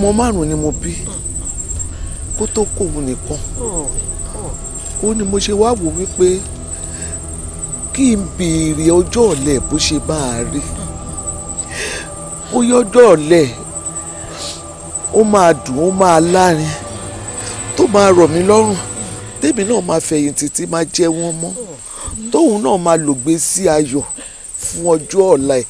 ọmọ márùn ni mo bí kó tó kó òun nìkan ó ní mo ṣe wá wò wípé kí n béèrè ọjọ́ ọ̀lẹ́ bó ṣe máa rí bóyá ọjọ́ ọ̀lẹ́ ó máa dùn ó máa lárin tó máa rọ̀ mí lọ́rùn tèmi náà máa fẹ̀yìntì tí máa jẹ́ wọn mọ́ tóun náà máa lògbé sí ayọ̀ fún ọjọ́ ọ̀la ẹ̀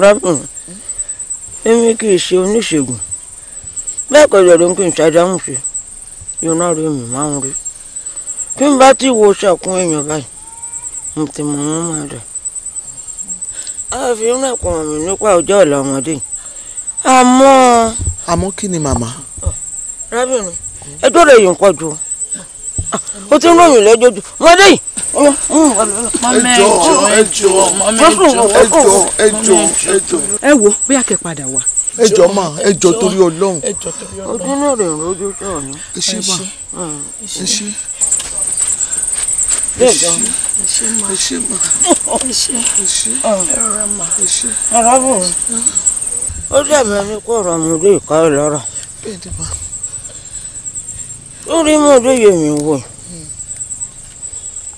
problem èmi kì í ṣe oníṣègùn bẹ́ẹ̀ pẹ̀lú ẹ̀rọ kí n ṣàdáhùn ṣe iná rí mi máa ń rí bí n bá ti wo ṣàkún èèyàn báyìí mo ti mọ wọn máa dà á fi ń rẹ̀kùn mi nípa ọjọ́ ọ̀la ọmọdé àmọ́. àmọ́ kí ni màmá. rábìnrin ẹjọ́ rẹ̀ yìí ń pọ̀ jù ah, ó ti ń ròyìn lẹ́jọ́ jù ọmọdé yìí ẹ wo bóyá kẹ padà wá. ẹ jọ ma ẹ jọ torí Ọlọ́run. ojú náà rẹ̀ ń rojú sọ̀rọ̀ ni. ẹ ṣe ma ẹ ṣe. Mm, bẹ́ẹ̀ gan ẹ ṣe ma ẹ ṣe ma ẹ ṣe ẹ ṣe ẹ rọra ma ẹ ṣe. arábìnrin ó dàbí ẹni kó ọ̀rọ̀ mi lóye ká ẹ lọ́rọ̀. bẹ́ẹ̀ ni ma. lórí mọ́ ọdún yẹn mi wò yìí.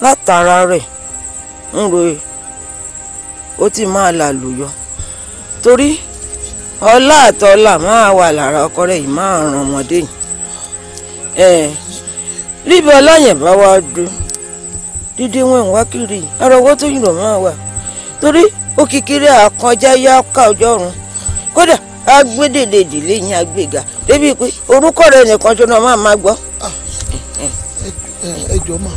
látara rẹ ń ro ó ti máa làlùyọ torí ọlá àtọlà máa wà lára ọkọ rẹ̀ yìí máa ràn ọmọdé yìí ẹ ríbi ọláyẹn bá wá dún dídí wọn wá kiri ara owó tó yìnbọn máa wà torí ó kíkiri àkànjá yá ká ọjọ́run kódà agbẹ́dẹ̀dẹ̀dì lẹ́yìn agbẹ́gà débi pé orúkọ rẹ̀ nìkan tó náà máa máa gbọ́. Ah, ẹ jọ máa.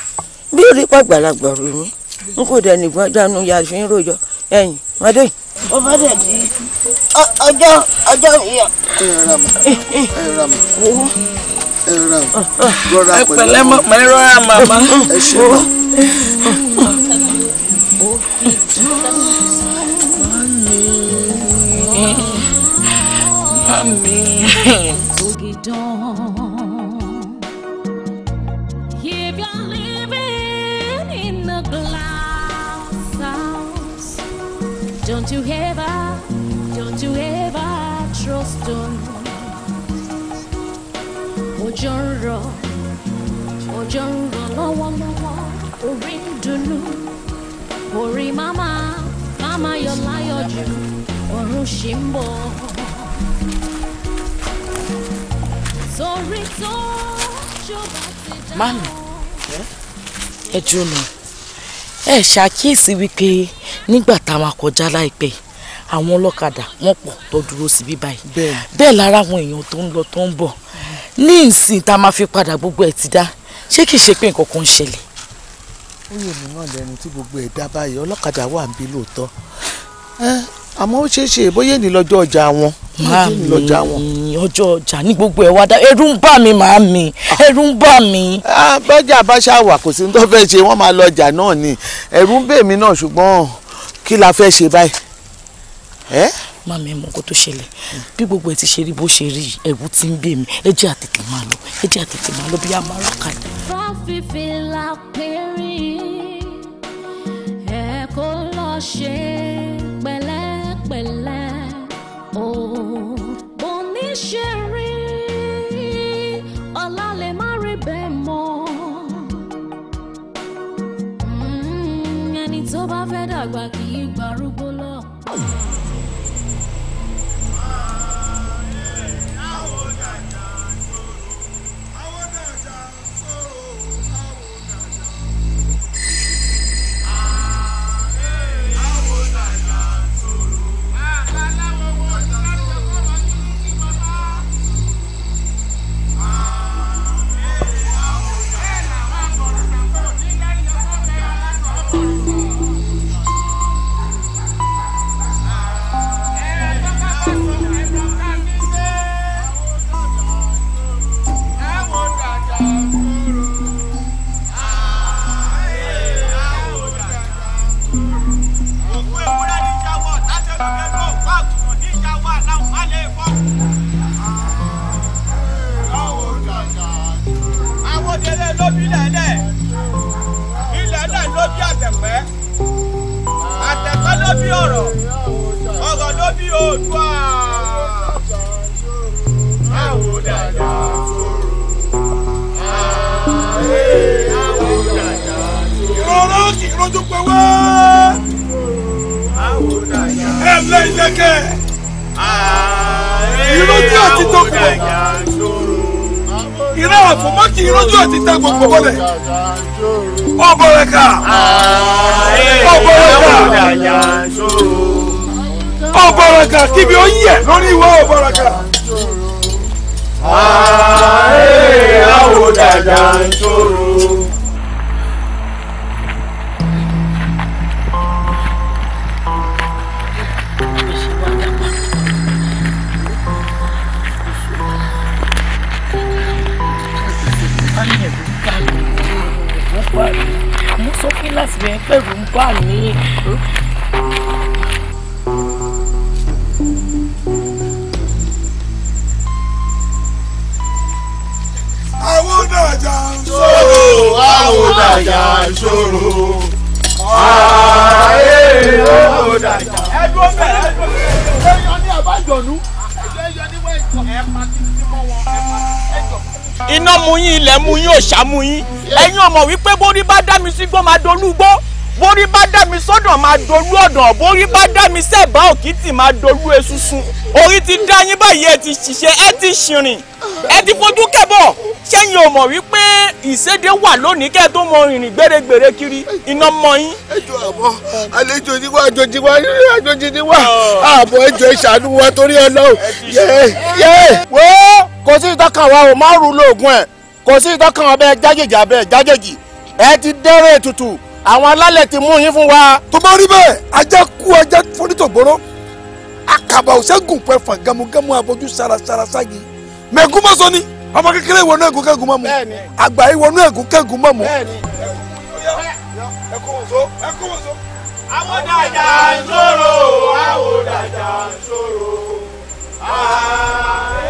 bí orí pàgbàlagbà rò mí n kò dẹ̀ nìgbọ́n jánu ya fi ń rojọ́ ẹ̀yìn mọ́dé. mo bá dẹ̀ di ọjọ́ ọjọ́ mi yọ. ẹ rà mọ eh, eh. ẹ rà mọ ẹ rà mọ rọra pẹ̀lú. ẹ pẹ̀lẹ́ mọ pẹ̀lẹ́ rọra màmá. ẹ ṣe mọ. Mami. Mami. Don't you ever, don't you ever trust them. Ojoro, ojoro lọ́wọ́ lọ́wọ́, no one, dunnú, orí mama, mama yọ láyọ̀ mama, ọ̀run ṣì ń bọ̀. Sori tó ṣọba ti dá. Mami, ẹ jóná, ẹ ṣàkíyèsí wípé nígbà táwọn akọjá láìpẹ́ àwọn ọlọ́kadà wọ́n pọ̀ tó dúró síbí báyìí bẹ́ẹ̀ lára àwọn èèyàn tó ń lọ tó ń bọ̀ ní ìsìn tá a máa fi padà gbogbo ẹ̀ ti dá ṣé kìí ṣe pé nǹkan kan ń ṣẹlẹ̀. ó yẹ mí náà lẹ́nu tí gbogbo ẹ̀ dá báyìí ọlọ́kadà wà ń bí lóòótọ́ àmọ́ ó ṣeé ṣe bóyá ní lọ́jọ́ ọjà wọn. màámi ọjọ́ ọjà ní gbogbo ẹ̀ wá dá ẹ̀rù ń bà mí màámi ẹ̀rù ń bà mí. Ah, bọ́jà bá ṣàwà kò sí ní tó fẹ́ ṣe wọ́n máa lọ ọjà náà ni ẹ̀rù ń bè mí náà ṣùgbọ́n kí la fẹ́ ṣe báyìí. màmí mọ nǹkan tó ṣẹlẹ̀ bí gbogbo ẹ ti ṣe rí bó ṣe rí ẹ̀wù tí ń bè mí ẹ jẹ́ máa lọ ẹ jẹ́ máa lọ bí a máa rà kalẹ̀. fáfífi la péré ẹ kó lọ ṣe pẹ̀lẹ́pẹ̀lẹ́ o oh, mo ní ṣe rẹ. tó bá fẹ́ dàgbà kì í gbarúgbó. ọ̀rọ̀ ọ̀rọ̀ ló bí oòdùà. Àwò dàda sòrò. Àwò dàda sòrò. Ìrọ̀rọ̀ kì í rojú pé wá. Àwò dàda sòrò. Ẹ lé ilẹ̀kẹ̀. Ìrójú àti tọkọ. Ìrẹ́ àfọ̀mọ́ kì í rojú àti tẹ gbogbo wọlé ọbọrẹka ọbọrẹka ọ̀bọ̀rọ̀gà kíbi ó yẹ lórí ìwọ ọ̀bọ̀rọ̀gà. ààrẹ àwò dàda ń ṣòro. mo sọ pé láti rẹ̀ pẹ̀lú ń bà ní. dàjà ṣòro a ó dàjà ṣòro ààyè a ó dàjà. ẹ̀dùn ọbẹ̀ ẹ̀dùn ọbẹ̀ ẹ̀yọ ní àbájọ̀nú ẹ̀yọ ní wọ́n ẹ̀kọ́ ẹ̀ pa títí mọ́ wọn ẹ̀ pa ẹ̀jọ̀ iná mu yín ilẹ̀ mu yín òòṣà mu yín ẹ̀yin ò mọ̀ wípé bórí bá dá mi sí gbó máa dolú gbó borí bá dá mi sọ́dọ̀ máa dolú ọ̀dàn borí bá dá mi sẹ́ẹ̀bá òkìtì máa dolú esusun orí ti dá yín báyìí ẹ ti ṣiṣẹ́ ẹ ti ṣìrìn ẹ ti fojú kẹ́bọ̀ ṣẹ́yìn ò mọ̀ wípé ìsédé wà lónìí kẹ́ tó mọ ìrìn gbèrègbèrè kiri iná mọ yín. ẹjọ àbọ àlejò ni wá àjòjì wá rírì àjòjì ni wá àbọ ẹjọ ìṣàánú wa torí ẹ lọ yẹ yẹ. wo kò sí ìtọ́kàn wa ò má rú lóògùn ẹ̀ kò sí ìtọ́kàn wa bẹ́ẹ̀ jájèjì abẹ́ jájèjì ẹ ti dẹ́rẹ́ tutù àwọn alálẹ̀ ti mú yín fún wa. tó bá rí bẹ́ẹ̀ ajá kú ajá fonítògbóró àkàbà òṣègùn pẹ́ fà gamugamu abojú sarasara sági mẹ̀gún mọ́sọ ni ọmọ kékeré ìwọ̀nú ẹ̀gún kẹ́gùn mọ́mu àgbà ìwọ̀nú ẹ̀gún kẹ́gùn mọ́mu. àwọn dàjà ń ṣòro àwọn dàjà ń ṣòro. Ah.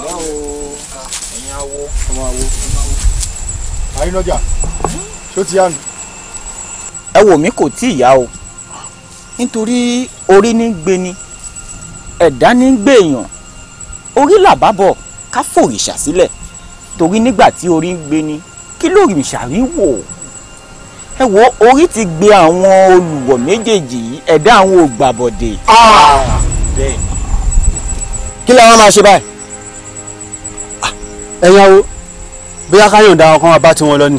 ọ̀gá o ẹ̀yin awo ọmọ awo àrínájà ṣó ti yá nu. ẹ wò mí kò tí ì yá o nítorí orí ní gbé ni ẹ̀dá ní gbé èèyàn orí làbábọ̀ ká fòrìṣà sílẹ̀ torí nígbà tí orí ń gbé ni kí lòrìṣà rí wò ẹ wo orí ti gbé àwọn olùwọ̀ méjèèjì yìí ẹ̀dá àwọn ògbàbọ̀dè. Ah! bẹ́ẹ̀ ni. kí làwọn máa ṣe báyìí ẹ̀yàn o bóyá ká yọ̀ǹda ọkàn àbá tiwọn lọ ni.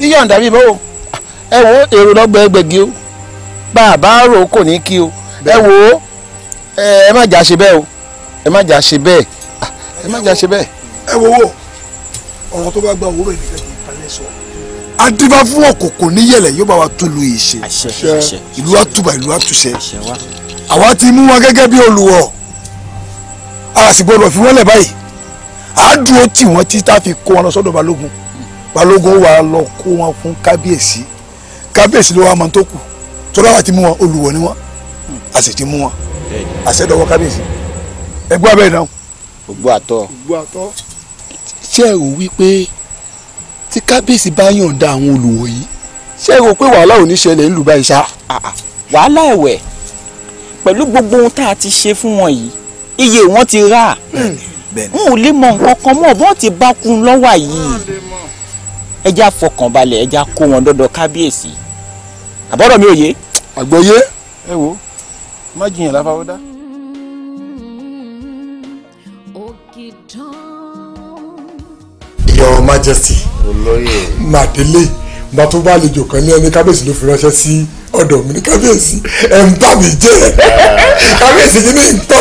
yíyọ̀ǹda bíi báwo ẹ wo èrò lọ́gbọ̀ ẹgbẹ̀gì o bàbá rò kò ní kí o ẹ wo ẹ má jà ṣe bẹ́ẹ̀ o ẹ má jà ṣe bẹ́ẹ̀ ẹ má jà ṣe bẹ́ẹ̀. ẹ wo wo ọ̀rọ̀ tó bá gba òwúrọ̀ ìdíkẹ́ kì í palẹ̀ sọ. adiba fún òkòkò níyẹlẹ̀ yóò bá wa tó lu ìṣe ìlú àtúbà ìlú àtúṣe àwa ti mú wọn gẹ́gẹ́ bí olùwọ̀ a sì gbọdọ̀ fi wọ́n lẹ̀ báyìí a dúró tì wọ́n tí tá a fi kó wọn lọ sọ́dọ̀ balógun balógun wà lọ kó wọn fún kábíyèsí kábíyèsí ló wà máa tó kù tọ́lá wà ti mú wọn olùwọ̀ ni wọn a sì ti mú wọn a sì dọwọ́ kábíyèsí ẹgbẹ́ abẹ́ náà. ògbó àtọ. ògbó àtọ. ṣé ẹ rò wípé tí kábíyèsí bá yọ̀ǹda àwọn olùwọ̀ yìí ṣé ẹ rò pé wàhálà ò ní ṣẹlẹ̀ ńlù báyìí ṣá. Ah, ah. wàhálà ẹ̀wẹ̀ pẹ̀lú gbogbo ohun tá a ti ṣe fún wọn yìí iye wọn ti rà. Hmm n ò lè mọ nǹkan kan mọ́ bọ́n ti bá kun lọ́wọ́ yìí ẹja fọkànbalẹ̀ ẹja kó wọn dọ́dọ̀ kábíyèsí àbọ̀rọ̀ mi ò yé. àgbọ̀yé ẹ wo má jiyàn láfáwọ́dá. Your Majesty màdélé màá tó bá àlejò kan ní ẹni kábíyèsí ló fi ránṣẹ́ sí ọ̀dọ̀ mi ní kábíyèsí ẹ̀ ń bà mí jẹ́ kábíyèsí yìí ní ìtọ́.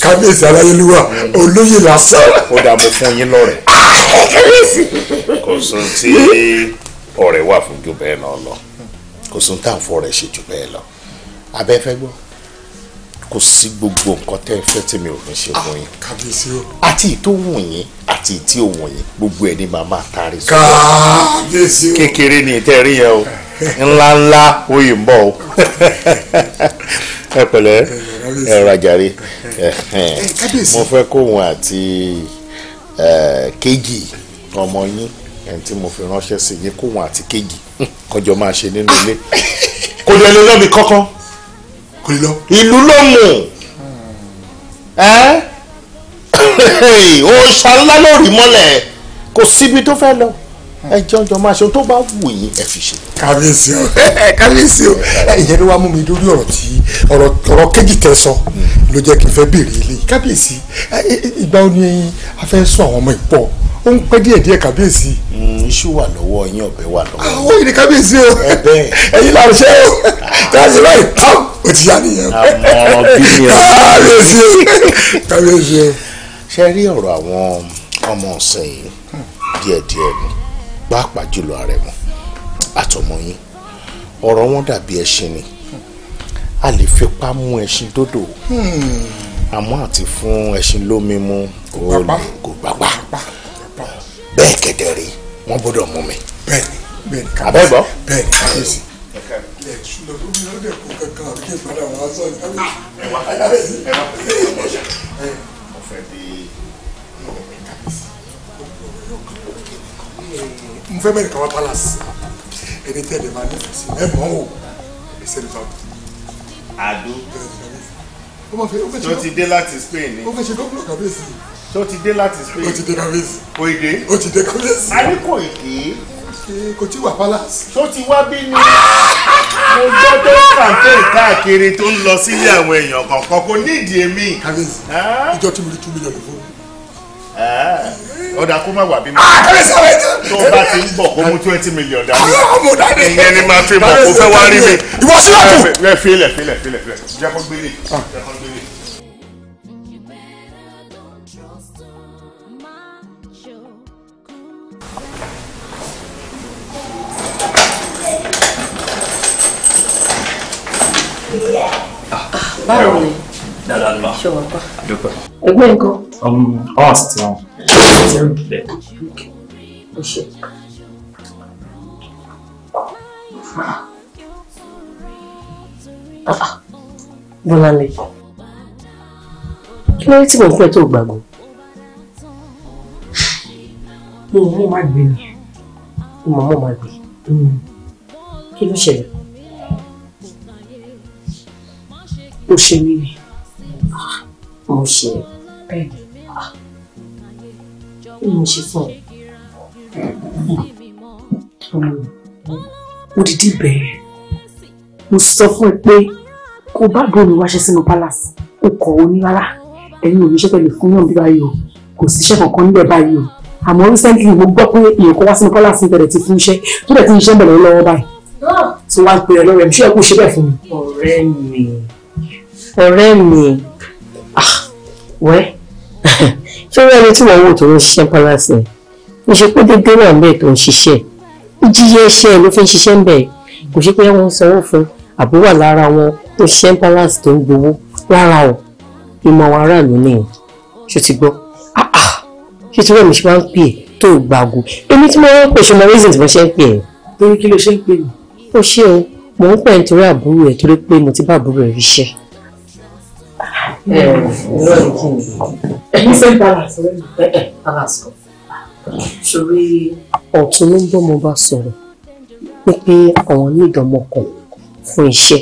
kábíyèsí aláyélúwà olóyè lásán. ó dà mo fún yín lọ́rẹ̀. Ah, kábíyèsí. kò sóhun tí ọ̀rẹ́ wà fún jù bẹ́ẹ̀ náà lọ kò sóhun tá à ń fọ ọ̀rẹ́ ṣe jù bẹ́ẹ̀ lọ abẹ́fẹ́ gbọ́ kò sí gbogbo nǹkan tẹ́ ẹ fẹ́ tí ò ní ṣe fún yín ah, àti ìtò wù yín àti ìtì òwò yín gbogbo ẹ̀ ní màá máa taari sọ kékeré ni ìtẹ́ rí yẹn o ńláńlá oyè ń bọ̀ o ẹ pẹ̀lẹ́ ẹ rajare mo fẹ́ kóhun àti kejì ọmọ yín ẹni tí mo fi ránṣẹ́ sí yín kóhun àti kejì kọjọ máa ṣe nínú ilé kò lè lọ mi kankan ìlú ló mú ó ṣàlá lórí kò síbi tó fẹ́ lọ ẹ jẹun jọ máa ṣe ohun tó bá wù yín ẹ fi ṣe. kábíyèsí o kábíyèsí o ìyẹn ló wá mú mi lórí ọ̀rọ̀ tí ọ̀rọ̀ kéjì tẹ sọ ló jẹ́ kí n fẹ́ béèrè eléyìí kábíyèsí ìgbà wo ni a fẹ́ sún àwọn ọmọ ìpọ̀ ó ń pẹ́ díẹ̀ díẹ̀ kábíyèsí. Hmm, iṣu wà lọ́wọ́ yín ọ̀bẹ wà lọ́wọ́. àwọn ah, ìdí kábíyèsí o ẹ̀yin làwọn ṣe o káàsì báyìí tán o ti yá nìyẹn. àmọ́ bíi ẹ̀ kábíyèsí o kábíyèsí o. ṣe rí ọ̀rọ̀ àwọn ọmọ ọ̀sẹ̀ yìí díẹ̀díẹ̀ hmm. ni pàápàá jùlọ àrẹ̀mọ àtọmọ yín ọ̀rọ̀ wọn dàbí ẹṣin ni a lè fipá mú ẹṣin dódò àmọ́ àti fún ẹṣin lómi mu kò lè kò gbàgbà bẹ́ẹ̀ kẹ̀dẹ̀ rí wọ́n gbọ́dọ̀ mú mi. bẹ́ẹ̀ni bẹ́ẹ̀ni kábíyèsí àbẹ́gbọ́. bẹ́ẹ̀ni kábíyèsí. ẹ wá ẹ wá ọfẹ bíi. mo fẹ́ mẹ́rin kan wá palace ẹni tẹ́lẹ̀ máa nífẹ̀ẹ́ sí ẹ mọ́ o ẹ sẹ́ni fa. àdó tó ti dé láti Spain ni. ó fẹ́ ṣe gómìnà kàbíyèsí. tó ti dé láti Spain. ó ti dé kàbíyèsí. kò ìdè. ó ti dé kàbíyèsí. a kò ìdè. kò tí wà palace. tó ti wá bí ni mo gbọ́ tó kàmpéè káàkiri tó ń lọ sílé àwọn èèyàn kọ̀ọ̀kan kò nídìí èmi. kàbíyèsí ìjọ tí mo rí two million fún ọ̀dà kó má wà bímọ. Ah, tó o bá ti ń bọ̀ kó mú twenty million dání. ọlọ́run mo dáadé. ìyẹn ni màá fi mọ̀ kó fẹ́ wá rí mi. ìwọ sí wàkù. ẹ filẹ filẹ filẹ filẹ jẹ kó gbélé ah. jẹ kó gbélé. Ah, báwo ni. dáadáa ló wà. ṣọwọ́ pa. ẹgbẹ́ nǹkan um, asked him. Ṣé Bọ́láńlé, kí ló rí tí mò ń pẹ́ tó gbàgbọ́? Mo mọ̀ máa gbé ni. Mo mọ̀ máa gbé. Mm. Kí ló ṣẹlẹ̀? Mo ṣe mí ni. Ah, mo ṣe bẹ́ẹ̀ ni kí she fall. ṣe fún ọ ọmọ mo dìde bẹ̀rẹ̀ mo sọ fún ẹ in the bá bò mí wáṣẹ sínú palace ó kọ ọ ní rárá ẹ̀yin ò ní ṣẹpẹ lè fún yàn bí báyìí o kò síṣẹ́ kankan níbẹ̀ báyìí o àmọ́ recently mo gbọ́ pé èèyàn kan wá sínú palace níbẹ̀rẹ̀ get fún iṣẹ́ tó dẹ̀ ti iṣẹ́ bẹ̀rẹ̀ lọ́wọ́ báyìí tí wàá pe ẹ lọ́rẹ̀ mi ṣé ẹ kú ṣe bẹ́ẹ̀ fún mi. ọ̀rẹ́ mi ọ̀rẹ́ mi ah, ṣé ó rí tí wọ́n wò tó ń ṣiṣẹ́ palace yẹn ṣe pé déédéé wà níbẹ̀ tó ń ṣiṣẹ́ ìjìyà ẹ̀ṣẹ̀ ló fi ń ṣiṣẹ́ níbẹ̀ kò ṣe pé wọ́n sanwó fún àbó wà lára wọn tó ṣiṣẹ́ palace tó ń gbowó rárá o ìmọ̀ àwọn aráàlú nìyẹn ṣó ti gbọ́ ṣé tí wọ́n mi ṣe máa ń pè tó gbàgò èmi tí mo pè ṣe mo reason tí mo ṣe ń pè é. torí kí ló ṣe ń pè mí. ó ṣe o mò ń pè nítorí àbúrò ẹ torí pé mo ti bá àbúrò ẹ ríṣẹ́ lọ́ọ̀rì kí ni ní sẹ́yìn balance lẹ́nu balance kan sórí. ọ̀tún ló ń bọ́ mo bá sọ̀rọ̀ pé àwọn onídọ̀mọ kan fún iṣẹ́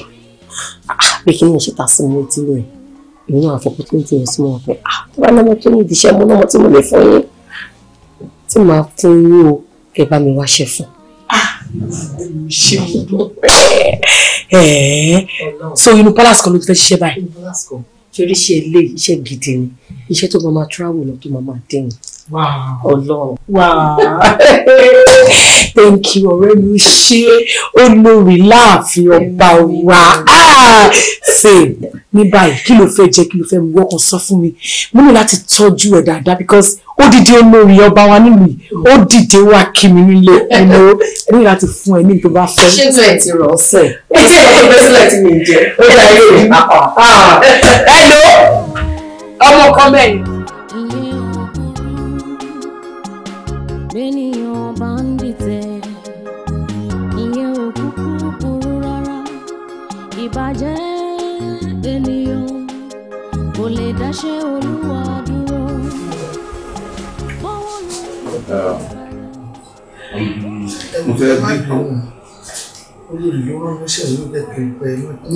ah, ah, pé kí ni ìṣètà sí mi létí lóyún ìlú àfọkù tó ń tiẹ̀ sí wọn pé ah tó bá lọ́mọ tó ní ìdíṣẹ́ mo lọ́mọ tí mo lè fún yín tí màá fún yín o kẹ bá mi wáṣẹ fún. Ah, ṣé mo dúpẹ́. Eh, eh. so inú palace kan ló ti fẹ́ ṣiṣẹ́ báyìí torí iṣẹ́ ilé iṣẹ́ gidi ni iṣẹ́ tó máa máa travel lọ tó máa máa dẹ̀yìn Ọlọ́run. Thank you ọ̀rẹ́ mi ṣé olórí láàfin ọba wa. Ah! Ṣé ní báyìí kí ló fẹ́ jẹ́ kí ló fẹ́ mú ọkàn sọ fún mi? Mo ní láti tọ́jú ẹ̀ dáadáa because ó dìde olórí ọba wa nílùú yìí ó dìde wá kí mi nílé ẹnu ẹ ní láti fún ẹ ní tó bá fẹ́. ṣé tó ẹ ti rọ ọsẹ. ẹ ti ẹ bẹ sílẹ̀ tí mi jẹ ó dá ilé mi. Ah! hello ọmọ kan bẹ́ẹ̀ ni. bẹ́nìyàn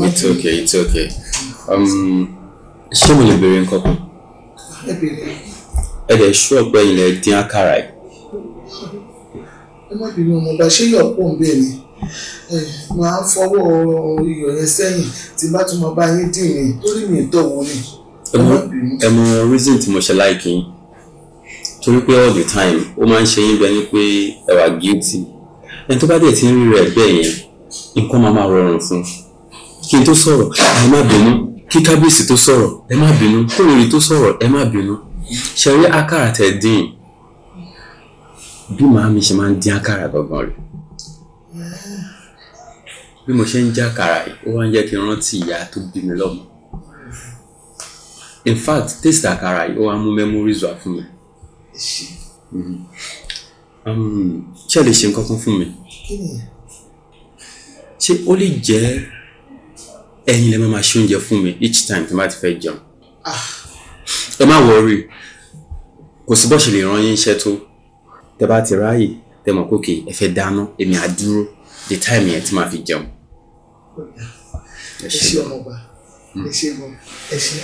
it's okay it's okay um, ṣé mo lè béèrè nǹkan kan. ẹ béèrè. dẹ̀ ṣú ọ̀pẹ ilẹ̀ dín àkàrà yìí má bínú mo bá ṣé yọ̀ pọ̀ ń bẹ̀ ni máa ń fọwọ́ iyọ̀ yẹn sẹ́yìn tí bá tún mọ bá yín dín ní torí mi tó wo ni. ẹ mọ reason tí mo ṣe láìkí torí pé all the time ó máa ń ṣe yín bẹ́ẹ̀ ni pé ẹ wà guilty ẹni tó bá dẹ̀ ti ń rí rẹ̀ bẹ́ẹ̀ yẹn nǹkan máa máa rọrùn fún un kí n tó sọ̀rọ̀ ẹ má bínú kí kábíyèsí tó sọ̀rọ̀ ẹ má bínú kórìrì tó sọ̀rọ̀ ẹ má bínú ṣe rí dín in bí màá mi ṣe máa ń dín àkàrà gangan rẹ̀ bí mo ṣe ń jẹ àkàrà yìí ó wá ń jẹ́ kí n rántí ìyá tó bí mi lọ́mọ in fact taste àkàrà yìí ó wá mú memories wá fún mi ṣé mm-hmm. um, lè ṣe nǹkan kan fún mi ṣé ó lè jẹ́ ẹ̀yin lè máa ṣe oúnjẹ fún mi each time tí n bá ti fẹ́ jẹun ah. ẹ má wọrí kò sí bó lè rán yín iṣẹ́ tó tẹ bá ti ráàyè tẹ mọ̀ pé òkè ẹ fẹ́ dáná èmi á dúró the time yẹn tí màá fi jẹun. ẹ ṣe ọmọ ọba ẹ ṣe ọmọ ẹ ṣe.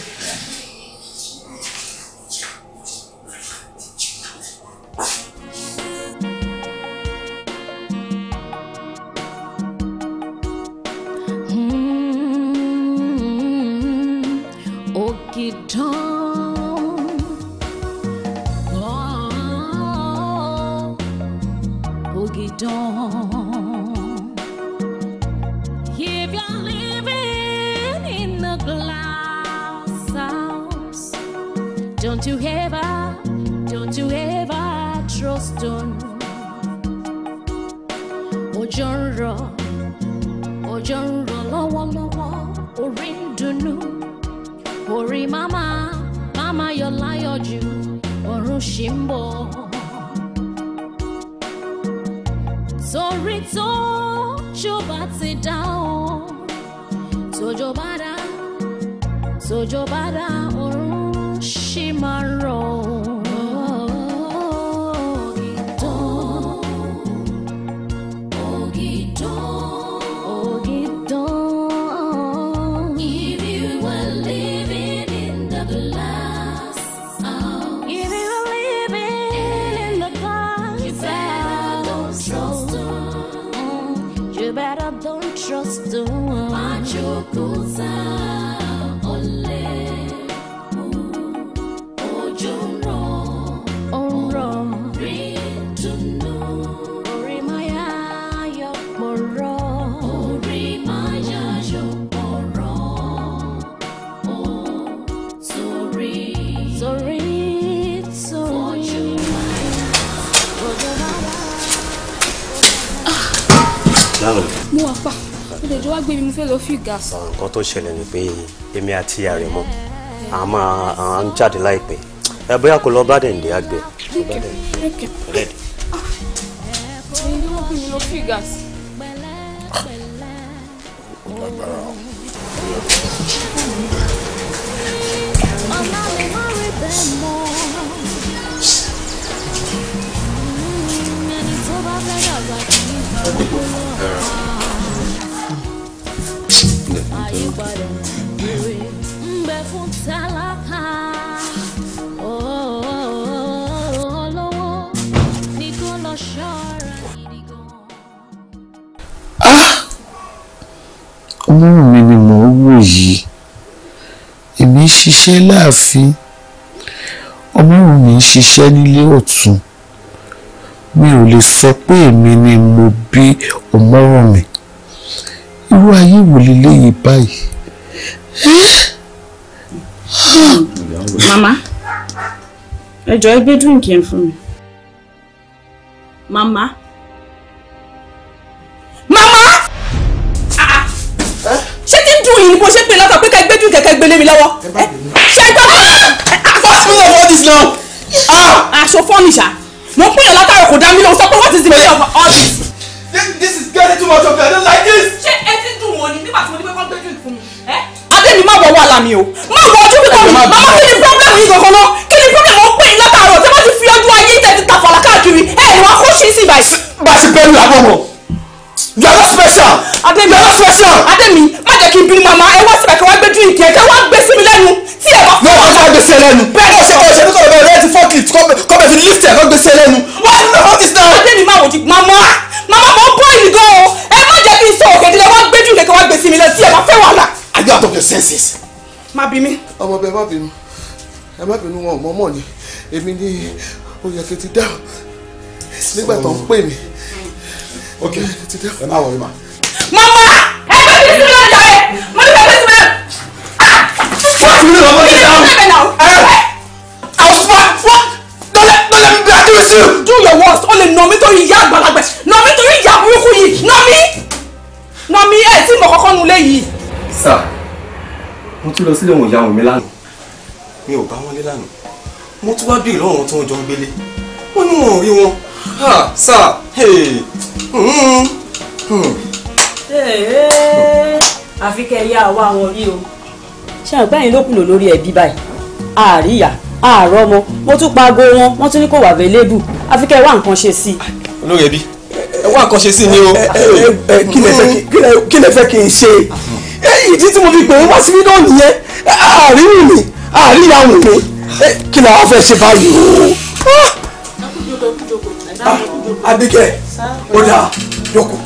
fígà. nǹkan tó ṣẹlẹ̀ ni pé èmi àti àrẹ̀mọ a máa ń jáde láìpẹ́ ẹ bóyá kò lọ bàdàn dé àgbẹ̀. ọ̀rẹ́dì. ọ̀rẹ́dì ni wọ́n pè mí lọ fígà sí. ṣiṣẹ́ láàfin ọmọwùmí ń ṣiṣẹ́ nílé ọ̀tún mi ò lè sọ pé èmi ni mo bí ọmọwùmí irú ayé wò leléyìí báyìí. màmá ẹ jọ̀ọ́ ẹ gbé dúrìnkì yẹn fún mi màmá. mi lọ́wọ́ ah! ṣe gbọ́ what's the meaning of all this now. Ah! aṣọ fọ́nìṣà mo ń pèyàn látàrí kò dá mi lọ sọ pé what is the meaning of all this. this is getting too much of me i don't like this. ṣé etí dùn wọ́n ni nígbà tí mo ní pé kọ́ gbé drink fún mi. Adémi má wọ wàhálà mi o má wọ ojú kíkọ mi màmá kí ni problem yìí gangan náà kí ni problem ó pè é látàárọ̀ tí wọ́n ti fi ojú ayé tẹ̀ ti tàfàlà káàkiri ẹ̀ ẹ̀ wá kó ṣí sí báyìí. bá a ṣe bẹ́ẹ̀ ni àbọ̀ mọ̀ you are not special. Ademi you are not special. Ademi má jẹ́ kí n bínú mama ẹ wá síbẹ̀ kí wọ́n gbé drink yẹn kí wọ́n gbé sí mi lẹ́nu tí ẹ bá fún wa. Náà wọ́n gbé sí ẹ lẹ́nu. Bẹ́ẹ̀ni ọ̀sẹ̀ ọ̀sẹ̀ ní kọ̀ọ̀bẹ̀ rẹ̀ ti fọ́ọ̀kì kọ́bẹ̀ fi lift ẹ̀ kọ́ gbé sí ẹ lẹ́nu. Wọ́n ní ọ̀hún ti sàn. Ademi máa wò di mama mama mo bọ́ ìlú gan o ẹ má jẹ́ kí n sọ òkè dídẹ wọ́n gbé drink yẹn kí wọ́n gbé sí mi lẹ́nu tí ẹ bá fẹ́ wàhálà. Are you out of your senses? Má bí mi. Ọmọ bẹ́ẹ̀ má bínú ẹ má bínú wọn ò mọ́ mọ́ ni èmi ni ó yẹ kí n ti ok ẹ má wọrí ma. mama ẹ bá mi sí lọ jàre mo ní bẹ́ẹ̀ bẹ́ẹ̀ sí bẹ́ẹ̀. wọ́n ti ní lọ́wọ́ ní sáwọn àwùfà wọ́n lọ́lẹ̀ lọ́lẹ̀ mi bí adúlé sí. do your worst o lè nà mí torí ìyá àgbàlagbà nà mí torí ìyá burúkú yìí nà mí nà mí ẹ̀ tí mo kọ́kọ́ nu lé yìí. sà mo tún lọ sílé wọn ìyá wọn mi lánàá mi ò bá wọn lé lánàá mo tún wá bí ìlọ́wọ́ tí wọ́n jọ ń gbélé wọ́n ní wọn ò rí wọn Ha, sir hey. mm. Hmm. Hey. àfi kẹ́ ẹ yá àwa àwọn rí o ṣé àgbá yẹn ló kùnà lórí ẹbí báyìí àríyá àárọ̀ ọmọ mo tún paago wọn wọ́n tún ní kò wà available àfi kẹ́ ẹ wá nǹkan ṣe sí i. olórí ẹbí ẹ wá nǹkan ṣe sí i ni o. kí lẹ fẹ́ kí n ṣe ìdí tí mo fi pè é wá síbí náà nìyẹn àárín mi àárín àwọn mi kí làwọn fẹ́ ṣe báyìí o. Ah! Ah, Abíkẹ́ ó dáa jókòó.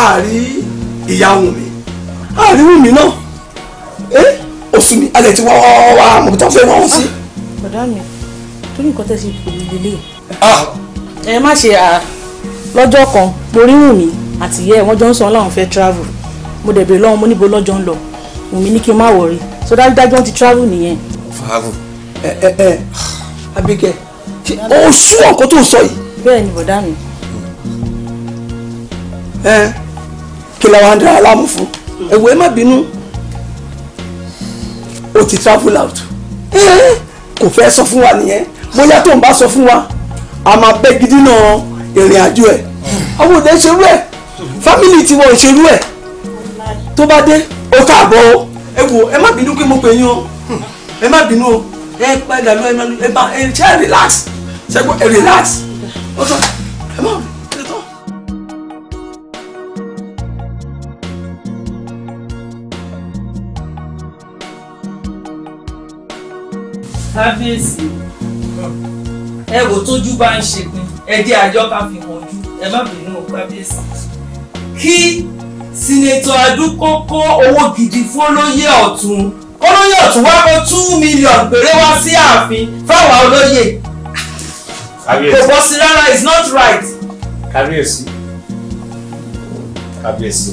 àárí ìyá Wùnmí àárí Wùnmí náà oṣù mi alẹ́ ti wá wá wá mọ̀ tó fẹ́ wọ́n sí. Ah, bọ̀dá mi torí nǹkan tẹ̀sí òbí lélẹ̀. ẹ má ṣe lọ́jọ́ kan lórí Wùnmí àti ìyá ẹ̀ wọ́n jọ ń sọ láwọn fẹ́ travel mo dẹ̀ bèrè lọ́wọ́ mo níbo lọ́jọ́ ń lọ Wùnmí ní kí n má wọrí so dájúdájú wọ́n ti travel nìyẹn fàágùn. ẹ ẹ ẹ Abíkẹ́ o sún ọkọ tó sọ yìí. bẹ́ẹ̀ ni bọ̀dá mi. ẹ kí la wá ń dára láàmú fún ẹ̀wẹ̀ má bínú o ti travel out kò fẹ́ sọ fún wa nìyẹn bóyá tó ń bá sọ fún wa a máa bẹ́ gidi náà ìrìn àjò ẹ̀ àwọn òde ṣerú ẹ̀ fámìlì tiwọn ò ṣerú ẹ̀ tó bá dé ó káàbọ̀ ẹ wò ẹ má bínú pé mo pè yín o ẹ má bínú o ẹ padà lọ ẹ má ẹ ṣe relax ṣe kó ẹ relax ó sọ ẹ má ẹ tán. kábíyèsí ẹ wò tójú bá ń ṣe pin ẹ jẹ́ àjọ ká fi hàn ojú ẹ má bínú o kábíyèsí kí sìnètò àdúkókó owó gidi fún olóyè ọ̀tún olóyè ọ̀tún wá kó two million péré wá sí ààfin fáwọn olóyè kò bọ́ sí rárá is not right. kábíyèsí kábíyèsí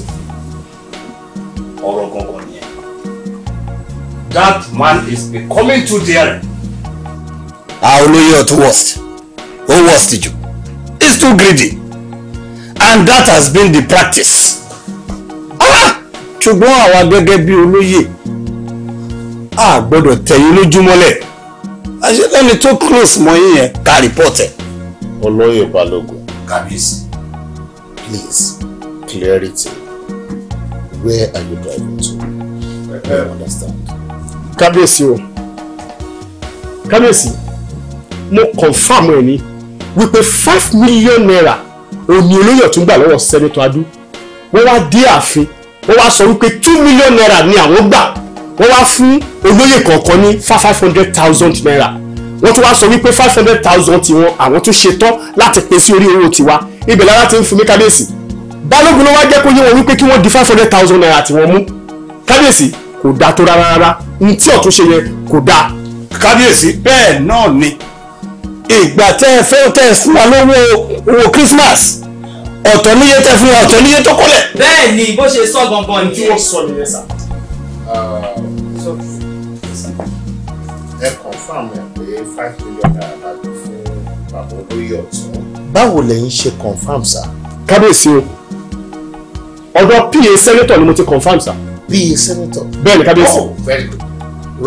ọ̀rọ̀ gangan nìyẹn that man is becoming too daring. a olóyè ọ̀tún worst ó worst jù Is too greedy and that has been the practice. Ah! ṣùgbọ́n àwa gẹ́gẹ́ bí olóyè a gbọ́dọ̀ tẹ̀yìn lójúmọ́lẹ̀ àṣetẹ́ni tó close mọ́ yín yẹn ká report ẹ̀. olóyè balógun. kábíyèsí. please clarity where are you driving to? I don't understand. kábíyèsí o kábíyèsí mo confam ẹ ní wípé five million naira òní olóyè ọ̀tún gbà lọ́wọ́ sẹ́nitọ́ adú wọ́n wá dé ààfin wọ́n wá sọ wípé two million naira ni àwọn gbà wọ́n wá fún olóyè kọ̀ọ̀kan ní five hundred thousand naira wọ́n tún wá sọ wípé five hundred thousand tiwọn àwọn tún ṣe tán láti pín sí orí owó tiwa ibẹ̀ lára ti ń fún mi kábíyèsí balógun ló wá jẹ́ kó yé wọn wípé kí wọ́n di five hundred thousand naira tiwọn mú kábíyèsí kò dáa tó rárá rárá ní tí ọ̀tún ṣe yẹn kò dáa. kábíyèsí bẹ́ẹ̀ náà ni ìgbà tẹ́ ẹ fẹ́ tẹ́ ẹ fún wa lówó owó Christmas ọ̀tọ̀ níye tẹ́ fún wa ọ̀tọ̀ níye tó kọ́lẹ̀. bẹ́ẹ̀ ni bó ṣe sọ gangan ni tí wọ́n sọ nìyẹn sá. Uh, ẹ confam ẹ pé five million naira la lò fún bàbá olóyè ọ̀tún. báwo lẹ́yìn ṣe confam sá. kábíyèsí o ọ̀dọ̀ pa senator ni mo ti confirm sa. pa senator. bẹ́ẹ̀ ni kábíyèsí. oh very good.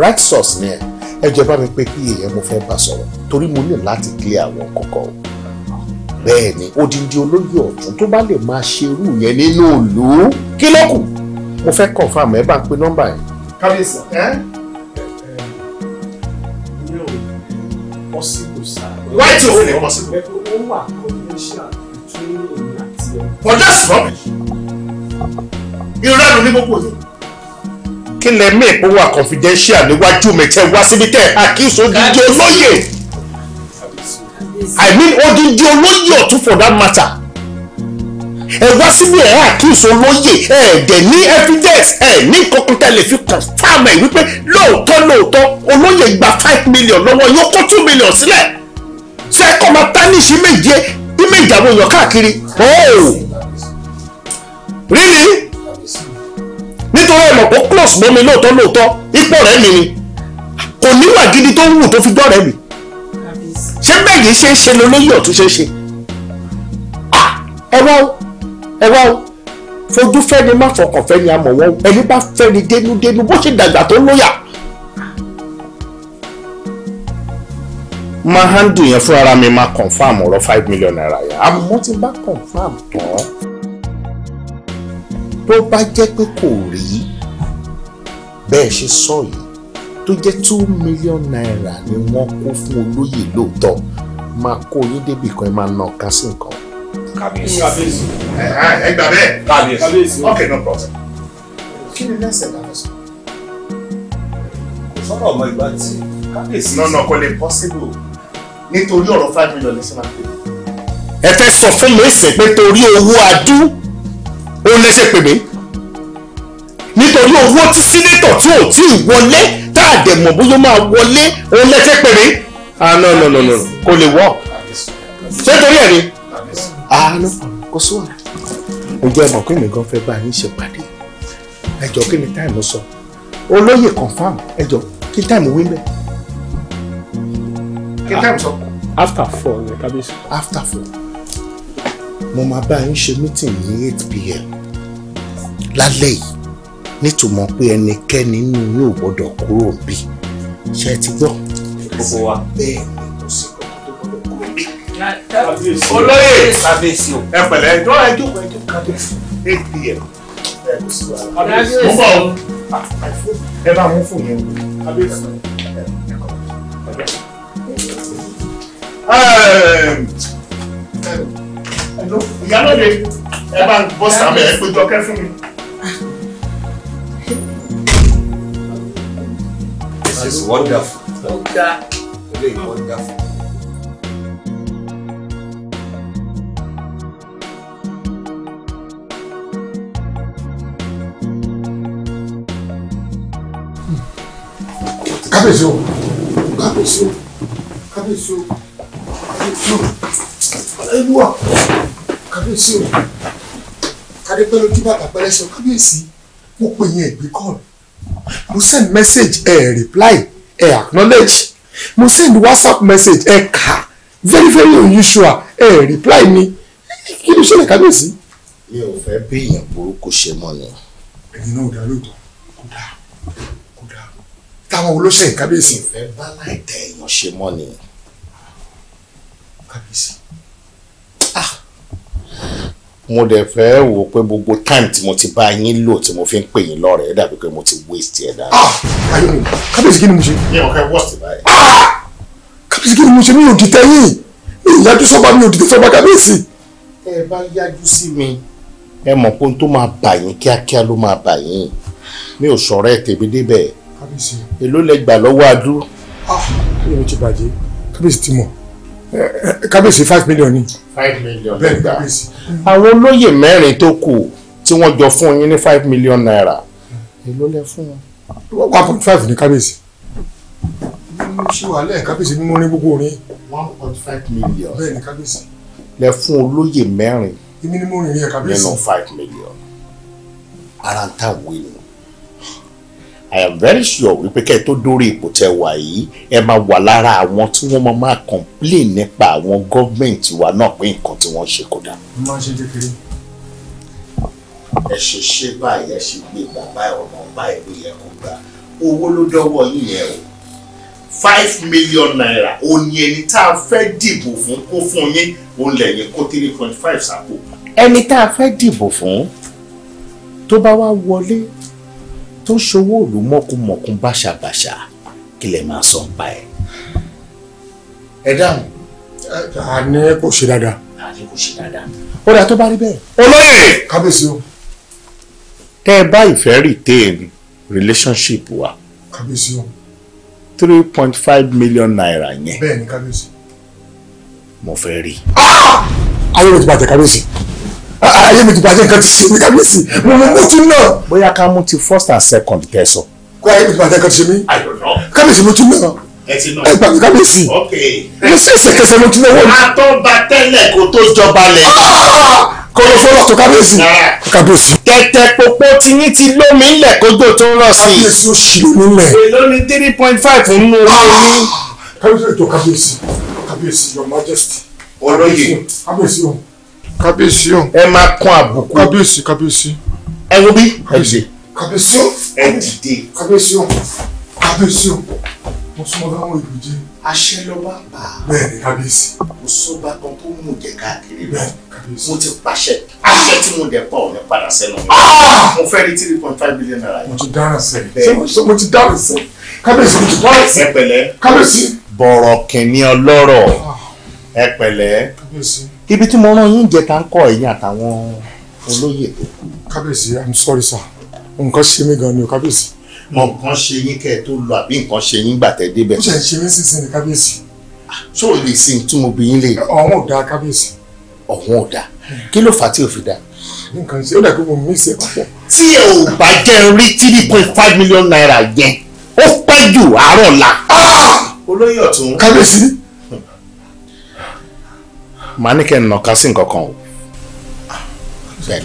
right source ni ẹ ẹ jẹ́ bá mi pé pa yẹn mo fẹ́ bá sọ̀rọ̀ torí mo ní láti clear àwọn kọ̀ọ̀kan o bẹ́ẹ̀ ni odindi olóyè ọ̀tún tó bá lè máa ṣerú yẹn nínú ìlú kí ló kù mo fẹ́ confam ẹ bá pe nọ́mbà yìí. kábíyèsí ẹ ẹ ní o possible sir. wáyé tí o fi lè possible. ó wà commercial between èmi àti ẹ. but that's rubbish. irọ́ ẹnu ní gbogbo yìí. kí lẹ mí èpo wà confidential níwájú mi tẹ wá síbi tẹ àkíyèsí odidi olóyè i mean odidi olóyè ọ̀tún for that matter ẹ wá síbi ẹ̀ àkíyèsí olóyè ẹ̀ dẹ̀ ní evidence ẹ̀ ní kankan tẹ́ lè fi confam ẹ̀ wípé lóòótọ́ lóòótọ́ olóyè gba five million lọ́wọ́ yóò kó two million sílẹ̀ ṣé ẹ kọ́ máa tánìṣì méje bí méje àwọn èèyàn káàkiri ooo really nítorí ẹ̀ mọ̀ pé close mọ́ mi lóòótọ́ lóòótọ́ ipò rẹ̀ mi ni kò níwà gidi tó wù tó fi dọ́rẹ̀ mi ṣé bẹ́ẹ̀ yìí ṣe é ṣe lolóyè ọ̀tún ṣe é ṣe ah, ẹ wá o ẹ wá o fojú fẹ́ni má fọkàn fẹ́ni amọ̀ wọn ẹni bá fẹ́ni dénúdénú bó ṣe dàgbà tó lóyà. máa handle yẹn fún ara mi máa confam ọ̀rọ̀ five million naira yẹn àmọ́ tí n bá confam tán tó bá jẹ́ pé kò rí bẹ́ẹ̀ ṣe sọ yìí tó jẹ́ two million naira ni wọ́n kó fún olóyè lóòótọ́ máa kó yín débìkan ẹ máa nà ọ̀kan sí nǹkan kábíyèsí. kábíyèsí. ẹ gbà bẹ́ẹ̀. kábíyèsí. ok no problem. kí ni lẹ́sẹ̀ bá lọ sọ. kò sọ́dọ̀ ọmọ ìgbà tí kábíyèsí. nọ́nà kò lè possible nítorí ọ̀rọ̀ five million lè ṣe máa pè. ẹ fẹ́ sọ fún mi ìsìn pé torí owó adú ó lè ṣe pè mí nítorí owó tí sínétọ̀ tí ò tí ì wọlé tá a dẹ̀ mọ̀ bóyá máa wọlé ó lè ṣe pè ah no no no no kò lè wọ́ ṣé torí ẹ̀ ni àánú kò sówà ǹjẹ́ ẹ mọ̀ pé nìkan fẹ́ bá yín ṣèpàdé ẹjọ́ kí ni táìmù sọ olóyè confam ẹjọ́ kí táìmù wí mẹ́. kí táìmù sọ. after four ni kábíyèsí. after four mo máa bá yín ṣe meeting ní eight pm lálẹ́ yìí nítumọ̀ pé ẹnikẹ́ni nínú yóò gbọ́dọ̀ kúrò bí ṣe ti gbọ́. gbogbo wa bẹ́ẹ̀ olóyè kábíyèsí o ẹ pẹ̀lẹ́ ẹ kábíyèsí ẹ bọ ẹ bá mú fún yẹn kábíyèsí ìyálóde ẹ bá ń sàmì ẹ péjọ kẹ́ fún mi. This is wonderful. Ọ̀gá. Ilé ìwọ̀n kábíyèsí o kábíyèsí o kábíyèsí o kábíyèsí o ẹlúwà kábíyèsí o kádépẹ́ lójú bàtà pẹ́lẹ́sẹ̀ kábíyèsí mo pè yín ẹ̀gbé kọ́ọ̀lù mo send message ẹ reply ẹ acknowledge mo send whatsapp message ẹ car very very unusual ẹ reply me kí ló ṣẹlẹ̀ kábíyèsí. mi ò fẹ́ bí èèyàn burúkú ṣe mọ́ ni. ẹ̀yin náà ò dá lóòótọ́ kó dáa táwọn olóṣèlú kábíyèsí. ìfẹ́ bá láì tẹ èèyàn ṣe mọ́ ni. kábíyèsí. Ah! mo dẹ̀ fẹ́ wò pé gbogbo time tí mo ti bá yín lò tí mo fi ń pè yín lọ́rẹ̀ẹ́ dàbí pé mo ti waste ẹ̀ dáadáa. Ah! kábíyèsí kí ni mo ṣe. mi ò kẹ́ wọ́ọ̀sì báyìí. Ah! kábíyèsí kí ni mo ṣe mi ò dìtẹ̀ yín mi ò yájú sọ́ba mi ò dìtẹ̀ sọ́ba kábíyèsí. tẹ́ ẹ bá yájú sí mi ẹ mọ̀ pé ohun tó máa bà yín kíákíá ló máa bà yín mi ò sọ̀rọ̀ tèmi débẹ̀ èló lẹ gbà lọ́wọ́ adú. kí ló ti bàjẹ́ kábíyèsí ti mọ̀ eh, eh, kábíyèsí five million ni. five million bẹ́ẹ̀ kábíyèsí. àwọn olóyè mẹ́rin tó kù tí wọ́n jọ fún yín ní five million naira èló lẹ fún wọn. one point five ní kábíyèsí ṣe wà lẹ́ẹ̀ kábíyèsí mímú ní gbogbo orin. one point five million. bẹ́ẹ̀ ni kábíyèsí. lẹ fún olóyè mẹ́rin. èmi ni mo rìnrìn ẹ̀ kábíyèsí. nínú five million. ara ń tà wé ni. I am very sure wípé kẹ́ ẹ tó dórí ipò tẹ́ wà yìí ẹ máa wà lára àwọn tí wọ́n máa máa complain nípa àwọn gọ́ọ̀mẹ̀ntì wa náà pé nǹkan tí wọ́n ṣe kódà. mo máa ń ṣe kékeré. ẹ ṣe ṣé báyìí ẹ ṣe gbé bàbá ẹ ọmọ báyìí ló yẹ kó gbà owó ló dọ́wọ́ yín yẹn o five million naira ó ní ẹni tá a fẹ́ dìbò fún kó fún yín òun lẹ́yìn kó three point five sápò. ẹni tá a fẹ́ dìbò fún tó bá wá wọlé tó ń ṣòwò òlù mọ̀kùmọ̀kùn báṣabàṣà kí lè máa sọ pa ẹ. ẹ dáhùn. àní kò ṣe dáadáa. àní kò ṣe dáadáa. ó dà tó bá rí bẹ́ẹ̀. olóyè kábíyèsí o. tẹ́ ẹ bá ìfẹ́ retain relationship wa. kábíyèsí o. three point five million naira yẹn. bẹ́ẹ̀ ni kábíyèsí. mo fẹ́ rí. Ah! ayé mi ti bàjẹ́ kábíyèsí ayé mi ti bàjẹ́ nǹkan ti ṣe mí kábíyèsí mo mọ mú tún náà. bóyá ká mú ti first and second tẹ sọ. kó ayé mi ti bàjẹ́ nǹkan ti ṣe mí kábíyèsí mo tún náà ẹ gbà mí kábíyèsí mo sì ṣèkẹsẹ mo tún náà. àtọ́ba tẹ́lẹ̀ kó tó jọba lẹ̀. Ah! kọ́lọ́ fọlọ́ tó kábíyèsí ah! kábíyèsí. tẹ̀tẹ̀ popo ti ní ti lómi ńlẹ̀ kójó tó ń rọ̀ sí. olóyè kábíyèsí òun kábíyèsí o. ẹ máa kún àbùkù. kábíyèsí kábíyèsí. ẹ wo bí. kábíyèsí kábíyèsí o. ẹ dìde. kábíyèsí o kábíyèsí o mo súnmọ́ láwọn ìlú jẹ́. aṣẹ ló bá bá. bẹ́ẹ̀ni kábíyèsí. mo sọba kan tó mú jẹ káàkiri rẹ mo ti pàṣẹ aṣẹ tí mo dẹ pa ò padà sẹ́nu ah! mo fẹ́ rí three point five billion naira. mo ti dára sẹ mo ti dára sẹ kábíyèsí mo ti dára sẹ. ẹ pẹ̀lẹ́ kábíyèsí. bọ̀rọ̀ kìnìún ọlọ́rọ̀ ah! ẹ pẹ̀lẹ́ kábíyèsí ibi tí mo rán yín jẹ ta ń kọ ẹ̀yin àtàwọn olóyè kábíyèsí i'm sorry sir nǹkan ṣe mí gan ni o kábíyèsí. nǹkan ṣe yín kẹ́ ẹ tó lọ àbí nǹkan ṣe yín gbà tẹ́ débẹ̀. ó ṣe ṣe mí sísìn ní kábíyèsí. ṣé o lè sin tí mo bí yín lè. ọ̀hún ò dáa kábíyèsí. ọ̀hún ò dáa hmm. kí ló fà á tí O fi dáa. nǹkan ṣe ó dàgbé mo mí ìṣe papọ̀. tí ẹ ò bá jẹ́ rí three point five million naira yẹn ó pẹ́ jù àárọ̀ la. Ah! olóyè ọ̀tún. kábíyèsí màá ní kẹ́ ń nàka o ah, bẹ́ẹ̀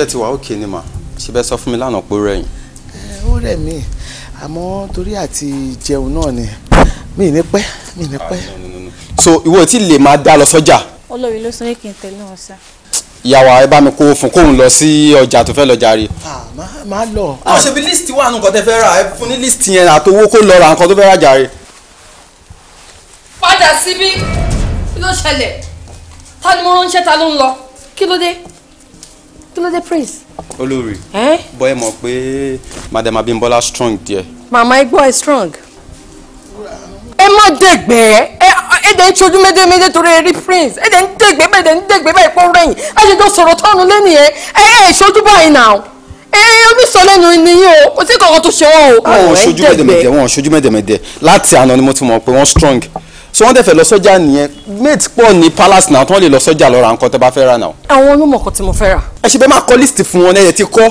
ṣé ti wà òkè ni mà ṣe bẹ́ẹ̀ sọ fún mi lánàá pé ó rẹ̀ yín. ó rẹ̀ mí àmọ́ torí àti jẹun náà ni mi ní pẹ́ mi ní pẹ́. Ah, so ìwọ tí lè máa dá lọ sọ́jà. olórí ló sọ kí n tẹ̀lé wọn sá. ìyàwó ẹ bá mi kó fún kóun lọ sí ọjà tó fẹ́ lọ jàre. Ah, máa lọ. a ah, ṣe bí líìsì wà nǹkan tẹ fẹ́ rà ẹ fún ní líìsì yẹn àtowó kó lọ ra nǹkan tó fẹ́ rà jàre. padà síbí kí ló ṣẹlẹ̀ ta mo ránṣẹ́ ta ló ń lọ kí ló dé kí ló dé praise. olórí eh? bọ́ ẹ mọ̀ pé madam Abímbọ́lá strong díẹ̀. màmá igbó ẹ strong. ẹ má dẹ̀gbẹ́ ẹ dẹ̀ ń ṣojú méjèméjè torí eré prince ẹ dẹ̀ ń dẹ̀gbẹ́ bẹ́ẹ̀ dẹ̀ ń dẹ̀gbẹ́ bẹ́ẹ̀ pọ́n rẹ̀yìn ẹ ṣe tó sọ̀rọ̀ tọ́nu lẹ́nu yẹn ẹ ẹ ṣojú báyìí náà ẹ oníṣọ lẹ́nu nìyí o kò sí kankan tó ṣe wọn o. wọn ò ṣojú mẹ́dẹ̀mẹ́dẹ̀ wọn ò ṣojú mẹ́dẹ̀mẹ́dẹ̀ láti àná ni mo ti mọ̀ pé wọ́n strong so wọ́n dẹ̀fẹ̀ lọ sọ́jà nìyẹn mate pọ̀ ní palace náà tí wọ́n lè lọ sọ́jà lọ ra nǹkan tẹ́ bá fẹ́ rà náà. àwọn onímọ̀ kan tí mo fẹ́ rà. ẹ ṣe bẹ́ẹ̀ máa kọ list fún wọn ẹ̀yẹ ti kọ́.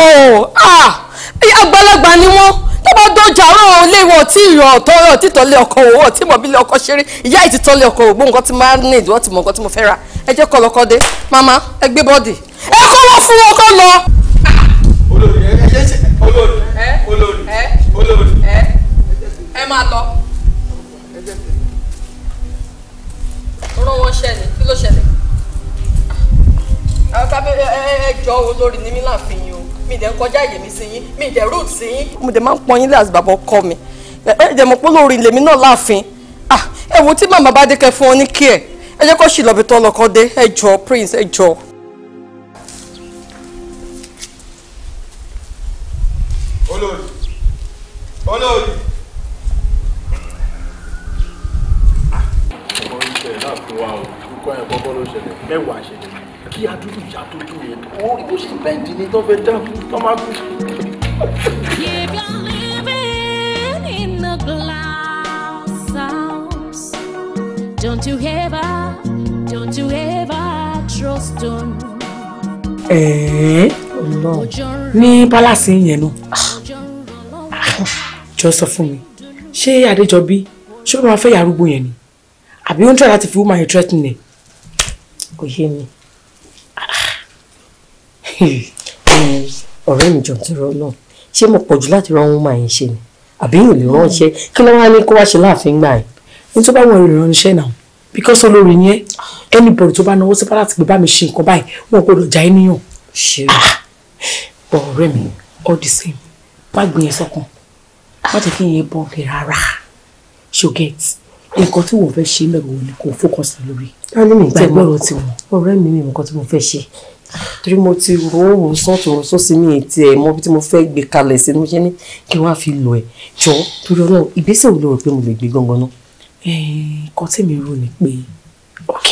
Oh, ah, àgbàlagbà ni wọ́n tó bá dọjà ọ̀rọ̀ ilé wọn tí ìrọ̀ ọ̀tọ̀ ọ̀rọ̀ tí tọ́lé ọkọ̀ òwò tí mọ̀bílẹ̀ ọkọ̀ ṣeré ìyá ìtì tọ́lé ọkọ̀ ògbó nǹkan tí máa ní ìdíwọ́ tí mọ̀ nǹkan tí mo fẹ́ rà ẹ jẹ́ kọ́ lọ́kọ́ dé mama ẹ gbé bọ́ọ̀dì ẹ kọ́ lọ fún wọn kọ́ lọ. ìdẹ̀ ń kọjá ìyèmí sí yín mi ìdẹ̀ root sí yín. mo dẹ̀ máa ń pọn yín láti bàbá ọkọ mi ẹ dẹ̀ pé lórí lèmi náà láàfin ẹ wo tí màmá bá dé fún ọ ní kí ẹ ẹ jẹ́ kó ṣì lọ́bi tó lọ́kọ́ dé ẹ jọ prince ẹ jọ. olórí olórí. ọ̀rọ̀ ìṣẹ̀lẹ̀ àti wa ò kúkọ́ yẹn kọ́kọ́ ló ṣẹlẹ̀ mẹ́wàá ṣe kí adúlù ìyá tó tó yẹn wọ́n rí bó ṣe bẹ́ǹdì ni tó fẹ́ dáàbò tó máa kú. If you're living in a glass house, don't you ever, don't you ever trust on. Ẹ̀ẹ́ ní pálásì yẹn náà jọ sọ fún mi ṣé Adéjọbí ṣé ó máa fẹ́ yàrá arúgbó yẹn ni àbí ó ń tọ́ láti fi wúmọ̀ yẹn threatening kò yé mi. Hmm. ọ̀rẹ́ mi jọ̀ ti rọ náà ṣé mo pọ̀jù láti rán ohun máa ń ṣe ni àbí yóò lè ránṣẹ́ kí ló wá ní kó wá ṣe láàfin gbà yẹn. ní tó bá wọn rè ránṣẹ́ náà because olórí yẹn anybody tó bá náwó sí pálá gbé bá mi ṣe nǹkan báyìí wọn kò lọ já ẹ níyàn. ṣe ah! bọ̀ ọ̀rẹ́ mi all the same má gbé yẹn sọ́kàn má jẹ́ kí yẹn bọ̀ ọ̀kẹ́ rárá ṣoget nǹkan tí wọ́n fẹ́ ṣe mẹ́rin wọn ni kò fókọ̀sì lórí. tẹ́gbọ́rọ̀ tiwọn ọ̀rẹ́ mi mi nǹkan tí mo fẹ́ ṣe torí mo ti rò ó rò sán tó rò sán sí mi ètí ẹ̀ mọ́ bí tí mo fẹ́ gbé kalẹ̀ sí mo ṣe ní kí wọ́n á fi lọ ẹ̀ jọ torí ọlọ́run ìgbésẹ̀ wo ló rò pé mo lè gbé gangan náà. nǹkan tí mi rò ni pé ok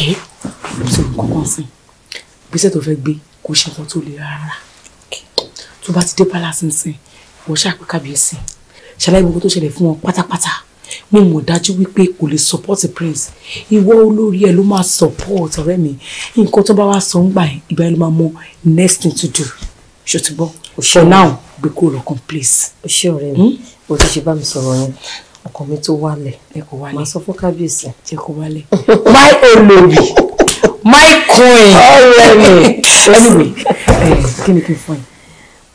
tó ń kọ́kọ́ sí ìgbésẹ̀ tó fẹ́ gbé kò ṣe nǹkan tó le rárá tó bá ti dé palace nsìn wọ́n ṣàpè ṣàlàyé gbogbo tó ṣẹlẹ̀ fún wọn pátápátá mi mọ̀ dájú wípé kò lè support prince ìwọ olórí ẹ ló máa support ọ̀rẹ́ mi nǹkan tó bá wá sọ ń gbà yẹn ìgbà yẹn ló máa mọ next thing to do ṣòtúbọ̀ for now gbé kó lọ́kàn please. o ṣé ọ̀rẹ́ mi hmm? o ti ṣe bá mi sọ̀rọ̀ yẹn ọkàn mi tó wálẹ̀ ẹ kò wálẹ̀ máa sọ fún kábíyèsí ẹ kò wálẹ̀ my olórí my queen ọ̀rẹ́ mi anyway eh, kí ni kí n fún yín.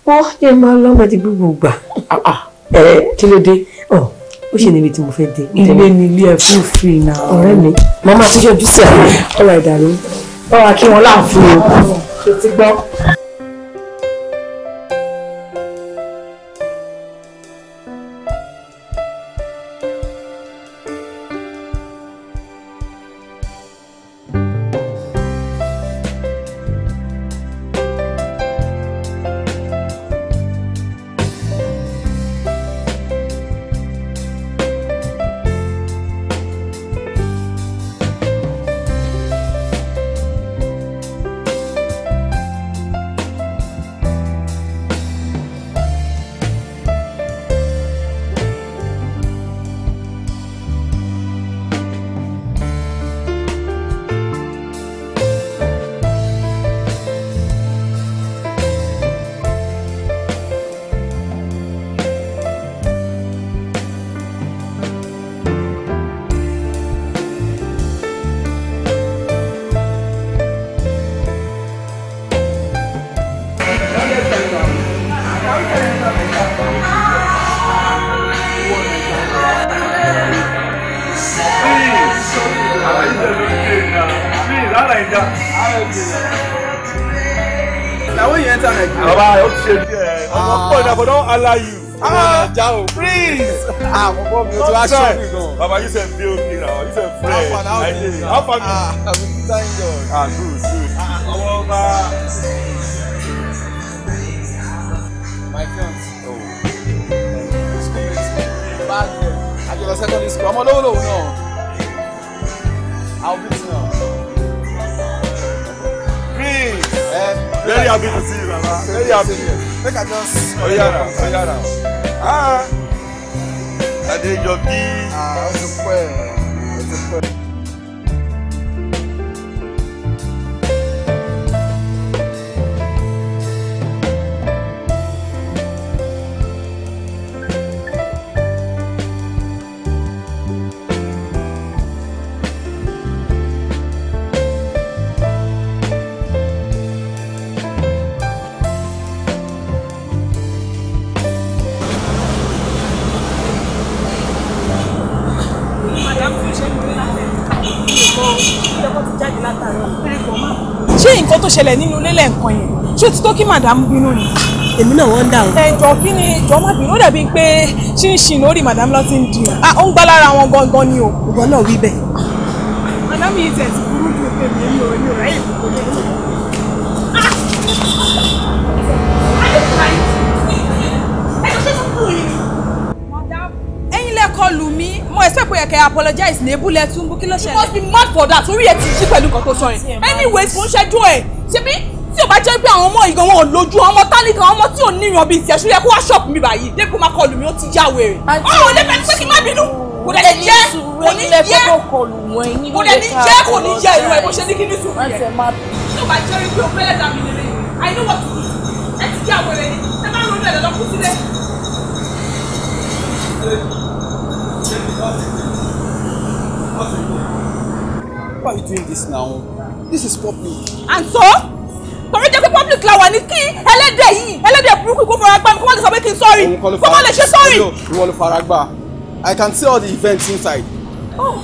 wọ́n yẹ máa lọ́mọdé gbogbo gbà. Ah, ah, eh, kí ló dé. Oh, ó ṣe níbi tí mo fẹ́ dé. ilé mm. ni ilé ẹ fún free na. ọ̀rẹ́ mi màmá àtijọ́ bí sẹ́ẹ̀ ọ̀rọ̀ ìdàrú báwa kí wọ́n láǹfin o ṣe ti gbọ́. ṣẹlẹ̀ nínú ilé lẹ́ẹ̀kan yẹn ṣé ti kí madam bínú ni. èmi náà wọ́n dà o. ẹ jọ kí ni jọ má bínú ó dàbí pé ṣínṣìn lórí madam lọ ti ń di ọ. ó ń gbá lára wọn gangan ni o. ìwọ náà wí bẹ́ẹ̀. madam yìí tẹ̀ sí burú ju tèmi ní orí rẹ̀ ẹ̀yin kọlù mí mo expect pé kẹ́ apologize lébùlẹ̀ túnbù kí ló you must be mad for that orí ẹ ti ṣí pẹ̀lú nǹkan tó sọ yẹn anyways mo ń ṣẹ́jú ẹ̀ ṣebí tí o bá jẹ́ pé àwọn ọmọ ìgan wọn ò lójú ọmọ tálíkà ọmọ tí ò níran bíi tiẹ̀ ṣúlẹ̀ kó wá ṣọ́ọ̀bù mi báyìí dépò máa kọlù mi ó ti yá wèrè. ọ̀rọ̀ ilé fẹ́ pé kí n má bínú kò dẹ̀ jẹ́ kò ní jẹ́ kò ní jẹ́ kò ní jẹ́ ìwọ ẹ̀ ṣe ní kí ní sùn yẹn. tí o bá jẹ́ pé o fẹ́ lẹ́dàá mi lè I know what to do ẹ ti yá wèrè ni ẹ má ronú ẹ̀ lọ́kùn Why are you doing this now? This is public. And so? Kọ̀wé jẹ́ pé public la wà ní kí ẹlẹ́dẹ̀ yìí ẹlẹ́dẹ̀ burúkú kó fara gbá mi kó má lè sọ pé kí n sọ́ọ̀rì kó má lè ṣe sọ́ọ̀rì. Ìwọ ló fara gbá. I can see all the events inside. Oh,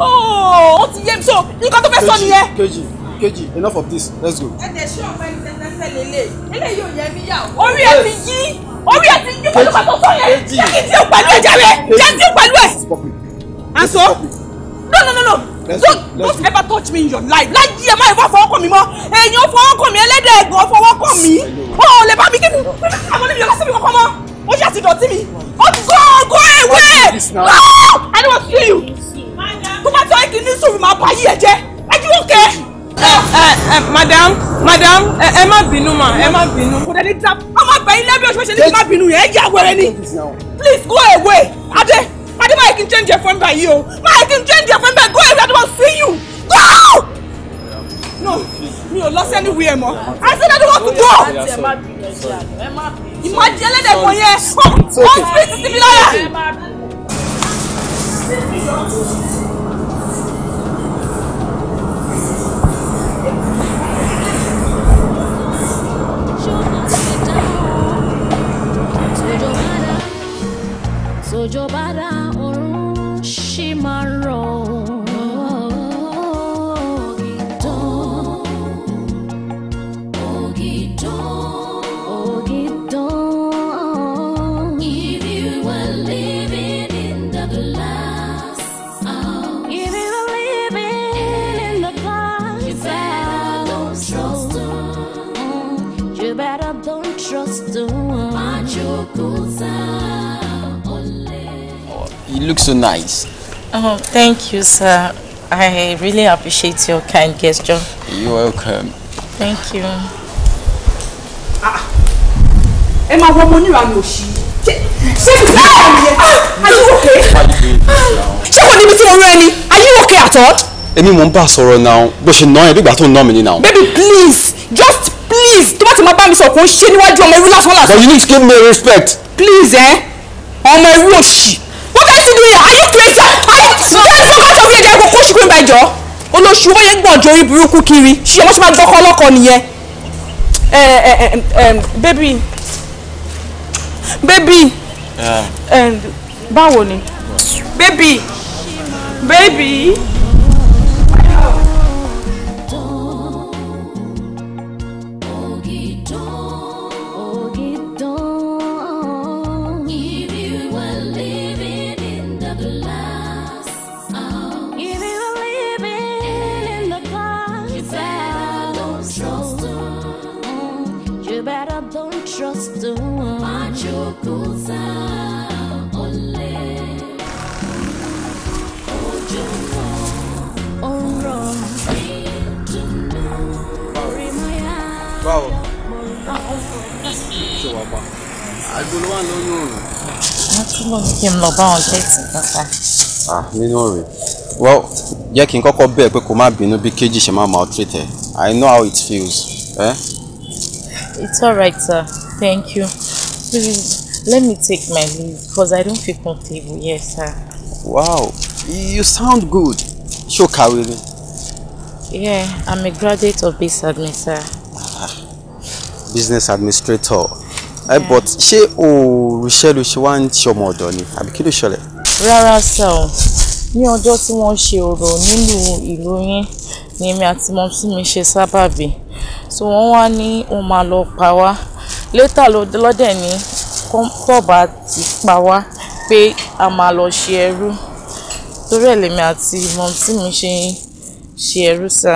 oh, ó ti yé mi so nǹkan tó fẹ́ sọ nìyẹn. Keji, Keji, enough of this let's go. Ẹ̀jẹ̀ ṣé ọ̀pẹ ìtẹ̀tẹ̀sẹ̀ lélẹ̀ eléyìí ò yẹ níyàwó. Orí ẹ ti yí orí ẹ ti yí pẹ̀lú pàtó sọ yẹn. Jẹ́ kí n ti pẹ̀lú ẹ̀ jàre kí n pẹ̀lú ẹ̀. And so? No no no no don't don't ever touch me in your life láyé ẹ má yẹ kó fọwọ́ kàn mí mọ́ èèyàn fọwọ́ kàn mí ẹlẹ́dẹ̀ ẹ̀gàn fọwọ́ kàn mí o ò lè bá mi kí ni àwọn oníbi yọlá síbi kankan mọ́ ó ṣe àti dọ̀tí mi ó ti go go away no I don't want to see you tó bá tọ́ ìkíní sùúrù máa bá yí ẹ jẹ́ ẹ jí wọ́n kẹ́. ẹ ẹ madam madam ẹ má bínú ma ẹ má bínú. kò dẹ́ni dá ọmọ bẹ̀yìn lẹ́bí oṣooṣe ní kí n má bínú yẹn ẹ jẹ́ àwẹ̀rẹ̀ ni please go away adé. Adi máa kí n change your phone by you o. I can change your phone by go away I don't see you. Go! No, mi ò lọ sí anywhere mọ́. I said I don't want to go. Ìmọ̀jì ẹlẹ́dẹ̀ kan yẹn, ó ń fi títí mi lára. Sojo bara look so nice. Oh, thank you, sir. I really appreciate your kind gesture. You're welcome. Thank you. Ah. Ẹ máa wọ ọmọ Are you Ṣé ah, Are you okay? Ah. Are you okay at all? Emi, mò ń bá now. sọ̀rọ̀ náà bó ṣe ná ẹ̀ bí ìgbà tó mi ní náà. Baby please just please tó bá ti máa bá mi sọ̀rọ̀ kò ń ṣe níwájú ọmọ irú lásán lásán. But you need to give me respect. Please ẹ eh? ọmọ irú òṣì doing Are you crazy? Are you so, get the out of here jẹ́ kókó ṣùgbọ́n ìgbà ìjọ. Olóṣù ó yẹ gbọ̀njọ orí burúkú kiri. She ọmọ ṣe máa gbọ́kọ́ lọ́kọ nìyẹn? Ẹ ẹ ẹ bébì bébì ah. báwo ni? baby, baby. àgbolo wà lọ́nà òrùn. wọ́n tún lọ ní kí n lọ bá wọn jẹ́ẹ̀tì kankan. ah nínú òrè well jẹ́ kí n kọ́kọ́ bẹ̀ẹ́ pé kó má bínú bí kejì ṣe máa maltreat ẹ̀ i know how it feels. Eh? it's alright sir thank you please let me take my leave because i don't feel comfortable here sir. wow you sound good ṣó kàwé ni. yeah i'm a graduate of business admin sir. Ah, business administrator ẹ eh, but ṣé òòrùṣẹ́ ló ṣe wá ń ti ọmọ ọ̀dọ̀ ni àbí kí ló ṣẹlẹ̀. rárá sir o ní ọjọ́ tí wọ́n ṣe ọ̀rọ̀ nílùú ìlú yín ni èmi àti mọ̀tí mi ṣe sábàbí tí wọ́n wá ní wọ́n máa lọ pa wá létà lọ́dẹ̀ ní kọ́ńtọ̀bà ti pa wá pé a máa lọ ṣe ẹrú torí ẹ̀ lèmi àti mọ̀tí mi ṣe ṣe ẹrú sá.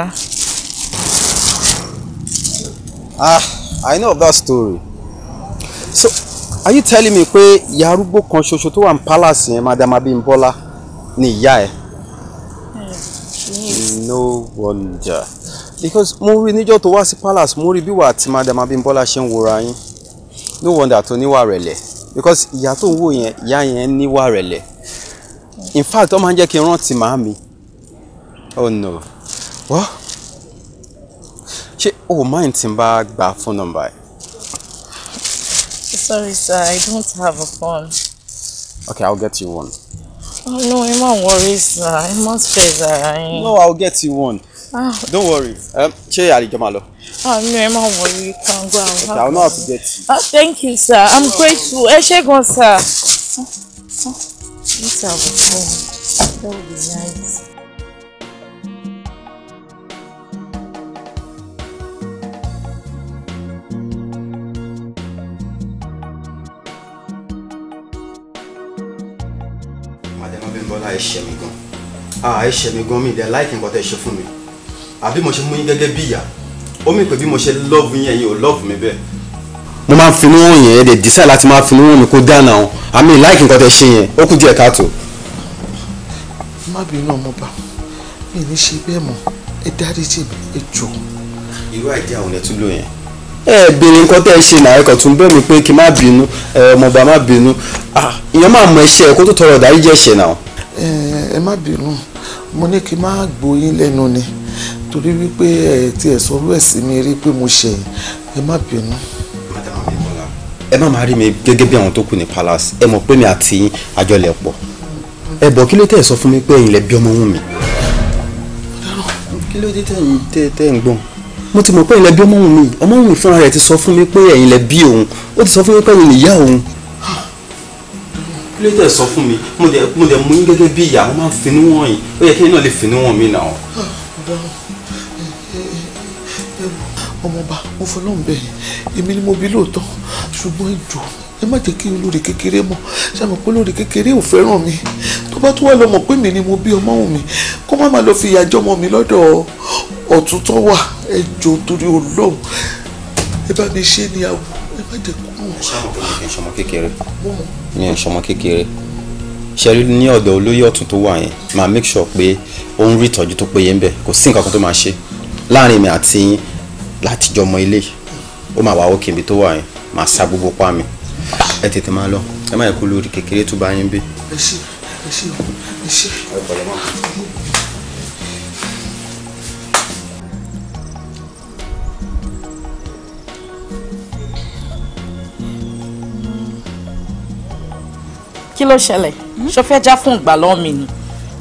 ah i know that story so are you telling me pé ìyá arúgbó kan ṣoṣo tó wà ní palace yẹn madam Abímbọ́lá ni ìyá ẹ. Hmm, no wonder because mo rí níjọ́ tó wá sí palace mo rí bí wà tí madam Abímbọ́lá ṣe ń wòra yín no wonder tó níwà rẹ̀lẹ̀ because ìyá tó ń wò yẹn ìyá yẹn níwà rẹ̀lẹ̀ in fact ó máa ń jẹ́ kí n rántí màámi oh no wọ́n ṣé o mind tí n bá gbà fún nọ́mbà yìí sorry, sir. I don't have a phone. Okay, I'll get you one. Oh, no, I'm not worried, sir. I'm not scared. No, I'll get you one. Ah. Don't worry. Um, ṣé àlejò máa lọ? Ah, no, I'm worry. worried. You can go. I'll, okay, I'll know how to get you. Ah, thank you, sir. I'm no. grateful. Ẹ ṣé gan, sir. Let's have a phone. That would be nice. ẹ ṣe mi gan ẹ ṣe mi gan mi dẹ láìkí nǹkan tẹ ṣe fún mi àbí mo ṣe mú yín gẹ́gẹ́ bí ìyá ó mì pé bí mo ṣe lọ́ọ̀bù yín ẹ̀yin ò lọ́ọ̀bù mi bẹ́ẹ̀. mo máa ń finú wọn yẹn ẹ̀ dẹ̀ dísà láti máa finú wọn mi kó dáná o àmì láìkí nǹkan tẹ ṣe yẹn ó kù díẹ̀ káàtó. má bínú ọmọba mi ní ṣe bẹ́ẹ̀ mọ́ ẹ dáríjì mi ẹ jọ̀ọ́. irú àìdí àwọn ẹ̀ tún lò yẹn ẹ bèrè nǹkan tẹ́ ṣe náà ẹ tún bẹ́ẹ̀ mi pé kí má bínú ọmọọba má bínú ìyẹn máa mọ ẹ̀ṣẹ̀ kó tó tọrọ ìdáríjì ẹ̀ṣẹ̀ náà ẹ má bínú mo ní kí n má gbóyin lẹ́nu ni torí wípé ẹ ti ẹ̀ sọ́rú ẹ̀ sí mi rí pé mo ṣẹ̀ ẹ má bínú. ẹ má máa rí mi gẹ́gẹ́ bí àwọn tó kù ní palace ẹ mọ̀ pé mi àti àjọlẹ̀ pọ̀ ẹ bọ̀ kí ló tẹ̀ sọ fún mi pé ẹ̀yin lẹ bí ọmọ wọn mi. kí ló dé tẹ̀yìn tẹ̀ tẹ̀ ń gbọ̀n mo ti mọ̀ pé ẹ̀yin lẹ bí ọmọ wọn mi ọmọ wọn mi fúnra rẹ̀ ti sọ fún mi pé ẹ̀yin lẹ bí òun ó ti sọ fún mi pé ẹ̀yin nìyá òun ló tẹ̀ sọ fún mi mo dẹ̀ mo dẹ̀ mú yín gẹ́gẹ́ bí ìyá mo máa ń finú wọ̀n yín ó yẹ kí yín náà lè finú wọ̀n mí náà. ọmọọba mo fọlọ́n bẹ̀ èmi ni mo bí lóòótọ́ ṣùgbọ́n ìjò ẹ má jẹ́ kí olórí kékeré mọ̀ ṣàmọ̀ pé olórí kékeré ò fẹ́ràn mi tó bá tún wà lọ́mọ pé mi ni mo bí ọmọ mi kó má máa lọ fi ìyà ọmọ mi lọ́dọ̀ ọ̀tún wà ẹ jọ̀ọ́ torí Ọlọ́run ẹ bá mi ṣe ní àwọ̀ má mi ò ṣọmọ kékeré ah, ṣẹlú ní ọ̀dọ̀ olóyè ọ̀tún tó wà yẹn máa make sure pé ó ń rí ìtọ́jú tó péye ń bẹ̀ kò sí nǹkan kan tó máa ṣe láàrin mi àti láti jọ ọmọ ilé ó máa wà ó kìnbi tó wà yẹn máa sa gbogbo pa mi ẹ tètè máa lọ ẹ má yẹ kó lórí kékeré tó bá yín bí. ẹ ṣe ẹ ṣe ẹ ṣe. kí ló ṣẹlẹ̀ ṣó fẹ́ já fún ìgbà lọ́mì ni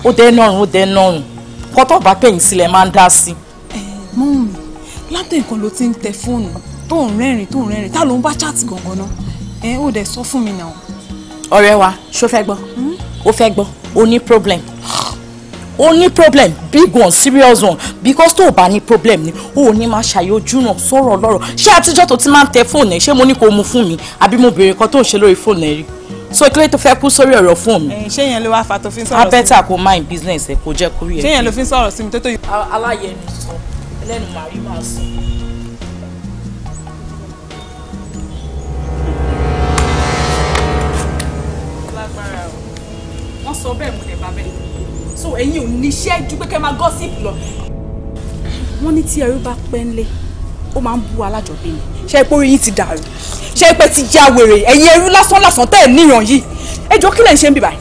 ó dé nọ̀rùn ó dé nọ̀rùn kọ́tọ̀ bá pẹ̀yìn sílẹ̀ máa ń dá sí. mú mi látọ̀ nǹkan ló ti ń tẹ fóònù tó ń rẹ́rìn tó ń rẹ́rìn tá ló ń bá chaàtì gangan náà ẹ ó dẹ̀ sọ fún mi náà. ọ̀rẹ́ wa ṣó fẹ́ gbọ́ hmm? ó fẹ́ gbọ́ ó ní problem ó ní problem big one serious one because tó o bá ní problem ni ó ní máa ṣàyọjú náà sọ̀rọ̀ lọ́rọ̀ ṣé àtijọ́ tó ti máa ń tẹ fóònù ẹ̀ ṣé mo ní kó o mu fún mi àbí mo béèrè kan tó ń ṣe lórí fóònù ẹ̀ rí so kílẹ̀ tó fẹ́ kú sórí ọ̀rọ̀ fún mi. ṣé yẹn ló wá fa tó fi ń sọ̀rọ̀ sí mi. abẹ́tà kò mind business ẹ̀ kò jẹ́ kúrú ẹ̀. ṣé yẹn ló fi ń sọ̀rọ̀ sí mi tó tó yìí. aláyẹ ni sọ ẹlẹ́nu màrí máa sọ. wọ́n sọ bẹ́ẹ̀ mo lè bá bẹ́ẹ̀ so ẹ̀yin ò níṣẹ́ ju pé kẹ́ máa gossip lọ. wọ́n ní tí ẹrú bá pẹ́ ńlé ó máa ń bu alájọbí ṣe pé orí yín ti dàrú ṣe pé ti ya wèrè ẹ̀yin ẹrú lásán lásán tẹ́ ẹ̀ níyàn yìí ẹ jọ kí lẹ̀ ṣe ń bìbà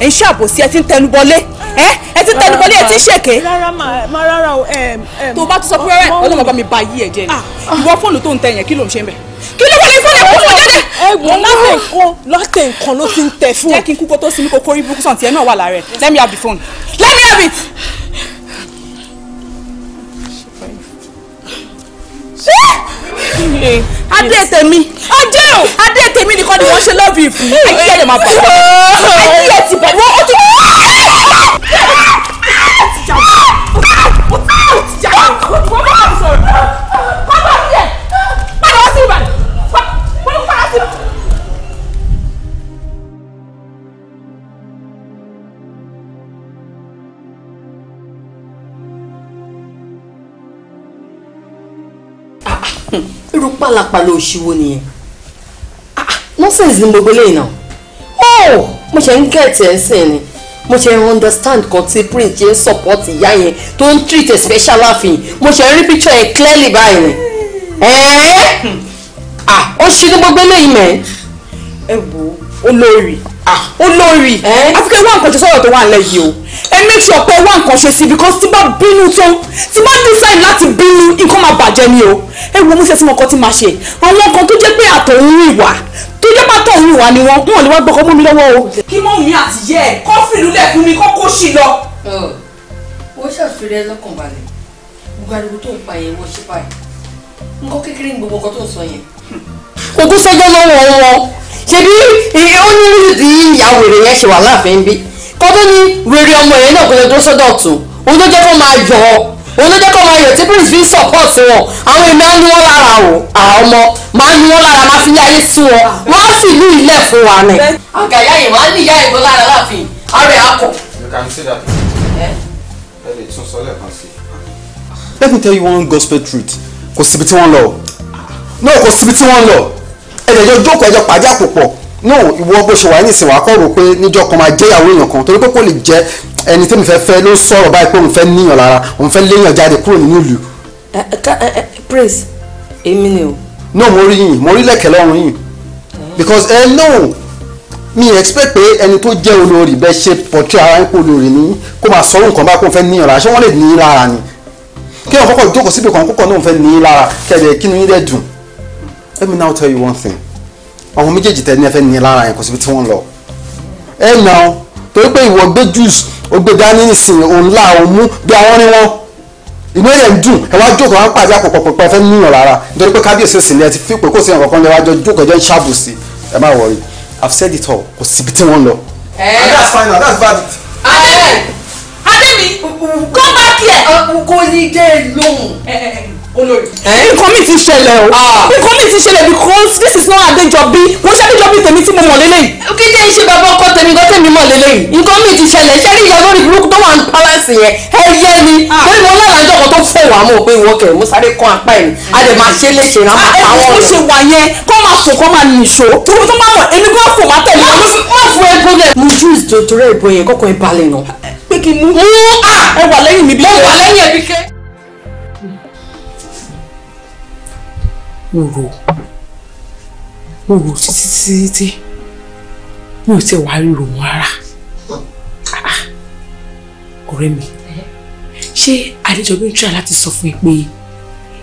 ẹ ń ṣàbòsí ẹ ti ń tẹnubọlé ẹ ẹ ti ń tẹnubọlé ẹ ti ń ṣèké. rárá ma rárá o tó o bá ti sọ pé rárá ọlọ́mọ bá mi ba yí ẹ jẹ ah, ah. ìwọ fóònù tó ń tẹ yẹn kí ló ń ṣe ń bẹ kí ló wọlé fóònù ẹkún fún jẹjẹ. ẹ̀gbọ́n látẹ nǹkan látẹ nǹkan ló ti ń tẹ fún. Ah. jẹ́ kí n kúkó tó sinmi kókó rí burúkú sàn tiẹ̀ náà wà lára ẹ̀ let me have the adé tèmi adé o adé tèmi nìkan ni wọ́n ṣe lọ́ọ̀bì fún ẹ kí ẹ lè máa bàbá ẹ kí ẹ ti bàbá ó ti. Padà sí ìbàdàn. irú pàlàpàlà òṣìwò nìyẹn ah, nonsense ni gbogbo eléyìí náà oh mo ṣe ń gẹ̀ẹ́tì ẹ̀ sìn ni mo ṣe ń understand kan tí prince ṣe support ìyá yẹn tó ń treat a special àfihàn mo ṣe ń rí picture yẹn clearly báyìí ni ẹ̀ẹ́ eh? hmm. ah ó ṣe ní gbogbo eléyìí mẹ́ ẹ wò ó lórí Ah, olórí àti pé wá nǹkan ṣe sọ̀rọ̀ tó wà nílẹ̀ yìí o ẹ make sure pé wá nǹkan ṣe sí because tí bá bínú tán tí bá decide láti bínú nǹkan máa bàjẹ́ ni o ẹ wo múṣẹ́ sí mọ́kàn tí máa ṣe àwọn kan tó jẹ́ pé àtọ̀hún ìwà tó jẹ́ pátọ̀ òun ìwà ni wọn wọn lè wá gbọ́kọ́ mọ́ mi lọ́wọ́ o. kí mọ́ mi àti yẹ ẹ kọ́ fìlú lẹ́kùn mi kọ́ kó ṣì lọ. ó ṣàfihàn lọ́kàn balẹ̀ gbogbo ariwo tó ń pa yẹn wọ́n ṣe báyìí nǹkan kékeré ni gbogbo nǹkan tó ń sọ yẹn. ogún sọjọ́ lọ́wọ́ wọn ṣebí ó ní rí ti ìyá wèrè yẹn ṣe wà láàfin bí kọ́tọ́ ni wèrè ọmọ yẹn náà kò lè dúró sọ́dọ̀ ọ̀tún òun ló jẹ́ kó máa yọ ọ́ òun ló jẹ́ kó máa yọ tí prince fi ń support wọn àwọn èmi á ní wọn lára o àọmọ máa ní wọn lára máa fi ní ayé sí wọn wọn á sì ní ilẹ̀ fún wa ni. àgàyà yìí máa ń ní ìyá ìbò lára láàfin ara ẹ̀ let me tell you one gospel truth kò síbi tí no kò síbi tí wọ́n lọ ẹ̀dẹ̀jọ́ jókòó ẹ̀jọ́ pàdé àpòpọ̀ no ìwọ bó ṣe wà ní wàá kọ́ rò pé níjọ́ kan máa jẹ́ èèyàn kan torí pé kò lè jẹ́ ẹni tí mi fẹ́ fẹ́ ló sọ̀rọ̀ báyìí pé òun fẹ́ níyàn lára òun fẹ́ léyàn jáde kúrò nínú ìlú. praise èmi ni o. no mo rí yìn mo rí lẹ̀kẹ̀ lọ́rùn yìn because ẹ no mi expect pé ẹni tó jẹ́ olórí bẹ́ẹ̀ ṣe portray ara ń pò olórí ní kó máa sọ̀rọ̀ nǹkan bá kó fẹ́ níyàn lára ṣé wọ́n lè ní í lára ni kí wọ́n kọ́kọ́ jókòó síbi kan kókò náà fẹ́ ní í lára kẹ̀dẹ̀ kí ni yín dẹ̀ dùn let me now tell you one thing àwọn méjèèjì tẹ ní ẹ fẹ́ ní lára yẹn kò síbi tí wọ́n lọ ẹ nà ọ torí pé ìwọ gbé juice ó gbé dání nísìnyí òun là òun mú bí àwọn rí wọn inú ẹ̀yẹ̀ ń dùn ẹ wá jókòó wá ń pàdé àpòpọ̀ pẹ̀pẹ́ ẹ fẹ́ níyàn lára nítorí pé kábíyèsí òsì ni ẹ ti fi pé kó sí ẹ̀wọ̀n kan lẹ́wọ́ àjọ jókòó ẹjọ́ ń ṣàbùsì ẹ má wọrí I've said it all kò síbi tí wọ́n lọ. Eh. and that's final that's verdict. ademi ademi come back here. Uh, kò ní dé lóhùn. Eh, eh, Eh, nǹkan mi ti ṣẹlẹ̀ o ah. nǹkan mi ti ṣẹlẹ̀ because this is not adéjọbí kò ṣe adéjọbí tèmi tí mo mọ̀ lélẹ́yìí. kí jẹ́ iṣẹ́ bàbá ọkọ tèmi gan tèmi mọ̀ lélẹ́yìí nǹkan mi ti ṣẹlẹ̀ ṣé rí ìyàwó rí burúkú tó wà ní palace yẹn ẹ yẹ ni lórí ah. mo lára ìjọkọ tó fẹ́ wà mọ̀ pé ìwọ kẹrì mo sáré kọ́ apá ẹ̀ a dẹ̀ máa ṣe léṣe rán máa ah, pa wọn. ẹ ṣe wà yẹn kó máa fò kó máa nìṣó tó tó máa mọ̀ èmi kó fò máa tẹ̀lé wọn. mo fún ẹ mo rò mo rò títí títí tí mi ò tiẹ̀ wá ríro mọ́ rárá ah, ah. ọ̀rẹ́ mi ṣé adéjọbí ń tíra láti sọ fún ẹ pé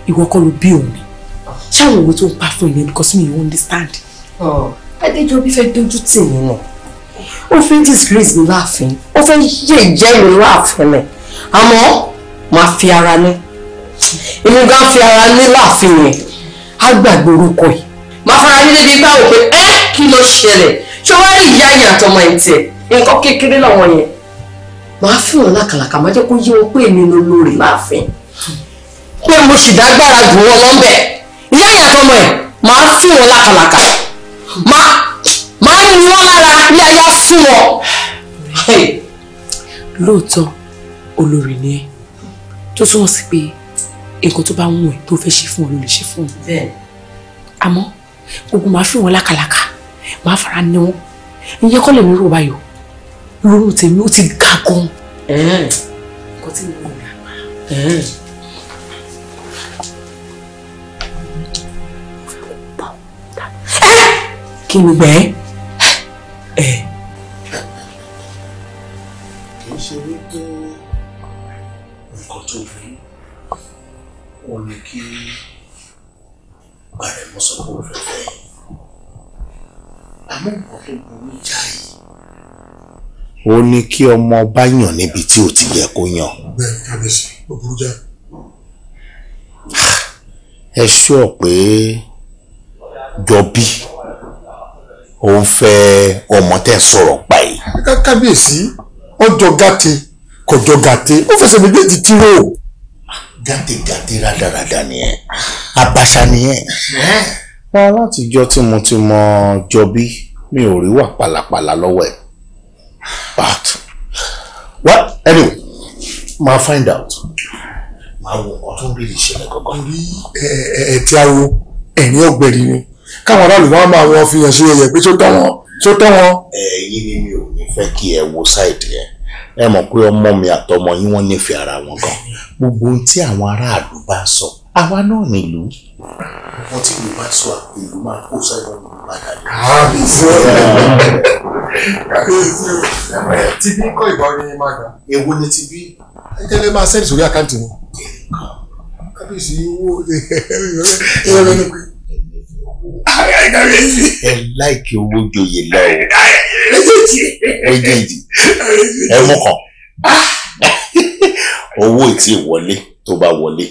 ìwọ kọ́ ló bí òun ni ṣáwọn òwe tó ń pa fún ìyẹn because me ò understand. Oh, adéjọbí fẹ́ dojú tì mí nù ó fẹ́ disgrace mi láàfin ó fẹ́ yé ìjẹ́ mi láàfin mi àmọ́ màá fi ara ní èmi gan fi ara ní láàfin yẹn á gbàgbé orúkọ yìí. màá fara yín débi báwo pé ẹ kí ló ṣẹlẹ̀ ṣé wàá rí ìyá yẹn àtọmọ ẹ̀ tiẹ̀ nǹkan kékeré làwọn yẹn. màá fi wọn lákàlàkà máa jẹ́ kó yé wọn pé èmi ló lórí láàfin pé mo sì dágbára jù wọn lọ́nbẹ̀ ìyá yẹn àtọmọ ẹ̀ màá fi wọn lákàlàkà máa máa ń lára ní ayá fún wọn. lóòótọ́ olórí ni ẹ tó túmọ̀ sí pé nǹkan tó bá ń wù ẹ́ tó fẹ́ ṣe fún ọ ló lè ṣe fún ọ. àmọ́ gbogbo màá fi wọn lákàlàkà màá fara ní wọn ìyẹn kọ́ lè mú rò báyọ̀ lóru tèmi ó ti ga gan. nǹkan tí mo rò dà. kí ni gbẹ́. ó ní kí ọmọ ọba yàn níbi tí ò ti yẹ kó yàn. bẹ́ẹ̀ kábíyèsí ó burú já. ẹ ṣọ́ pé jọbí ó ń fẹ́ ọmọ tẹ́ sọ̀rọ̀ pa yìí. kábíyèsí ọjọ́ gàtẹ kọjọ́ gàtẹ ó fẹsẹ̀ méjèèjì tí wò. gàtẹ gàtẹ rádaràdà nìyẹn abàṣà nìyẹn. wọn látijọ́ tí mo ti mọ jọbí mi ò rí wà pàlàpàlà lọ́wọ́ ẹ̀. But, well, anyway, ma find out. Ma wo ọtún bí ìṣẹ̀lẹ̀ kankan. Orí ẹ̀ẹ̀tì awo ẹ̀rín ọ̀gbẹ̀rì ni. Káwọn aráàlú wa máa wọ fi hàn sí ẹyẹ pé tó tán wọn. Tó tán wọn. Ẹ̀yin ni mi ò ní fẹ́ kí ẹ wo sáìdì yẹn. Ẹ mọ̀ pé ọmọ mi àtọmọ yín wọ́n nífẹ̀ẹ́ ara wọn gan. Gbogbo ohun tí àwọn aráàlú bá sọ, àwa náà nílùú. Wọ́n ti lù bá sọ àpò ìlú máa kó sáyọ̀ nù padà dé. ti bí kọ́ ìbọn ni máa gbà. èwo ni ti bí. ayíkẹ́lẹ́ máa sẹ́ẹ̀dì sórí àkáǹtì mi. kábíyèsí owó ìrọ̀lẹ́ ní pé. kábíyèsí. ẹ láìkí owó joyè lọ o. méjèèjì ẹ mú kàn owó tí wọlé tó bá wọlé.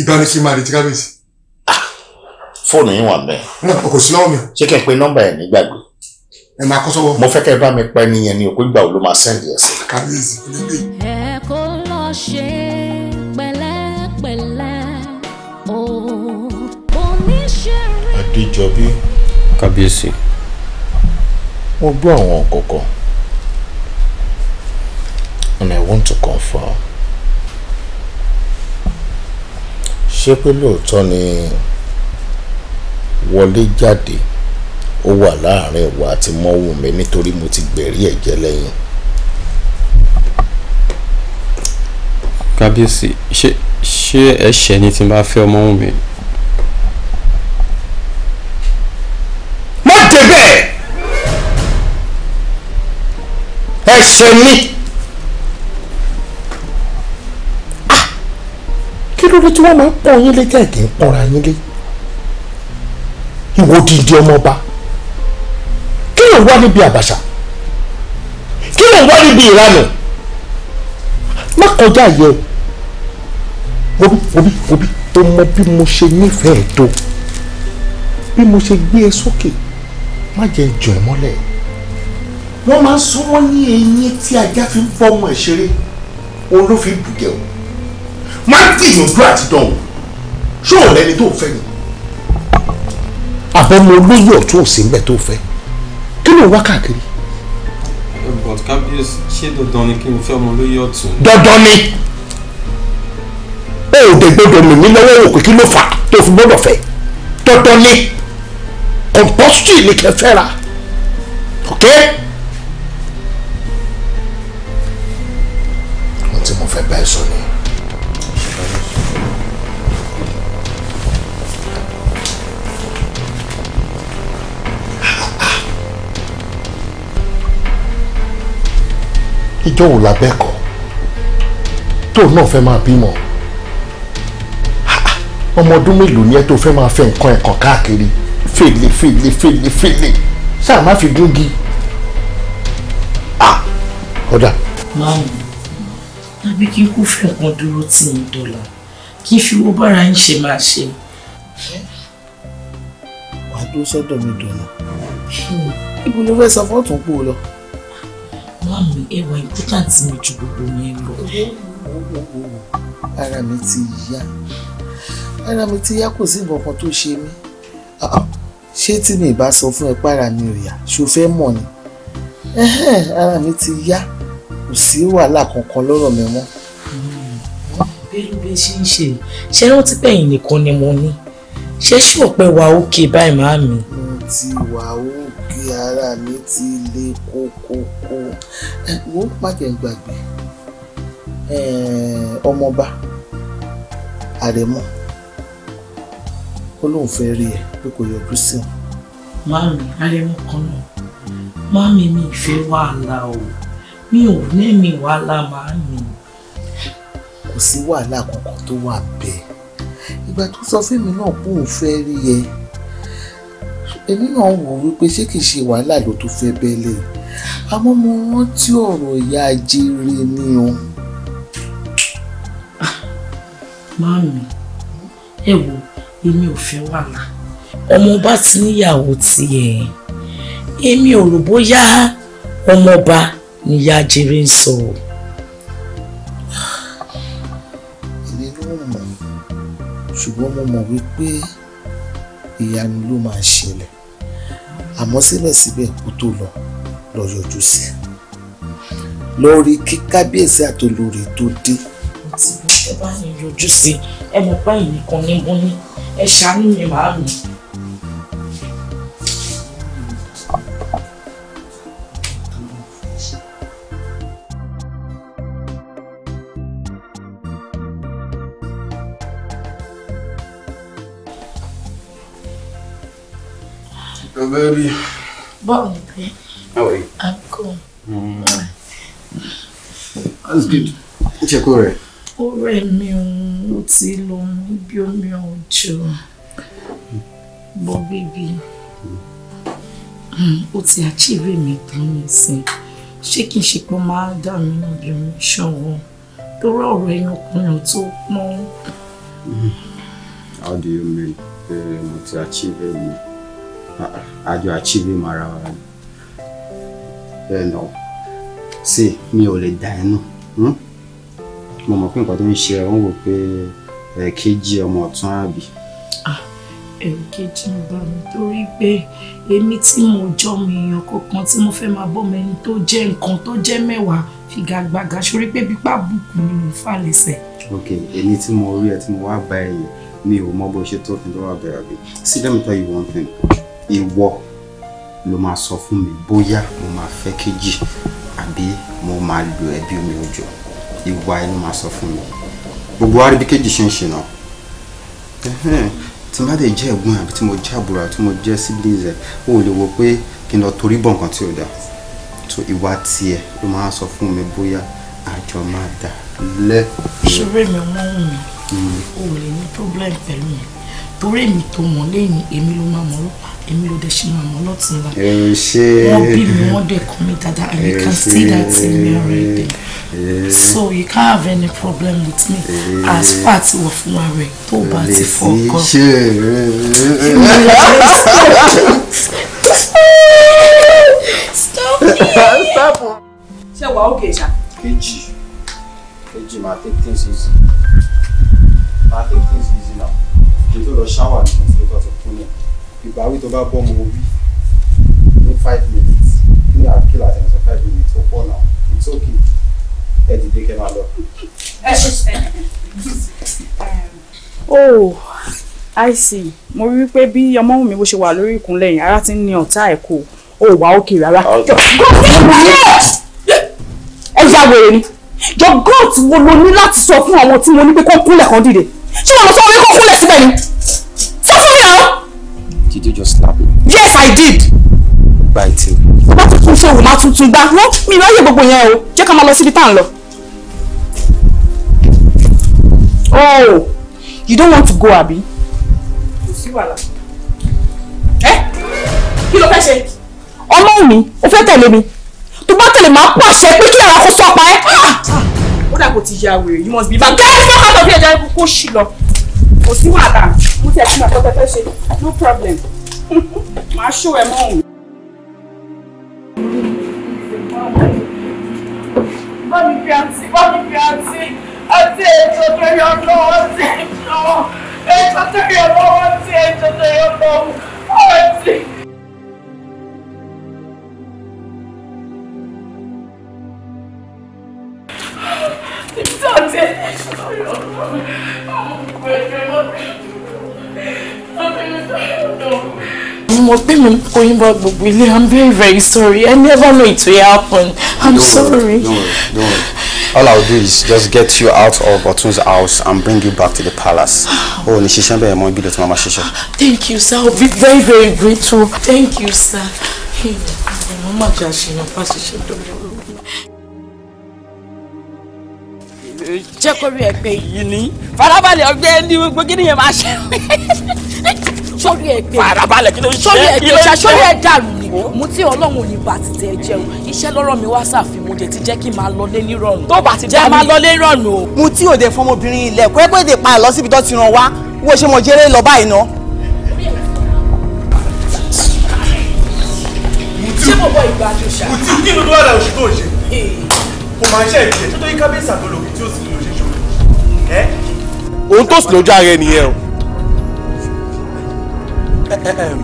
ìbánisí máa retí kábíyèsí fóònù yín wà bẹ́ẹ̀. ní àpò kò sí lọ́wọ́ ṣé kí n pe nọ́mbà ẹ̀ nígbàgbé. ẹ máa kọ́ sọ́wọ́. mo fẹ́ kẹ́ bá mi pa ẹni ni òkú ìgbà wo ló máa sẹ́ndì ẹ̀ sí. kábíyèsí kò ní ẹ kò lọ ṣe pẹ̀lẹ́pẹ̀lẹ́ o oníṣẹ́rí. adéjọbí kábíyèsí mo gbọ́ àwọn kọ̀ọ̀kan and I want to confirm ṣé pé lóòótọ́ ni wọlé jáde ó wà láàrin ìwà àti mọ́wùmí nítorí mo ti gbẹ̀rí ẹ̀jẹ̀ lẹ́yìn. kábíyèsí ṣé ṣé ẹ̀ṣẹ̀ ni tí n bá fẹ́ ọmọ wù mí. má jẹ bẹ́ẹ̀ ẹ̀ṣẹ̀ ni ah! kí ló dé tí wọ́n máa ń pọ́n yín lé tẹ̀kí ń pọ́nra yín lé ìwọ dìndín ọmọọba kí ló ń wá níbi àbàṣà kí ló ń wá níbi ìranù má kọjá yẹ wòbí wòbí wòbí o mọ bí mo ṣe nífẹ̀ẹ́ tó bí mo ṣe gbé e sókè má jẹ́ jọ ẹ mọ́lẹ̀ wọ́n máa ń sọ wọ́n ní eyín tí ajá fi ń fọ́ ọmọ ẹ̀ ṣeré òun ló fi bùjẹ́ o má gbìyànjú àti dán o ṣó o lẹ́ni tó fẹ́ ni àwọn ọmọ olóyè ọ̀tún òsì ń bẹ̀ tó fẹ́ kí ló ń wá káàkiri. but kábíyèsí ṣé dandan ni kí n fẹ́ ọmọ olóyè ọ̀tún. dandan ni ó ò dé gbọdọ̀ mi ní lọ́wọ́ òkú kí ló fà tó fi gbọdọ̀ fẹ́ dandan ni compostry ni kẹ́ fẹ́ ra ok. wọ́n ti mo fẹ́ bẹ́ẹ̀ sọ ni. ìjọ wò lábẹ́kọ̀ tóun náà fẹ́ máa bímọ ọmọ ọdún mélòó ni ẹ tó fẹ́ máa fẹ́ nǹkan ẹ̀kan káàkiri fèlè fèlè fèlè fèlè sáà má fi gúngi ọ̀dà. máa ń tàbí kí kú fẹ̀kún dúró tì ń dọ̀là kí fi owó bára ń ṣe máa ṣe. wàá dúró sọ́dọ̀ mi dọ̀nà ibo ló fẹ́ sọ fọ́ọ̀tún kú lọ máa mú ẹwà important mi ju gbogbo yẹn lọ. ara mi ti yá ara mi ti yá kò sí nǹkan kan tó ṣe mí ṣé tí mi bá sọ fún ẹ para mi rìà ṣó fẹ́ mọ̀ ni ara mi ti yá kò sí wàhálà kankan lọ́rọ̀ mi mọ́. bẹ́ẹ̀ bí ṣe ń ṣe ṣe rántí pẹ̀yìn nìkan ni mo ní ṣé ṣé ọ̀pẹ wà ókè báyìí máa mi. mo ti wà ó ara mi ti le kókókó ẹ wo májẹ̀ gbàgbé ọmọọba àrẹ̀mọ ó lóun fẹ́ rí ẹ pé kò yọjú sí òun. máàmì àrẹ̀mọ kan náà máàmì mi ìfẹ́ wàhálà o mi ò lẹ́mìí wàhálà máàmì. kò sí wàhálà kankan tó wà bẹ́ẹ̀ ìgbà tó sọ fún mi náà pé òun fẹ́ rí ẹ èmi náà wò wípé ṣé kìí ṣe wàhálà ló tó fẹ́ bẹ́lẹ̀ àmọ́ mo rántí ọ̀rọ̀ ìyá ajere ni o. Ah, Máàmì ẹ wo èmi ò fẹ́ wàhálà ọmọ ọba ti níyàwó tiẹ̀ èmi ò rò bóyá ọmọ ọba ni ìyá ajere ń sọ. èmi ló mọ̀ ṣùgbọ́n mo mọ̀ wípé ìyanu ló máa ń ṣẹlẹ̀ àmọ́ síbẹ̀síbẹ̀ kó tó lọ lọ yọjú sí i lọ rí kí kábíyèsí àtolórí tó dé. tí ẹ bá yẹn yọjú sí ẹ mọ̀ pé ẹ̀yìn kan ní mo ní ẹ ṣàánú mi màá mi. baby. Bob, how are you? I'm cool. Mm. That's good. Ṣé kò rẹ̀? Ó rẹ̀ mi ò tí lọ bí omi ọjọ́. Bob, baby. Mm, ó ti achieve mi tán nísìn. Ṣé kí n ṣe pọ́n máa dà mí náà bí omi ṣọ̀wọ́? Torí ọ̀rọ̀ ẹyin ọkùnrin ò tó pọ́n. Mm. How do you mean? Mo ti achieve mi àjọ àchíbí mara wa ni bẹ́ẹ̀ náà sí mi ò lè dá inú hmm? mo mọ̀ pé nǹkan tó ń ṣe ẹ̀ ń wò pé ẹ̀ẹ̀kejì ọmọ ọ̀tún àbí. ẹ̀ẹ̀kejì bá mi torí pé èmi tí mo jọ mi èèyàn kankan tí mo fẹ́ máa bọ́ mi ẹni tó jẹ́ nǹkan tó jẹ́ mẹ́wàá figagbága sórí pé bípá bùkún ni mo fà lẹ́sẹ̀. ok èmi tí mo rí ẹ tí mo wá bá ẹ yìí mi ò mọ bó ṣe tó fi lọ́wọ́ bẹ̀rẹ̀ bí sí let me tell you one thing ìwọ ló máa sọ fún mi bóyá mo máa fẹ́ kejì àbí mo máa lo ẹbí omi òjò ìwà ẹ ló máa sọ fún mi gbogbo wa rí bí kejì ṣe ń ṣe náà tí má dé jẹ́ ẹ̀gbọ́n àbí tí mo jẹ́ àbúrò àbí tí mo jẹ́ siblings ẹ̀ ó lè wo pé kí n lọ torí bọ̀ nǹkan tí ò dáa tó ìwà tiẹ̀ ló máa sọ fún mi bóyá àjọ máa dà lẹ́. ṣeré mi wọ́n wù mí hmm. o lè ní problem pẹ̀lú mi torí èmi tó mọ̀ lẹ́yìn èmi ló máa mọ̀ lọ́pàá èmi ló dẹ̀ ṣe máa mọ̀ lọ́tún la wọ́n bí mi wọ́n dẹ̀ kọ́ mi dáadáa and you can see that in me already so you can't have any problem with me as far ti wọ̀ fún wa rẹ̀ tó bá ti fọ́ ọkọ. stop it. stop it. ṣé wàá òkè ṣá. kejì kejì máa take things easy máa take things easy now kí n tó lọ ṣáwà ní ìfúnni tó tó kú ìbáwí tó bá bọ́ ọmọ orí ní five minutes ní àkíl àtẹnusọ so five minutes ó pọ̀ náà it's okay ẹ dìde kẹ́ máa lọ. oh i see mo rí i pé bí ọmọ mi bó ṣe wà lórí ìkúnlẹ̀ yìí ara ti ń ní ọ̀tá ẹ̀ kó o oh, wà òkè rárá. ẹ yá wèrè ni your goat wo lo ní láti sọ fún àwọn tí mo ní pé kó kúnlẹ̀ kan dìde ṣé wọn lọ sọ wọn kó kúnlẹ̀ síbẹ̀ ni. Did you just slap me? Yes, I did. Biting. Tó bá tuntun ṣe wò máa tuntun gbá. Wọ́n mi ráyè gbogbo yẹn o. Jẹ́ ká máa lọ síbi tá Oh, you don't want to go, Abi? You see wàhálà. Ẹ́ eh? kí ló fẹ́ ṣe? Ọlọ́run mi, o fẹ́ tẹ̀lé mi. Tó bá tẹ̀lé máa pàṣẹ pé kí ara kó sọ pa ẹ́. Ah! Ó dà kó ti ya wèrè, you must be back. Get the fuck out of here, jẹ́ kó ṣì lọ kò sí wàhálà mo tẹ̀ sí màkọ́ tẹ́tẹ́ ṣe no problem màá ṣó ẹ mọ́ òun. bọ́ọ̀lù fi àǹtí bọ́ọ̀lù fi àǹtí àti ètò torí ọdún ọtí ìṣòwò ètò torí ọdún ọtí ètò torí ọdún ọtí. Don't take it. I'm pe mi going back gbogbo ilé i'm very very sorry i never know it will happen i'm don't sorry worry, don't worry don't worry all i'll do is just get you out of Otun's house and bring you back to the palace oh ni ṣiṣẹ́ bẹ́ẹ̀ mọ ibi ló thank you sir i'll be very very grateful thank you sir. mo máa jà ṣìyàn fásitì ṣe rè jẹ́ kó rí ẹgbẹ́ yìí ni farabalẹ̀ ọgbẹ́ ní gbogbo kí nìyẹn máa ṣe sórí ẹgbẹ́ farabalẹ̀ kí ló ń ṣe sórí ẹgbẹ́ ṣe sórí ẹ dàrú ni mo ti ọlọ́run ò ní bá ti tẹ jẹun iṣẹ́ lọ́rọ̀ mi wá sàfihàn mo jẹ ti jẹ́ kí n máa lọlé nírọ̀rùn tó bá ti jẹ́ máa lọlé nírọ̀rùn o. mo tí òde fọmọbìnrin ilẹ̀ kó ẹgbẹ́ èdè pa àlọ́ síbi tó ti ràn wá wo ṣe mo jẹ́rẹ́ lọ báyìí ná. ṣé mo bọ ìgbà àjọṣà. mo ti kí ló dọ́ọ̀dà oṣù tó ṣe kò máa ṣe ẹ̀jẹ̀ tó tó yí kábíyèsí àgbọ̀lọ̀ kí tí ó sì ohun tó sì lójú ara ẹ nìyẹn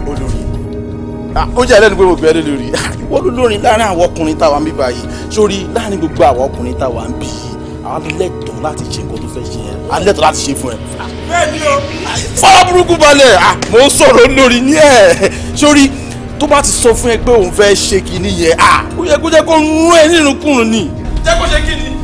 o olórí ó jẹ́ ẹlẹ́nu pé mo gbé ẹ lórí ah, ìwọ ló lórin láàrin àwọn ọkùnrin táwa ń bí báyìí sórí láàrin gbogbo àwọn ọkùnrin táwa ń bí àwọn alẹ́tọ̀ọ́ láti ṣe nǹkan tó fẹ́ ṣe yẹn alẹ́tọ̀ọ́ láti ṣe fún ẹ. Ah, fọlá burúkú balẹ̀ ah, mo ń sọ̀rọ̀ lórí ní ẹ̀ sórí tó bá ti sọ fún ẹ pé òun fẹ́ ṣe kinní yẹn ó yẹ kó jẹ́ kó rún ẹ nínú kùnrin ni. jẹ́ kó ṣe kinní.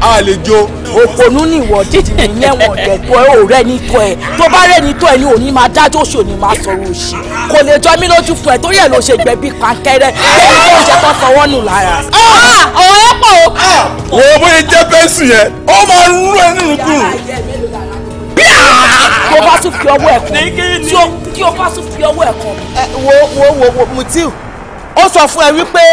a lè jo. òpònú ni ìwọ jíjìn ní ẹ̀wọ̀n dẹ̀tọ́ ẹ ò rẹ́ ní tọ́ ẹ tó bá rẹ́ ní tọ́ ẹ ni òní máa dájọ́ òṣò ni máa sọ̀rọ̀ òṣì kò lè jọ mí lójú fún ẹ torí ẹ ló ṣe gbẹ bí pankẹrẹ lórí tó ń ṣe tó sanwó nù lára. Ah, ọ̀rọ̀ ẹ pọ̀ o. Ah, wo bóyá jẹ́ pẹ́sì yẹn ó máa rú ẹ nínú kùn. tí o bá tún fi ọwọ́ ẹ̀ kàn tí o bá tún fi ọwọ́ ẹ̀ kàn. wo wo wo Mutiu ó sọ fún ẹ wípé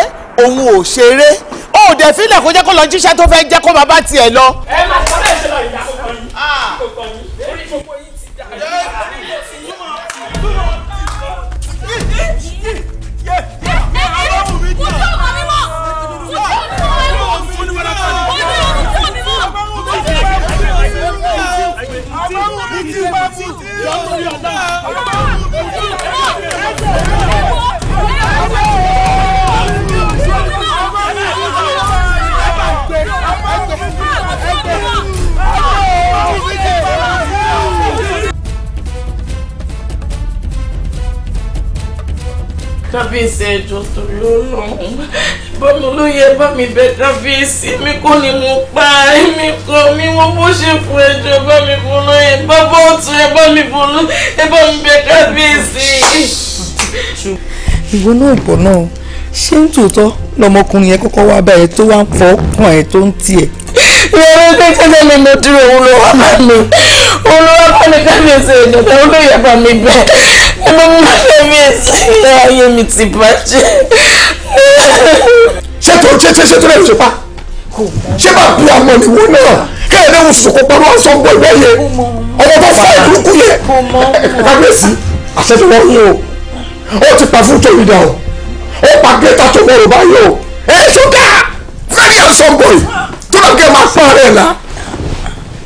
òun ò ṣeré ó dẹ̀ fílẹ̀ kó jẹ́ kó lọ jíṣẹ́ tó fẹ́ jẹ́ kó bàbá tiẹ̀ lọ. ẹ má sọ bẹ́ẹ̀ ṣe lọ ìyá kò tọ́ kò tọ́ yìí gbogbo yìí ti dà Yeah. kábíyèsí ẹjọ́ torí Ọlọ́run bámi ló yẹ bámi bẹ kábíyèsí mi kò ní mo pa èmi kan mi wọn bó ṣe fún ẹjọ́ bámi fún lọ ẹ bábá ọtún ẹ bámi fún lọ ẹ bámi bẹ náà ṣé ń tòótọ́ lọmọkùnrin yẹn kọ́kọ́ wá báyẹn tó wá ń fọ́ ọkàn ẹ̀ tó ń tiẹ̀. ìyàwó pé tẹ́lẹ̀ ni mo dúró òun ló wá bá mi òun ló wá bá mi kábíyèsí ẹ̀jẹ̀ tó ń lò yẹ bá mi bẹ̀ ẹ ló mú kábíyèsí ẹ̀ ayé mi ti bàjẹ́. ṣé tó ṣe ṣe ṣe tó lẹ́nu ṣe pa ṣé bá bí àmọ́ ìwọ náà kẹ́hìn náà wọ́n sọ̀kọ̀ pẹ̀lú aṣọ ń bọ̀ ìwọ yẹ ọmọ bá o ó ti pa fún tòun ó pa greater tomorrow báyìí o ẹ ṣúgà very handsome boy tó lọ kẹ́ máa pọ́n rẹ̀ la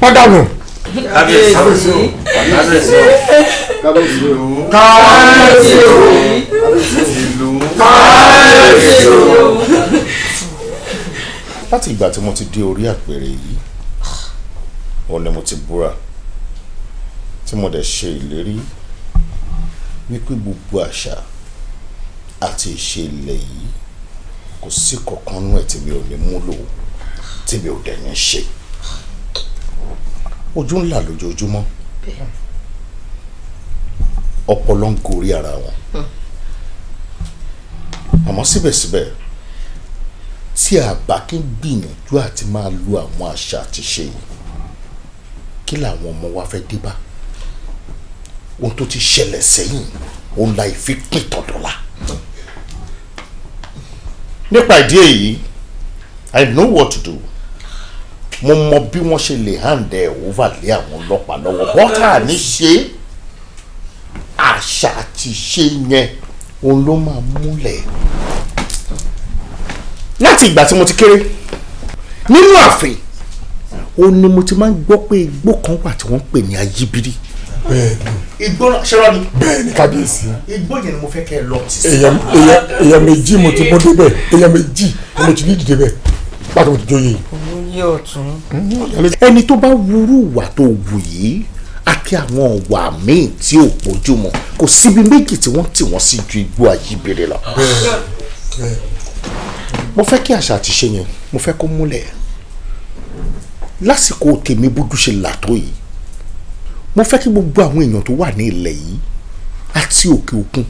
padà nù. kábíyèsí o kábíyèsí o kábíyèsí o kábíyèsí o kábíyèsí o. láti ìgbà tí mo ti dé orí àpèrè yìí òun ni mo ti búra tí mo dẹ̀ ṣe ìlérí wípé gbogbo àṣà àti ìṣe ilẹ̀ yìí kò sí kankan nú ẹ̀ tí mi ò ní múlò tí mi ò dẹ̀ ní ṣe ojú ńlá lójoojúmọ́ ọpọlọ ń gorí ara wọn àmọ́ síbẹ̀síbẹ̀ tí a bá kí ń gbìyànjú àti máa lo àwọn àṣà àti ṣe yìí kí làwọn ọmọ wa fẹ́ dé bá ohun tó ti ṣẹlẹ̀ sẹ́yìn òun la ìfi pín tọ̀dọ̀la nípa ìdí èyí i know what to do mo mọ bí wọ́n ṣe lè hand ẹ̀ over lé àwọn ọlọ́pàá lọ́wọ́ bọ́tà ní ṣe àṣà àti ṣe yẹn òun ló máa múlẹ̀. láti ìgbà tí mo ti kéré nínú ààfin ó ní mo ti máa ń gbọ́ pé igbó kan wà tí wọ́n ń pè ní ayíbírí. bẹ́ẹ̀ igbó ṣọlá ni. bẹ́ẹ̀ni kábíyèsí. igbó yẹn ni mo fẹ́ kẹ́ ẹ lọ. èèyàn èèyàn èèyàn méjì mo ti bọ́ débẹ̀ èèyàn méjì mo ti ní ìdílé bẹ̀ pàtó mo ti jóye. olóyè ọ̀tún. ẹni tó bá wúrú ìwà tó wù yìí á kí àwọn ọ̀wà míì tí ò bójúmọ́ kò síbi méjì tí wọ́n tì wọ́n sí ju igbó ayíbèrè lọ. mo fẹ́ kí àṣà àti ṣe yẹn mo fẹ́ kó múlẹ̀ lásìkò tèmi búdú ṣe làtó yìí mo fẹ́ kí gbogbo àwọn èèyàn tó wà ní ilẹ̀ yìí àti òkè òkun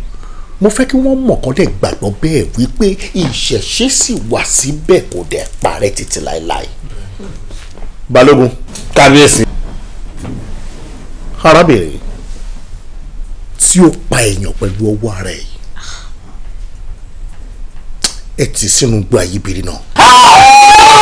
mo fẹ́ kí wọ́n mọ̀ kán dẹ̀ gbàgbọ́ bẹ́ẹ̀ wípé ìṣẹ̀ṣe sì wà síbẹ̀ kò dẹ̀ parẹ́ títí láéláé. balógun kábíyèsí. arábìnrin tí ó pa èèyàn pẹ̀lú ọwọ́ ara ẹ̀ ẹ ti sínú gbọ́ àyíbiri náà. Ah!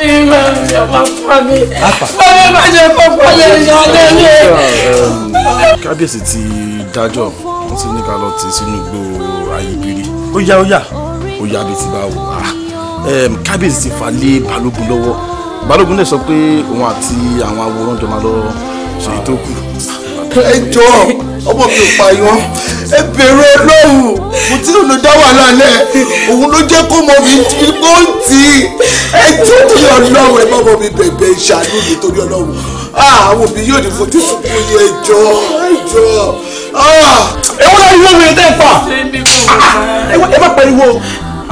mi máa ń yọ pápá mi wọ́n mi máa ṣe pápá lè yan lẹ́lẹ́. kábíyèsí ti dájọ́ wọ́n ti ní ká lọ ti sínú igbó ayébírí ó yá ó yá ó yá bíi ti bá wò á ah, kábíyèsí ti fà lé balógun lọ́wọ́ balógun náà sọ pé òun àti àwọn àwòrán jọ máa lọ ṣèyí tó kù ẹ jọ ọmọ mi ò pààyàn ẹ bèrè ọlọ́run mo ti lò ló dá wàhálà lẹ̀ òun ló jẹ́ kó mọ mi di bóńtì ẹ jọ torí ọlọ́run ẹ má mọ mi bẹ̀bẹ̀ ìṣàánú mi torí ọlọ́run àwọn òbí yóò ní fojú sunkún yẹ ẹ jọ ẹ jọ. ewu náà yóò mi dé pa ẹ má pariwo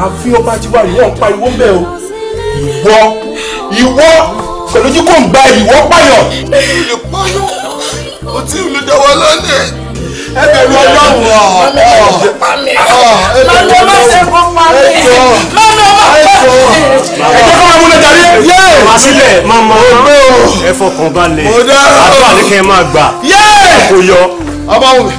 àfi ọba ti wá ìwọ ń pariwo ń bẹ o ìwọ ìwọ pẹ̀lú ojú kò ń gba ìwọ payọ. ìpayọ o ti mi dọwọ́ lónìí. ẹ bẹ̀rù ọlọ́run ọ̀ ọ̀ ẹ bẹ̀rù ọlọ́run ọ̀ ẹ jọ ẹ jọ ẹ jọ kọ́ra múlẹ̀ jàre. yé wá sílẹ̀ mama ẹ fọkàn balẹ̀ àdúrà ni kẹ́ ẹ máa gbà kó yọ. ọmọ wù mí.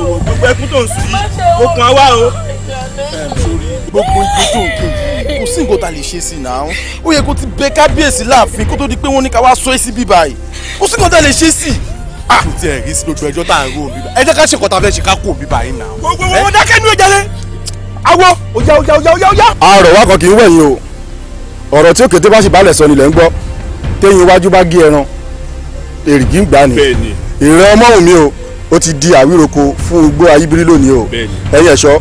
gbogbo gbogbo ẹkún tó ń sùn yìí okùn àwa o. gbogbo igbó tó ń kùn kò sí nǹkan tá a lè ṣe sí i náà ó yẹ kó ti bẹ kábíyèsí láàfin kó tó di pé wọ́n ní ká wá sọ é sí bíbá yìí kò sí nǹkan tá a lè ṣe sí i. Ah! kò tiẹ̀ rí sí gbogbo ẹjọ́ tá à ń rò bíbá ẹ jẹ́ ká ṣèkọ́ta fẹ́ ṣe ká kó bíbá yìí náà. gbogbo wọn dákẹ́ nínú ìjà lé awọ ọjà ọjà ọjà ọjà ọjà. àrò wa kan kì í wẹ̀yìn o ọ̀rọ̀ tí òkété bá sì balẹ̀ sọ nílẹ̀ ń gbọ́ téyìn iwájú bá gé ẹran èrìgì ń gbà ní ìrẹ́ ọmọ òun mi o ó ti di àwíroko fún igbó ayíbírí lónìí o ẹ̀yin ẹ̀ṣọ́. ẹ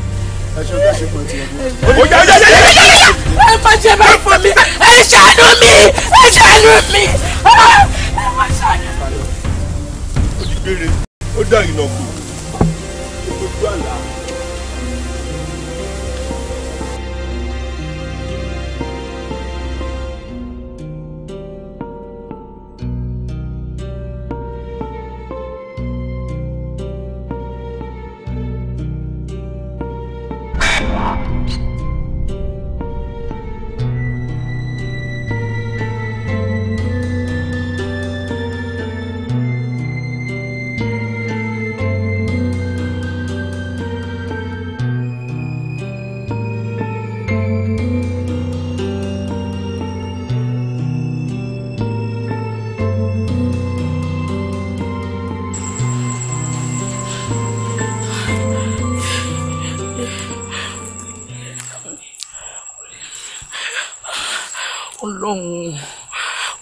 má ṣe bá fún mi ẹ ṣàánú mi ẹ ṣàánú mi ẹ má ṣàánú mi. ó dá ìnà kù.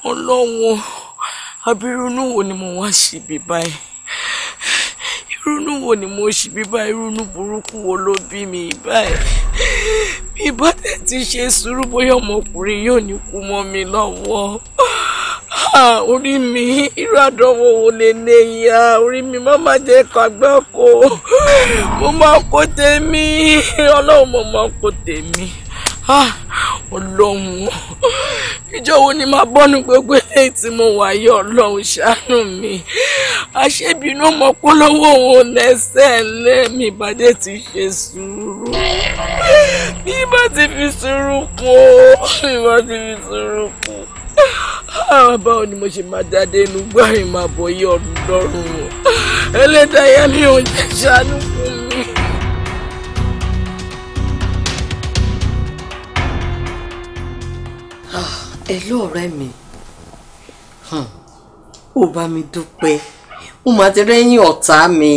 ọlọ́run abirunú wo ni mo wá ṣe bí báyìí irunú wo ni mo ṣe bí báyìí irunú burúkú wo ló bí mi báyìí bí bá tẹ̀ ti ṣe sùúrù bóyá ọmọkùnrin yóò ní kú mọ́ mi lọ́wọ́ orí mi irú àdánwò wo lè lè ya orí mi má má jẹ kàgbẹ́ kó mo máa kó tèmi ọlọ́run mo máa kó tèmi. Ah, ọlọ́run ìjọ wo ni màá bọ́nu gbogbo eléyìí tí mo wà yọ ọlọ́run ṣàánú mi àṣebínú mọ̀ pé lọ́wọ́ òun lẹ́sẹ̀ lẹ́mí ìbàdí ti ṣe sùúrù bí bá ti fi sùúrù kú bí ti fi sùúrù kú ah, báwo ni mo ṣe máa dáadé inú gbáyìí máa bọ̀ yí ọ̀dọ́rùn ẹlẹ́dàá yẹn ni òun jẹ́ ṣàánú fún mi. Ah, ẹ lóòrẹ́ mi ó bá mi dúpẹ́ ó máa ti rẹ́yìn ọ̀tá mi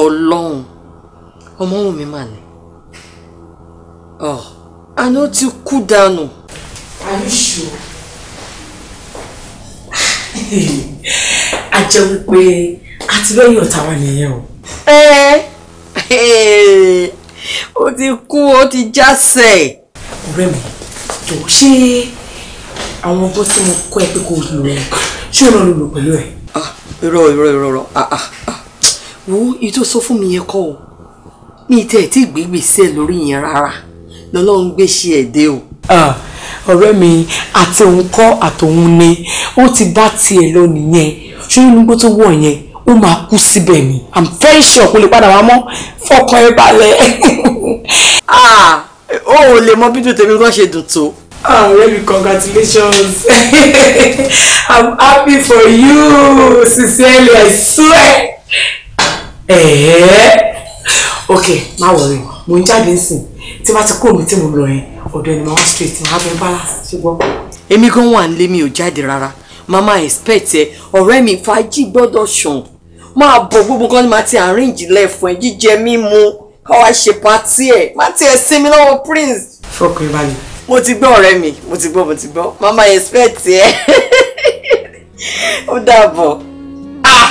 ọlọ́run ọmọ wù mí mà ní ah, àná ti kú dànù. Are you sure? a jẹ́ wípé a ti rẹ́yìn ọ̀tá wa nìyẹn o. ẹ ẹ ó ti kú ó ti jásẹ̀. ọ̀rẹ́ mi jọ ṣé àwọn ọgbọ́n tí mo kọ́ ẹ pé kò lò ẹ ṣé o náà lò lò pẹ̀lú ẹ. Ah, irọ́ irọ́ irọ́ irọ́ ah, ah, wo iye tó sọ fún mi yẹn kọ́ o mi tẹ̀ tí gbégbèsè lórí yẹn rárá lọ́lọ́run gbé ṣe ẹ̀dẹ́ o. ọ̀rẹ́ mi àti òun kọ́ àtòun ni ó ti bá tiẹ̀ lọ nìyẹn ṣé inú gbó tó wọ̀ yẹn ó máa kú síbẹ̀ ni i'm very sure kò lè padà wá mọ́ fọkàn ẹ balẹ̀ o ò lè mọ bí dùn tèmi kàn ṣe dùn tó. ọ̀rẹ́ ah, mi congratulations i'm happy for you sincerely i swear. ẹ̀ẹ́ ok má wọrí mo ń jáde nsìn tí bá ti kó mi tí mo lọ yẹn ọ̀dọ̀ ẹni máa wá straight máa bẹ balance ṣùgbọ́n. èmi gan wà nílé mi ò jáde rárá màmá expect ẹ ọ̀rẹ́ mi fàájì gbọ́dọ̀ ṣàn máa bọ̀ gbogbo kan ní ma ti arrange lẹ̀ fún ẹ jíjẹ mímu kọ́ wá ṣe pàtí ẹ̀ pàtí ẹ̀ sinmi lọ́wọ́ prince. fọkàn balẹ̀. mo ti gbọ́ ọ̀rẹ́ mi mo ti gbọ́ mo ti gbọ́ mama expect ẹ ó dàbọ̀ ah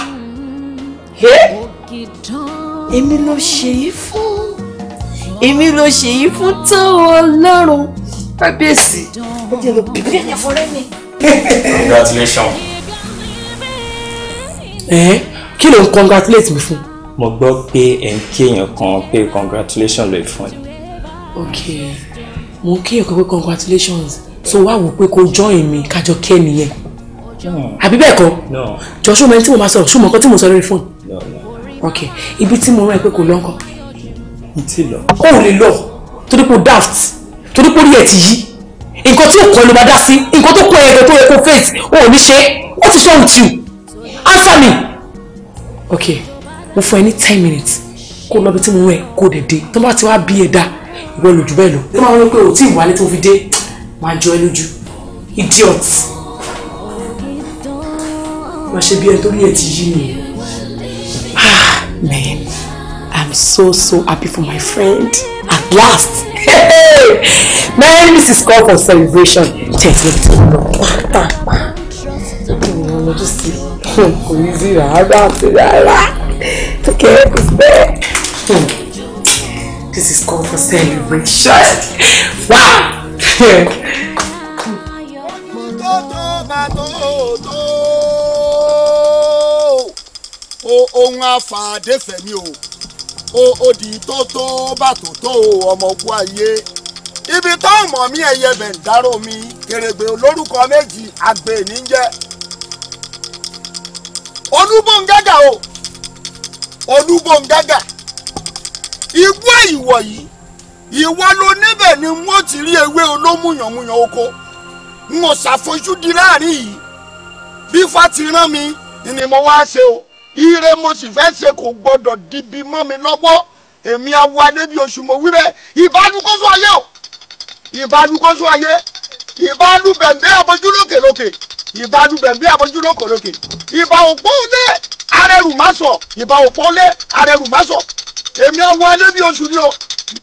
èmi ló ṣe yìí fún èmi ló ṣe yìí fún táwọn ọlọ́run kábíyèsí ó jẹ́ lọ bíbí ẹ̀yẹ fọ́rẹ́ mi. congratulations. Eh? kí ló ń congratulate mi fún mo gbọ́ pé ẹ̀ ń kéèyàn kan pé congratulations lè fún ẹ. ok mo ń kéèyàn kan pé congratulations so wá wò pé kó join mi kájọ kẹ́ nìyẹn hmm. àbí bẹ́ẹ̀ kọ́ jọ ṣùgbọ́n ẹni tí mo máa sọ̀rọ̀ ṣùgbọ́n kan tí mo sọ lórí fóònù ok ibi tí mo rán ẹ pé kò lọ́kọ̀ o ò lè lọ torí pé o daft torí pé orí ẹ ti yí nǹkan tí ò kọ́ ló bá dá sí nǹkan tó kọ́ ẹ̀rọ tó yẹ kó face o ò ní ṣe ó ti ṣe òun tì answer me. okay mo fún ẹ ní ten minutes kó lọ bí tí mo rẹ kó dẹ̀ dé tó bá ti wá bí ẹ dá ìwọ lójú bẹ́ẹ̀ lọ tó máa wọ pé ò tí ì wálé tó fi dé máa jọ ẹ lójú idiot máa ṣe bí ẹ torí ẹ ti yí mi. ah man i'm so so happy for my friend at last my enemies is called for celebration tẹ̀sí tó lọ pátápá ìrìn àjò sí kò ní sí rárá àti rárá. Tókẹ́ kò sí bẹ́ẹ̀. This is called for celebration. Wow! ohun àfàdéfẹ̀mí o ó di tótó bàtò tó ọmọ ogun ayé olúgbòǹgágà igbó ìwọ̀ yìí ìwọ ló níbẹ̀ ni n ó ti rí ewé olómùyànmùyàn oko n ò ṣàfojúdi láàrin yìí bí Ifá ti rán mi ni mo wá ṣe o ire mo sì fẹ́ ṣe kò gbọ́dọ̀ dibi mọ́ mi lọ́wọ́ èmi awo adébí oṣù mo wí bẹ́ẹ̀ ìbálùkóso ayé o ìbálùkóso ayé ìbálù bẹ̀ǹdẹ́ àbójúlókèlókè ìbá dùbẹ̀ bí àbójú lókòlókè ìbá òpó lé arẹrù má sọ ìbá òpó lé arẹrù má sọ èmi ọmọ alẹ́ bí oṣù ni o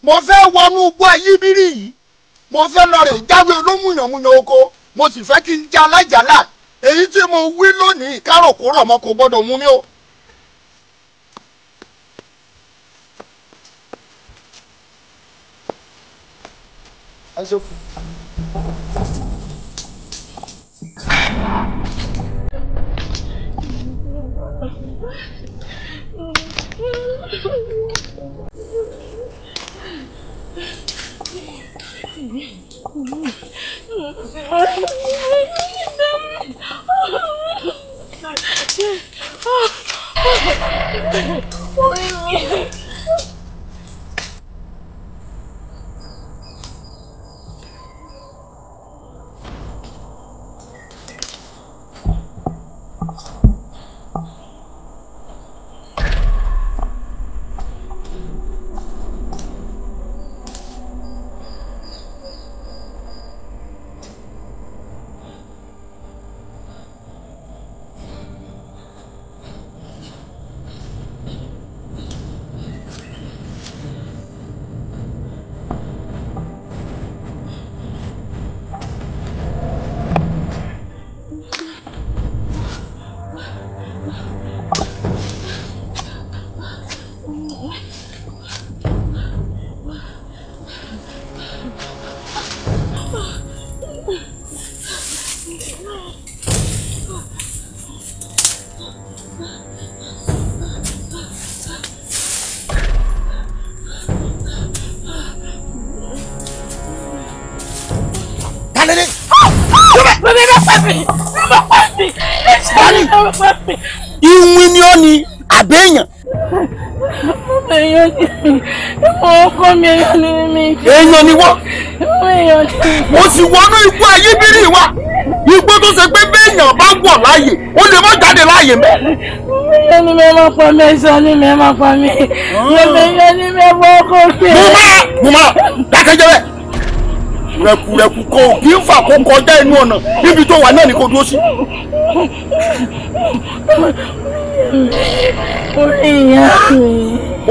mo fẹ́ wọnú gbọ́ ayíbírí yìí mo fẹ́ lọ rẹ̀ jáwé olómùyànmúyàn oko mo sì fẹ́ kí n jẹ́ alájàlá èyí tí mo wí lónìí káròkó rọ̀ kò gbọ́dọ̀ mú mi o. Aṣọ́fù. Oh, ìwìn ni ó ní àbẹ́yàn. èèyàn ni wọ́n ó sì wọnú igbó ayébírí wa igbó tó ṣe pé béèyàn bá wọ̀ láàyè ó lè má jáde láàyè mẹ́. èèyàn ni mi máa pa mi ẹ̀sán ni mi máa pa mi èèyàn ni mi máa kó mi. mo máa mo máa dákẹ́jẹ́ bẹ́ẹ̀ rẹ̀kùrẹ̀kù kò kí ń fà kó kọjá inú ọ̀nà níbi tó wà náà ní kò dúró sí.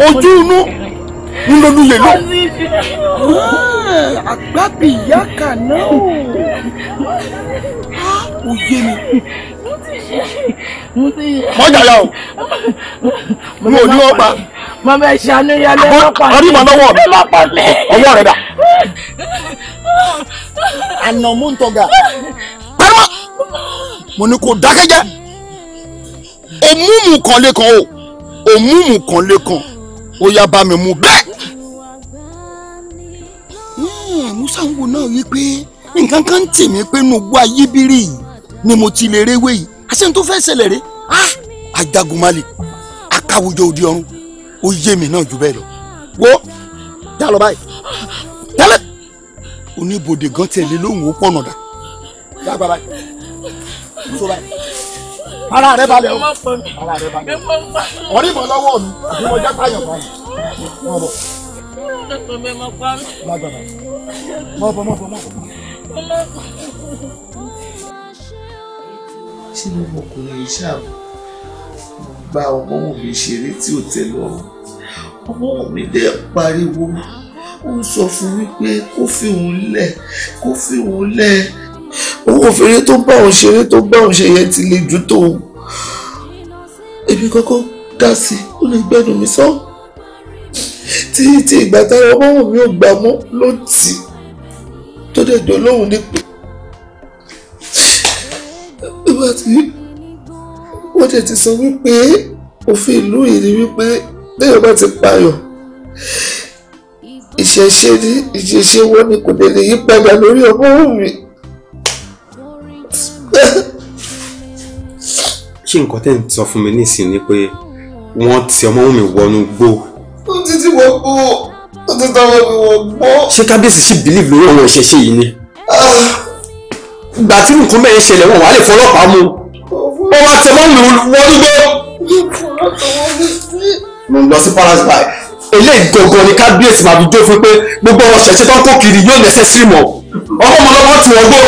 ojú inú ń lolú lè lò. àgbàbí ìyá kà náà ó yé mi mọ́jà yà o mi ò ní wọ́n pa. mama ẹ ṣàánú yẹn lọ́pàá mi lọ́pàá mi ọwọ́ rẹ dà àná mú ń tọ́ga pẹ́rẹ́mà mo ní kò dákẹ́jẹ́ òmùmù kan lẹ́kan o òmùmù kan lẹ́kan ó yá bá mi mú bẹ́ẹ̀. Hmm, musa ń wo náà wípé nǹkan kan ń tì pé nùgbọ́ ayébírí ni mo ti lè réwé yìí àṣẹ tó fẹ́ ṣẹlẹ̀ rẹ ajagunmalè akáwùjọ òdi ọrùn ó yé mi náà jù bẹ́ẹ̀ lọ wo dá lọ báyìí oníbodè gan tẹ̀lé lóhùn ó pọ̀nà dà dàgbà báyìí tó báyìí ara rẹ balẹ̀ o ara rẹ balẹ̀ o ọ̀rí mọ̀ lọ́wọ́ mi àbí mo jápa yàn báyìí wọ́n bọ̀ dàgbà báyìí mọ̀ bọ̀ mọ̀ bọ̀ mọ̀ bọ̀. ṣé mo mọ ọkùnrin yìí ṣáàbù gba ọmọ mi ṣeré tí ò tẹ lọ́rùn ọmọ mi dẹ́ pariwo ó sọ fún wípé kó fi òun lẹ̀ kó fi òun lẹ̀ owó òfèrè tó bá òun ṣeré tó bá òun ṣe yẹn ti lè jù tóun èmi kọ́kọ́ dá sí i ó lè gbẹ́nu mi sọ́ tí tí ìgbà táwọn ọmọ mi ò gbà mọ́ ló tì tó dẹ̀ jọ lóhùn nípò nígbà tí wọ́n dẹ̀ ti sọ wípé òfin ìlú yìí ni wípé bẹ́ẹ̀ bá ti payọ̀ ìṣẹ̀ṣe ní ìṣẹ̀ṣe wo ni kò lè lè yí lórí ọmọ mi. ṣé nǹkan tẹ́ ń sọ fún mi nísìnyí ni pé wọ́n ti ọmọ mi wọnú gbó. ó ti ti wọ gbó ó ti tọwọ́ mi wọ gbó. ṣé kábíyèsí sì bílíìfù lórí àwọn ìṣẹ̀ṣe yìí ni. ìgbà tí nǹkan mẹ́rin ṣẹlẹ̀ wọn wà á lè fọlọ́pàá mu wọ́n wá mi wọnú gbó. mo lọ sí palace báyìí eléyìí gangan ni kábíyèsí máa fi jó fún pé gbogbo ọmọ ṣẹ̀ṣẹ̀ tó ń kó kiri yóò lẹ́sẹ̀ sí mọ́ ọkọ ọmọ lọ́wọ́ tí wọ́n gbó.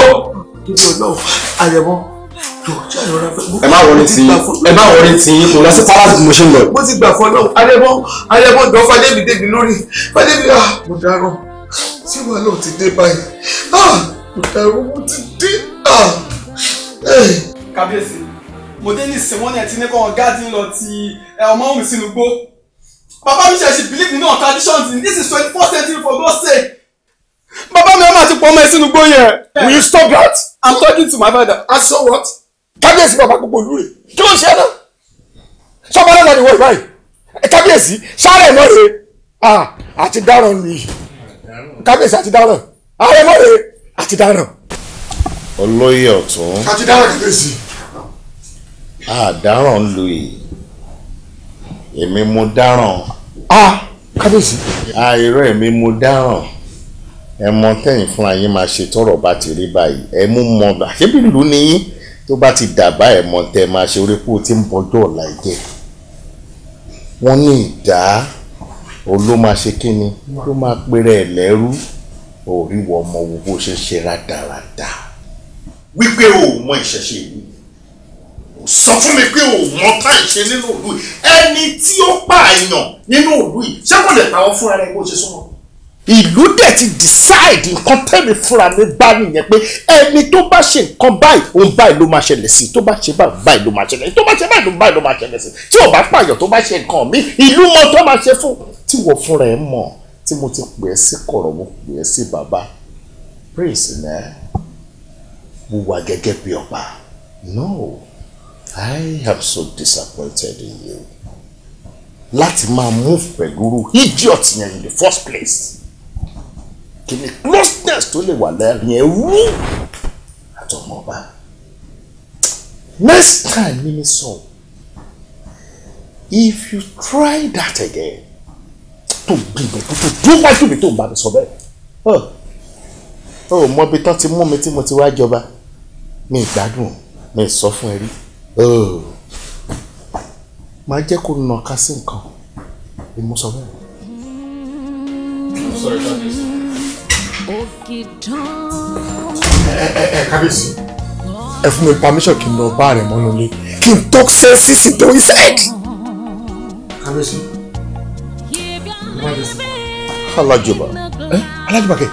ẹ má wọlé tí ẹ má wọlé tí kò lọ sí palace mo ṣe ń lọ. mo ti gbà fún Ọlọ́run arẹmọ arẹmọ dán fadébi débi lórí fadébi ah mo dáràn tí wàá lọ ti dé báyìí ah mo dáràn mo ti dé ah. Eh. kábíyèsí mo dé ní sèwọ́n ní ẹ̀ tí ní kọ́ wọn gáàdì lọ ti ọmọ òun sínú gbó bàbá mi ṣẹ̀ṣì believe in our traditions this is twenty first century for God's sake. bàbá mi á máa ti pọ̀ ọmọ ẹ sínú gbóyè. will you stop that. I'm talking to my father. and so what. kábíyèsí bàbá gbogbo olú rẹ̀ kí ló ń ṣe náà. sọ́ba náà láti wọ ìbáyìí kábíyèsí sáré mọ́ rẹ̀ àti dáràn lu yìí kábíyèsí àti dáràn ààrẹ mọ́ rẹ̀ àti dáràn. olóyè ọ̀tún. àti dáràn kábíyèsí. àdáràn lu yìí èmi mo dáràn. ah kábíyèsí. àìrọ èmi mo dáràn ẹ mọ tẹ̀yin fúnra yín máa ṣe tọ́rọ̀ bá ti rí báyìí ẹ mú mọ àṣẹbí ìlú nìyí tó bá ti dàbá ẹ mọ tẹ máa ṣe orí kú tí ń bọjọ ọ̀la ẹ̀jẹ̀ wọ́n ní ìdá òun ló máa ṣe kí ni ló máa pèrè ẹ̀ lẹ́rú òríwọ̀ ọmọ wo bó ṣe ṣe rádaràda wípé o ò mọ ìṣẹ̀ṣe ìlú sọ fún mi pé o mọ tá ìṣe nínú ìlú yìí ẹni tí ó pààyàn nínú ìlú yìí ṣé kò lè pàwọn fúnra rẹ kó ṣe súnmọ́. ìlú dẹ̀ ti decide nǹkan tẹ́mi fúnra mi bá nìyẹn pé ẹni tó bá ṣe nǹkan báyìí òun báyìí ló máa ṣẹlẹ̀ sí tó bá ṣe báyìí ló máa ṣẹlẹ̀ sí tó bá ṣe báyìí ló máa ṣẹlẹ̀ sí tí ò bá pààyàn tó bá ṣe nǹkan mi ìlú mọ tó máa ṣe fún tí wọ́n fúnra ẹ̀ mọ̀ tí mo ti pè é sí kọ̀rọ̀ mo pè é sí bàbá praise náà wùwà gẹ́gẹ́ bí ọba no. I am so disappointed in you. Láti máa move pẹ̀lú idiot yẹn in the first place. Kí ni closeness tó lè wà lẹ́rìn ẹ̀wú àtọmọba? Next time ni mi sọ, if you try that again, tó gbìyànjú tó dúnwájú mi tó bá mi sọ bẹ́ẹ̀. Ó mọ ibi tán ti mú mi tí mo ti wá jọba. Mi ìgbádùn mi sọ fún ẹ rí. Oh. máa jẹ́ kó nà ká sí nǹkan ni mo sọ bẹ́ẹ̀. ẹ ẹ kábíyèsí ẹ fún mi permission kí n lọ bá rẹ mọ́ lọlé kí n tó ṣe sísì tó ń sẹ́ẹ̀d. kábíyèsí alájọba ẹ eh, alájọba kẹ.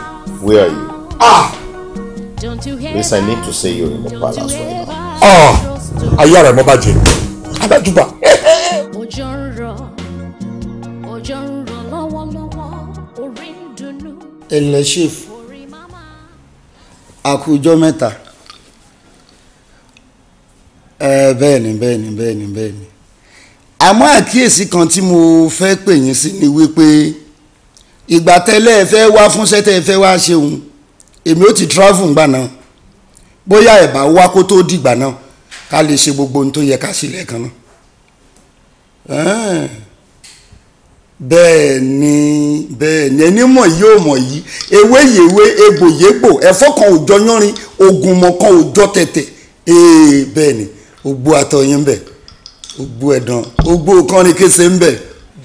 where are you. ah. Miss, I need to say you're in the palace right now. Oh ayé ara ẹ̀ mọ́ bàjẹ́ alájùbà. òjò ń rọ̀ òjò ń rọ̀ lọ́wọ́lọ́wọ́ orí ń dunnú. ẹ̀lẹ́ chief àkùjọ mẹ́ta bẹ́ẹ̀ ni bẹ́ẹ̀ ni bẹ́ẹ̀ ni bẹ́ẹ̀ ni àmọ́ àkíyèsí kan tí mo fẹ́ pè yín sí ni wípé ìgbà tẹ́lẹ̀ ẹ fẹ́ wá fúnṣẹ́ tẹ́ ẹ fẹ́ wá ṣeun èmi ó ti travel ngbà náà bóyá ẹ̀ bá wá kó tó dìgbà náà ká lè ṣe gbogbo ohun tó yẹ ká ṣe lẹ́ẹ̀kan náà bẹ́ẹ̀ ni bẹ́ẹ̀ ni ẹni mọ̀ yìí ò mọ̀ yìí ewé yèwé egbò yégbò ẹ̀fọ́ kan ò jọ yánrin ogun mọ̀ kan ò jọ tẹ̀tẹ̀ ee bẹ́ẹ̀ ni ogbó atọ́yín bẹ̀ ogbó ẹ̀dán ogbó kọrin kése ń bẹ̀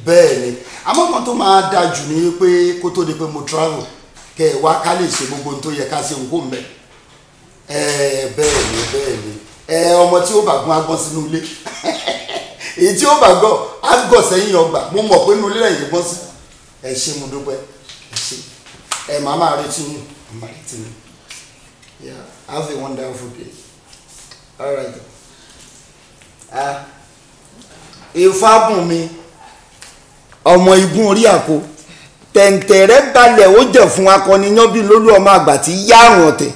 bẹ́ẹ̀ da jù ni pé kó tó di pé gbogbo ohun tó yẹ ká ṣe ẹ ọmọ tí ó bá gun agbọ́n sínú ilé èyí tí ó bá gọ̀ á gọ̀ sẹ́yìn ọgbà mo mọ̀ pé inú ilé lẹ́yìn bọ́ sí ẹ ṣé mo dúpẹ́ ẹ ṣé ẹ màá máa retí yín màá retí yín yeah have a wonderful day all right ah ìfábùnmi ọmọ igun orí àkó tẹ̀ǹtẹ̀rẹ́ balẹ̀ ó jẹ̀ fún akọni yánbí lólú ọmọ àgbà tí yáàrùn ọ̀tẹ̀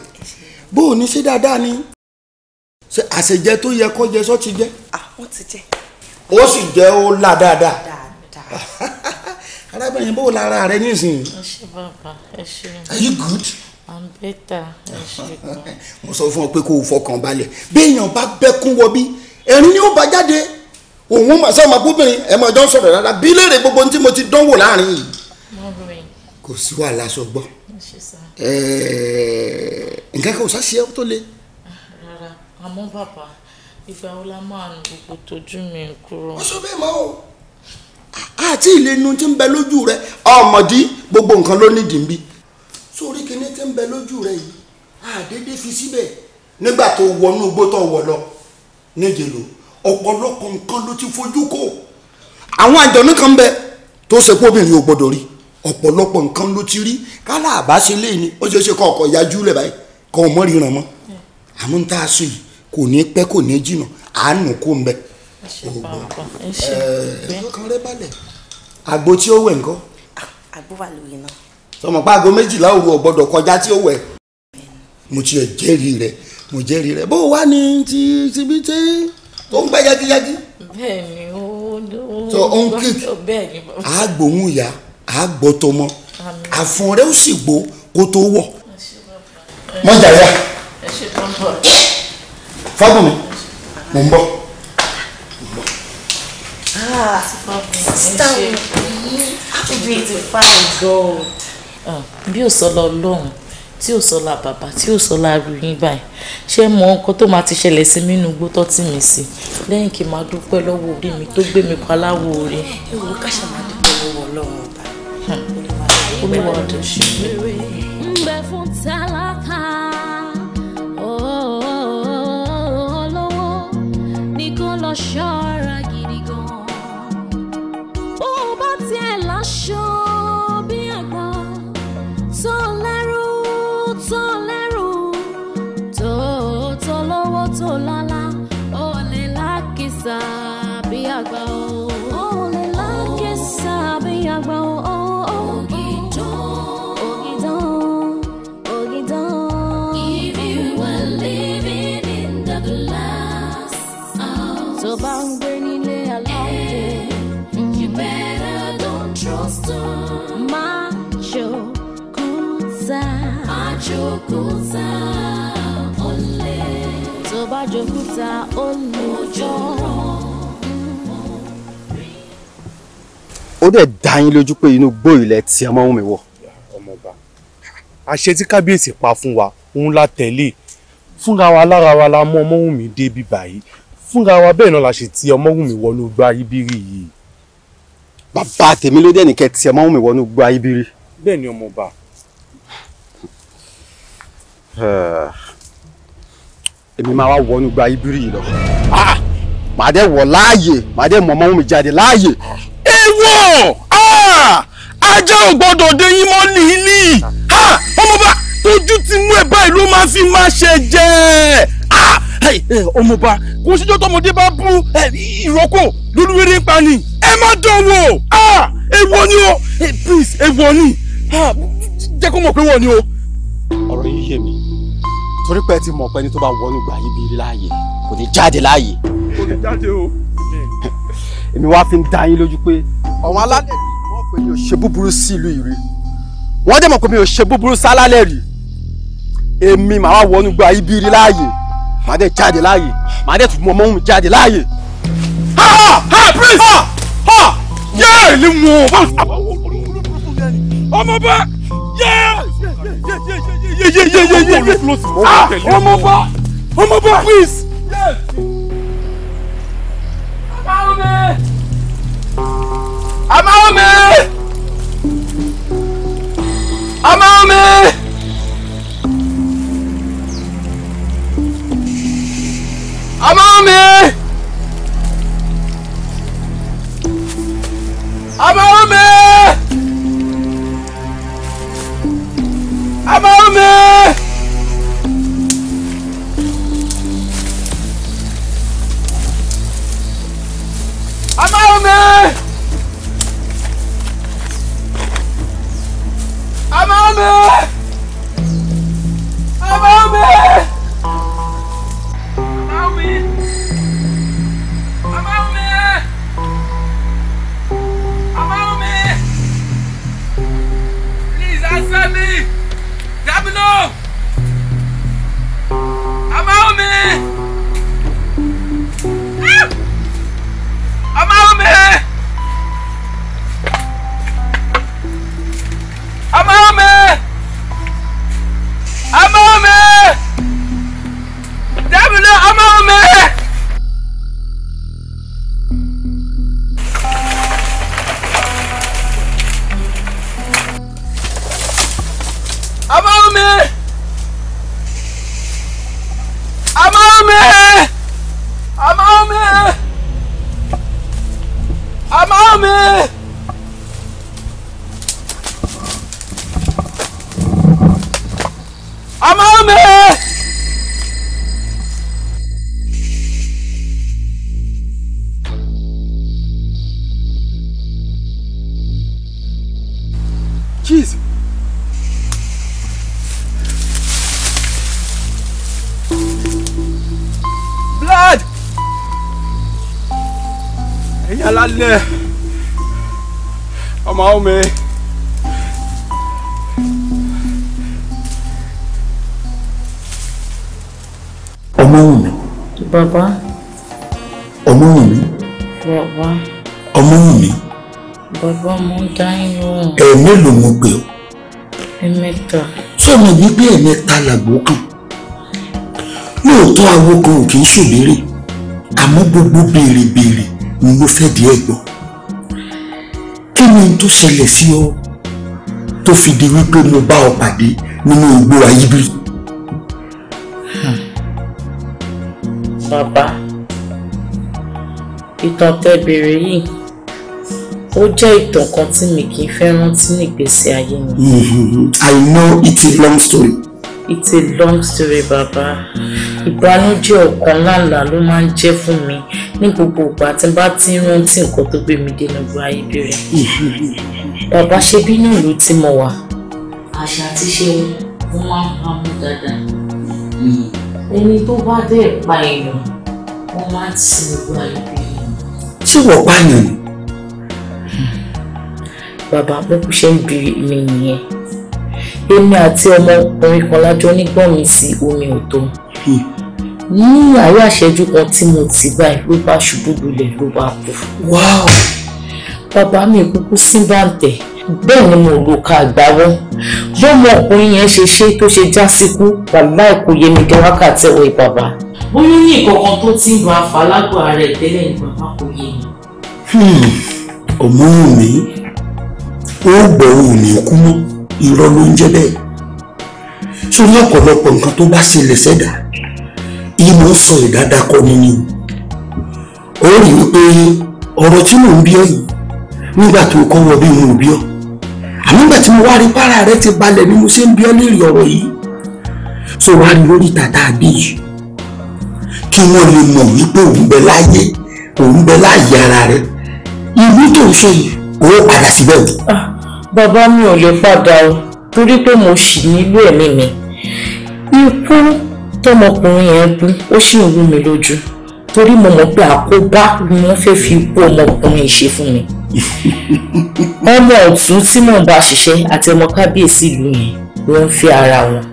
bó o ní ṣe dáadáa ni ṣe àṣejẹ tó yẹ kó jẹ sọ ti jẹ. àwọn ti jẹ. ó sì jẹ ó là dáadáa. dáadáa. arábìnrin bó lára rẹ nísìnyí. ẹ ṣe bàbá ẹ ṣe. are you good. i'm better ẹ ṣe gan. mo sọ fún ọ pé kó o fọkàn balẹ̀ béèyàn bá bẹ́kún wọ bí ẹ̀rín ni ó bá jáde òun máa sọ ma bóbìnrin ẹ máa jọ ń sọ̀rọ̀ rárá bí léèrè gbogbo tí mo ti dánwò láàrin yìí. kò sí wàhálà sọgbọ́n. nǹkan kan ò sá sí ẹ tó le àmọ́ bàbá ìgbà wo la máa nu gbogbo tójú mi kúrò. wọ́n sọ bẹ́ẹ̀ mọ́ o àti ìlẹ́nu tí ń bẹ lójú rẹ ọmọdé gbogbo nǹkan ló ní dìbí sórí kinní tí ń bẹ lójú rẹ yìí àdédé fi síbẹ̀ nígbà tó wọnú igbó tó wọ lọ níjèlò ọ̀pọ̀lọpọ̀ nǹkan ló ti fojú kò àwọn àjọ̀nú kan bẹ tó ṣe pé obìnrin ò gbọdọ̀ rí ọ̀pọ̀lọpọ̀ nǹkan ló ti rí kálá àbáṣe lé ní ó ṣeé ṣe kọ́ ọkọ̀ yájú lẹ̀ báyìí kọ́ ọmọ ríran mọ́ àmọ́ ń tá a sùn yìí kò ní pẹ́ kò ní jìnnà àánú kò ń bẹ. ọkàn rẹ balẹ̀ àgbo tí ó wẹ̀ ńkọ́. Ah, àgbo wà lórí náà. sọmọ pa aago méjìlá òru ò gbọ́dọ̀ kọjá tí ó wẹ̀. mo tiẹ̀ jẹ́rìí rẹ̀ mo jẹ́rìí rẹ̀ bó o wá ní ti síbi tí tó ń gbẹ́ yájíyájí. bẹ́ẹ̀ni o o on kick àgbòhun oh, ìyá àgbọ̀tọmọ àfọ̀n rẹ̀ ó sì gbó kó tó wọ̀. mọ̀jà yá. ẹ ṣe tó ń bọ̀ fábùnmi mò ń bọ̀. Ah, ah, ah, bí ò sọ lọ lọ́hùn tí ò sọ la bàbá tí ò sọ la rù yín báyìí ṣé mọ nǹkan tó máa ti ṣẹlẹ̀ sí mi nínú igbó tó tì mí sí lẹ́yìn kí n máa dúpẹ́ lọ́wọ́ orí mi tó gbé mi pa láwo orí. ewu ká ṣe máa dúpẹ́ lọ́wọ́ ọlọ́run ọba hmm. olùwàdùn ṣe. lọ ṣọ́ra gidi gone. Oh, but yeah, tiẹ̀ láṣọ. òkúta ọ̀lẹ. tó bá jòkúta ó lè jọ. ó dẹ̀ dá yín lójú pé inú gbòòrò ilẹ̀ tí ọmọ wù mí wọ̀. ọmọọba àṣẹ tí kábíyèsí pa fún wa òun la tẹ̀lé fúnra wa lára wa la mú ọmọ wù mí débi báyìí fúnra wa bẹ́ẹ̀ náà la ṣe ti ọmọ wù mí wọnú gba ibiri yìí. bàbá tèmi ló dẹ̀ ti ọmọ wù mí wọnú gba ibiri. bẹ́ẹ̀ ni ọmọọba Eh. èmi máa wá wọnú gba ibiri yìí lọ ah! màá dẹ̀ wọ̀ láàyè màá dẹ̀ mọ̀ ọmọ mi jáde láàyè. èèwọ̀ ah! ajá ò gbọ́dọ̀ dé yín mọ́ nìyí ah! ọmọ bá tójú ti mú ẹ báyìí ló máa fi máa ṣe jẹ ọmọọba kò síjọ́ tọmọdé bá bú eh, ìrókò lólúwèrè ń pani ẹ má dán wò èèwọ̀ ni o eh, please èèwọ̀ ni jẹ́ kó mọ̀ pé wọ̀ ni o ọ̀rọ̀ yín yé mi torí pé ẹ ti mọ̀ pé ẹni tó bá wọnú gbà yín bí láàyè kò ní jáde láàyè. kò ní jáde o. èmi wá fi ń da yín lójú pé àwọn alálẹ̀ mi wọ́n pè mí ò ṣe búburú sí ìlú ìrè wọ́n dẹ̀ mọ̀ pé mi ò ṣe búburú sálálẹ̀ rì èmi màá wá wọnú gbà yín bí láàyè màá dẹ̀ jáde láàyè màá dẹ̀ tún mọ ọmọ òun jáde láàyè. ha ha prince ha ha yẹ́ẹ̀lì wọn ọmọ bá yẹ́ẹ̀ yé yé yé yé yé yé ah ọmọ bá ọmọ bá please. amáwome amáwome amáwome. amáwome. amáwome. Amame! Amame! Amame! Amame! Amame! Jaume. Ọmọ́wùnmí. Bàbá. Ọmọ́wùnmí. Bàbá. Ọmọ́wùnmí. Baba mo dá yín lóhùn. Ẹ̀ẹ̀mẹ́ ló mo pè ọ́. Ẹ̀mẹ́ta. Sọ̀mọ gbígbé ẹ̀mẹ́ta làgbó kan. Lóòótọ́ awo kan ò kì í ṣèlérí. Àmọ́ gbogbo béèrè béèrè ni mo fẹ́ di ẹ̀gbọ́n ni n tó ṣẹlẹ̀ sí ọ tó fi di wípé mo bá ọ pàdé nínú igbó ayíbí. bàbá ìtàn tẹ́ yìí ó jẹ́ ìtàn kan tí mi kì í fẹ́ rántí nígbésí ayé mi. Mm-hmm. I know it's a long story. It's a long story bàbá ìbànújẹ́ ọ̀kan lálàá ló máa ń jẹ́ fún mi ní gbogbo ìgbà tí n bá ti rántí nǹkan tó gbé mi dénú gba ibi rẹ bàbá ṣe bí náà ló ti mọ wá. àṣà àti ṣe wọn máa ń pa mú dáadáa hmm. ẹni tó bá dẹ̀ pa èèyàn wọ́n máa ń sin gba ibi rẹ. ṣé wọ́n pààyàn ni. bàbá mo kù ṣe ń biri mi nìyẹn èmi àti ọmọkùnrin kan lájọ nígbọ̀n mi sí omi ọ̀tọ̀ ní àárọ̀ àṣẹjú kan tí mo ti báyìí ló bá ṣubú lulẹ̀ ló bá kú. wow bàbá mi kúkú sí bàǹtẹ̀ bẹ́ẹ̀ ni mo lò ká àgbáwọ́ bọ́mọ ọkùnrin yẹn ṣe ṣe tó ṣe já síkú bàbá ẹ̀kú yẹmi kí wákàtí ẹ̀wọ̀ ìbàbà. bóyá ní ìkọ̀kan tó ti ń lu àfàlágbò ààrẹ tẹ́lẹ̀ ní bàbá kò yé mi. Hmm, ọmọ mi ó gbọ̀rùn ní kú mọ́ irọ́ ló ń jẹ́ bẹ́ẹ̀ sórí ọ̀pọ̀lọpọ̀ nǹkan tó bá ṣẹlẹ̀ sẹ́dà yìí mo ń sọ ìdádakọ nínú ó rí i pé ọ̀rọ̀ tí mò ń bí ọ yìí nígbà tó kọ́ wọ bí mo ò bí ọ nígbà tí mo wá rí para rẹ ti balẹ̀ ni mo ṣe ń bí ọ léèrè ọ̀rọ̀ yìí so wá rí lórí tàtà àbí yìí kí wọ́n lè mọ̀ wípé òun bẹ láyé òun bẹ láàyè ara rẹ ìlú tó ń ṣe yìí ó padà síbẹ̀ o. Ah, bàbá mi ò lè padà o torí pé mo ṣì nílò ẹ̀mí mi ikú tọmọkùnrin yẹn kú ó sì ń rú mi lójú torí mo mọ̀ pé àkóbá ni wọ́n fẹ́ fi kú ọmọkùnrin ṣe fún mi. ọmọ ọ̀tún tí mò ń bá ṣiṣẹ́ àti ọmọ kábíyèsí ìlú yẹn ló ń fi ara wọn.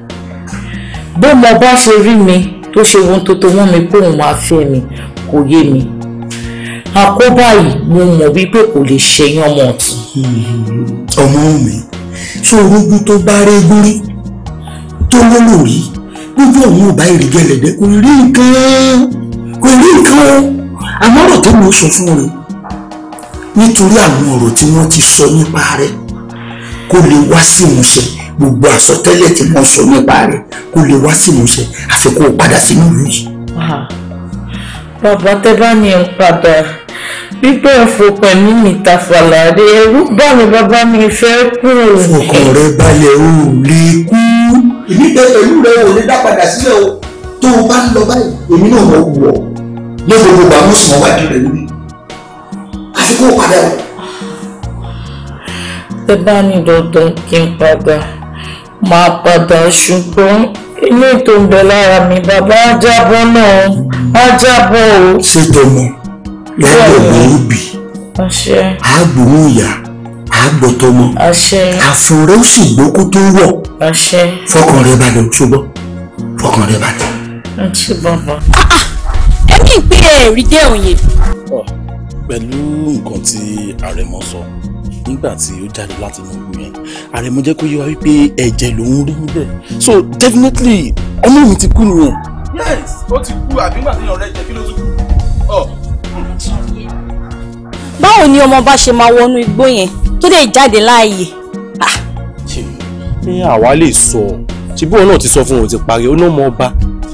bó mo bá ṣe rí mi tó ṣe ohun tó tó wọ́n mi kóun máa fẹ́ mi kò yé mi àkóbá yìí mo mọ̀ wípé kò lè ṣẹyìn ọmọ ọ̀tún. ọmọ mi ṣòro ogun tó bá régún rí tó lólórí lójú ọ̀hún ò bá ìrìgẹ́ lẹ̀dẹ́ kò rí nǹkan kò rí nǹkan o àmọ́ ọ̀rọ̀ tó mọ̀ sọ fún ọ nítorí àwọn ọ̀rọ̀ tí wọ́n ti sọ nípa rẹ̀ kó lè wá sí ìmúṣẹ gbogbo àsọtẹ́lẹ̀ tí wọ́n sọ nípa rẹ̀ kó lè wá sí ìmúṣẹ àfi padà sínú ìlú yìí. bàbá tẹ bá ní padà pípẹ́ ìfọkàn mi níta fàlàrí ẹrú bá mi bàbá mi fẹ́ kú. fọkàn rẹ balẹ̀ o lè kú ìbí bẹ pẹ̀lú rẹ ò lè dá padà sílẹ̀ o tó o bá ń lọ báyìí èmi náà mọ̀ wù ọ́ ní gbogbo ìgbà mú sùn ọwájú rẹ níbí àti kó o padà wọ̀. ẹ bá ní dandan kí n padà máa padà ṣùgbọ́n ilé tó ń bẹ lára mi bàbá á jábọ́ náà á jábọ́ o. ṣé tọmọ lọ́dọ̀ ló ń bì á gbóhùn ìyá àgbọ̀tọ̀ mọ́ àfún rẹ ó sì gbókú tó wọ̀ fọkàn rẹ balẹ̀ ṣùgbọ́n fọkàn rẹ balẹ̀. Ah, ah, ẹ kí n pé ẹ̀rí dé òye. pẹ̀lú nǹkan tí àrẹ̀mọ sọ nígbà tí ó jáde láti inú ogun yẹn àrẹ̀mọ jẹ́ kó yé wa wípé ẹ̀jẹ̀ lòún rí níbẹ̀ so definitely ọmọ mi ti kú nìyẹn. yes ó ti kú àbí nígbà tí èèyàn rẹ jẹ kí ló tún kú báwo ni ọmọ bá ṣe máa wọnú igbó yẹn tó dẹ̀ jáde láàyè. Ah. ṣé àwa lè sọ ṣe bí wọn náà ti sọ fún òun ti parí ó náà mọ ọba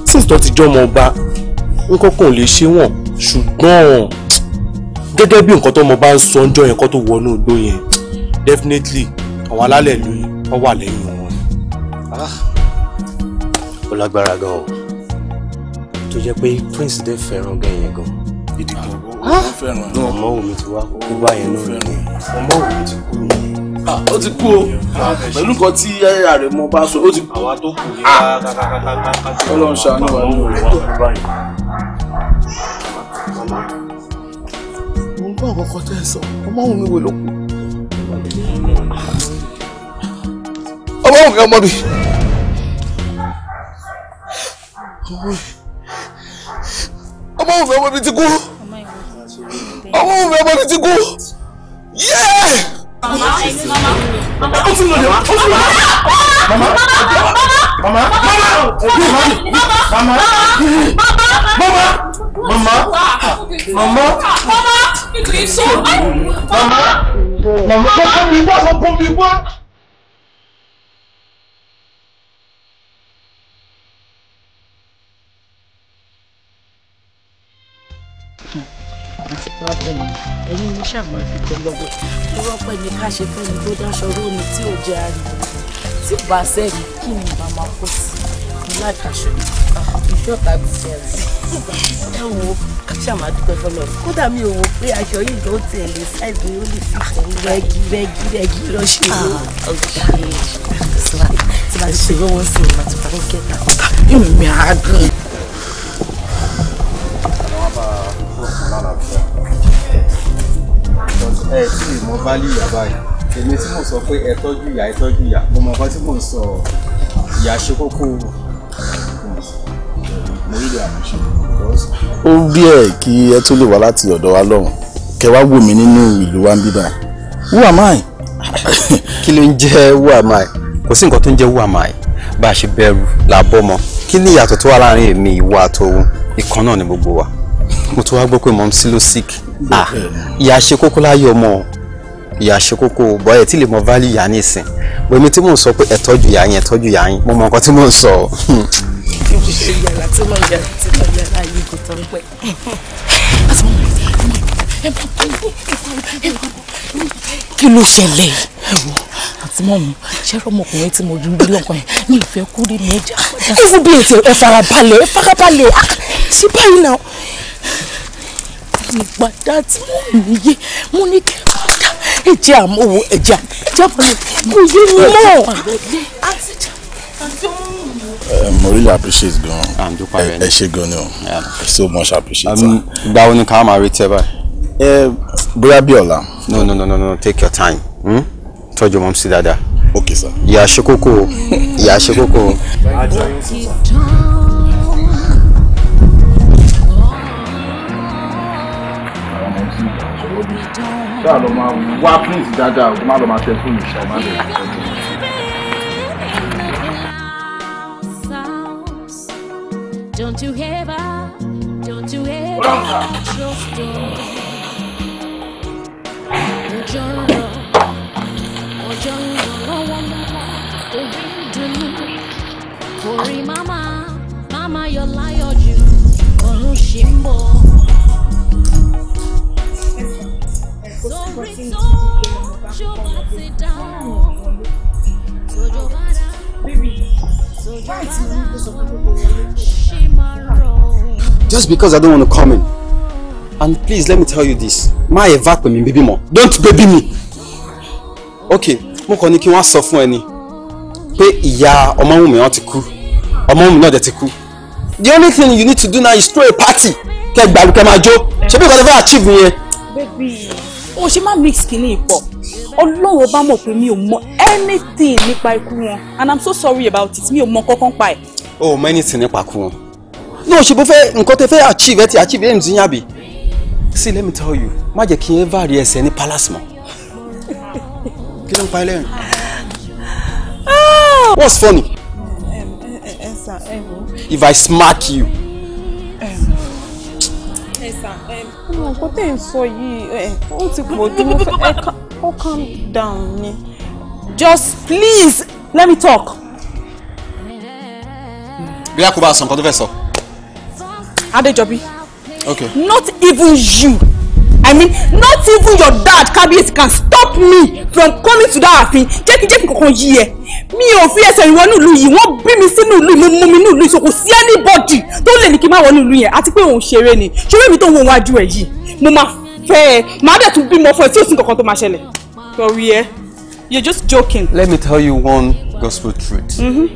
sísè tó ti jọ ọmọ ọba nǹkan kan ò lè ṣe wọn ṣùgbọ́n gẹ́gẹ́ bí nǹkan tó ọmọ bá ń sọ ń jọ yẹn kó tó wọnú igbó yẹn definitely àwọn alálẹ̀ ìlú yìí wọ́n wà lẹ́yìn wọn ni. Ah. ó lágbára gan-an tó jẹ́ pé prince dé fẹ́ràn gan-an yẹn gan-an ìdí ó ti wá kó bá yẹn lórí ọmọ òun ti kú lórí. ó ti kú o pẹ̀lú nǹkan tí àrẹ̀mọ bá sọ ó ti kú. àwa tó kù ní kàkàkàkà ọmọ òfin ọmọ mi ti kú ọmọ òfin ọmọ mi ti kú yẹ́ẹ̀. mama mama ó tún lọ dé wa ó tún lọ dé wa. mama mama mama mama mama mama mama mama mama mama mama. ṣàmọ́ fi gbọ́ngbọ́ngbọ́ rọ́pẹ́ ni ká ṣe fẹ́ni tó dáṣọ rómi tí ò jẹ́ ariwo tí bá sẹ́ni kí ni bá máa kó sí i láìkàṣọ ìjọba mi sẹ́ni ẹ wo ṣàmà dúpẹ́ fọlọ́ kódà mi ò wò pé aṣọ yìí ló ti ẹ̀ lè ṣáìsì ó lè fi ṣe rẹ́gí rẹ́gí rẹ́gí lọ́ṣẹ̀ ah, yìí. tí bá ti ṣe lọ́wọ́ sí i màtí bá ń kẹta. mi á gùn ẹ tí ì mọ bálí ìyá báyìí èmi tí mò ń sọ pé ẹ tọ́jú ìyá ẹ tọ́jú ìyá mo mọ nǹkan tí mò ń sọ ìyá ṣe kókó mo rí ìlú àmúṣe. ó rí ẹ kí ẹ tó lè wá láti ọ̀dọ̀ wa lọ́hùn kẹ wá wò mí nínú ìlú wa ń bí báyìí who am I. kí ló ń jẹ́ who am I kò sí nǹkan tó ń jẹ́ who am I bá a ṣe bẹ̀rù la bọ́ mọ́ kí ni ìyàtọ̀ tó wà láàrin èmi ìwọ àtòun ìkan náà ni gbogbo wa mo tún wá gbọ́ pé mọ̀ ń sí sick Ah, ìyá ṣe kókó láyé ọmọ ìyá ṣe kókó bọ́ ẹ̀ tí lè mọ value ìyá nísìn bọ́ èmi tí mò ń sọ pé ẹ tọ́jú ìyá yẹn tọ́jú ìyá yín mo mọ nǹkan tí mò ń sọ. kí ló ṣẹlẹ̀ yìí àti mọ́mú ṣé ọmọkùnrin tí mo rí lọ́kàn yẹn ní ìfẹ́ kú rí ní ẹja. ẹ wo bí ètò ẹ farabalẹ̀ ẹ ah, báyìí náà ìgbàdá tí mo níye mo ní kí n padà ẹ̀jẹ̀ àmọ́wò ẹ̀jẹ̀ àjábọ̀ ni kò yé mi Um, I really appreciate gan. Ẹ ṣé gan ni o. So much appreciate. Um, Gbawo ni ká máa retí ẹ báyìí bóyá bí ọ̀la. no no no no no take your time hmm? tọ́jú mọ́ sí dáadáa. Okay, sir. ìyá ṣe kókó ìyá ṣe kókó. ṣáà lọ máa wá print dáadáa o má lọ máa tẹ fóònù ṣáà má lọ tẹ fóònù. Don't you ever, don't you ever trust me? Ojo lọ, ojo lọ lọ́wọ́ lọ́wọ́, orí dùnú. Orí mama, mama yọ láyọ̀ jù, ọ̀run ṣì ń bọ̀. Just because I don't want to come in. And please let me tell you this. my ever me, baby more. Don't baby me. Okay, mo kàn ní kí wọ́n sọ fún ẹni pé ìyá ọmọ wùmí wọn ti kú. Ọmọ wùmí náà dẹ̀ ti kú. The only thing you need to do now is throw a party. Kẹ́ gbàlù kẹ́ máa jó. Ṣé bí ìkọ́ni achieve yẹn? mo ṣe máa mix kìíní pọ̀ ọlọ́run ọba mọ̀ pé mi ò mọ anything nípa ikú wọn and i'm so sorry about it mi ò mọ kankan pa ẹ̀. o ò mọ anything nípa ikú wọn ní oṣù bó fẹ́ nǹkan tẹ fẹ́ achieve ẹ ti achieve aims yín àbí see let me tell you má jẹ́ kí n ever rí ẹsẹ̀ ní palace mọ́ kí ló ń pa ẹ lẹ́rìn. Ah! what's funny. if i smack you. ẹ sàn mo kò tẹ̀ ń sọ yìí ẹ̀ ó ti pọ̀ jù mo fẹ́ ẹ̀ ó calm down ni just please let me talk. bí a kò bá sọ nǹkan tó fẹ́ sọ. Adéjọbí. okay. not even you. I mean, not even your dad, KBS, can stop me from coming to that thing. Jẹ́ kí jẹ́ kí kankan yí ẹ. Mi ò fi ẹsẹ̀ ìwọ nílùú yìí, wọ́n bí mi sínú ìlú mo mú mi ní ìlú ìṣòkò sí anybody tó lè ní kí n má wọ nílùú yẹn àti pé ni. Ṣeré mi tó ń wo wájú ẹ̀ yìí, mo máa fẹ́ ẹ, màá dẹ̀ tún bímọ fún ẹ tí ò sí kankan tó máa ṣẹlẹ̀. you're just joking. Let me tell you one gospel truth. Mm-hmm.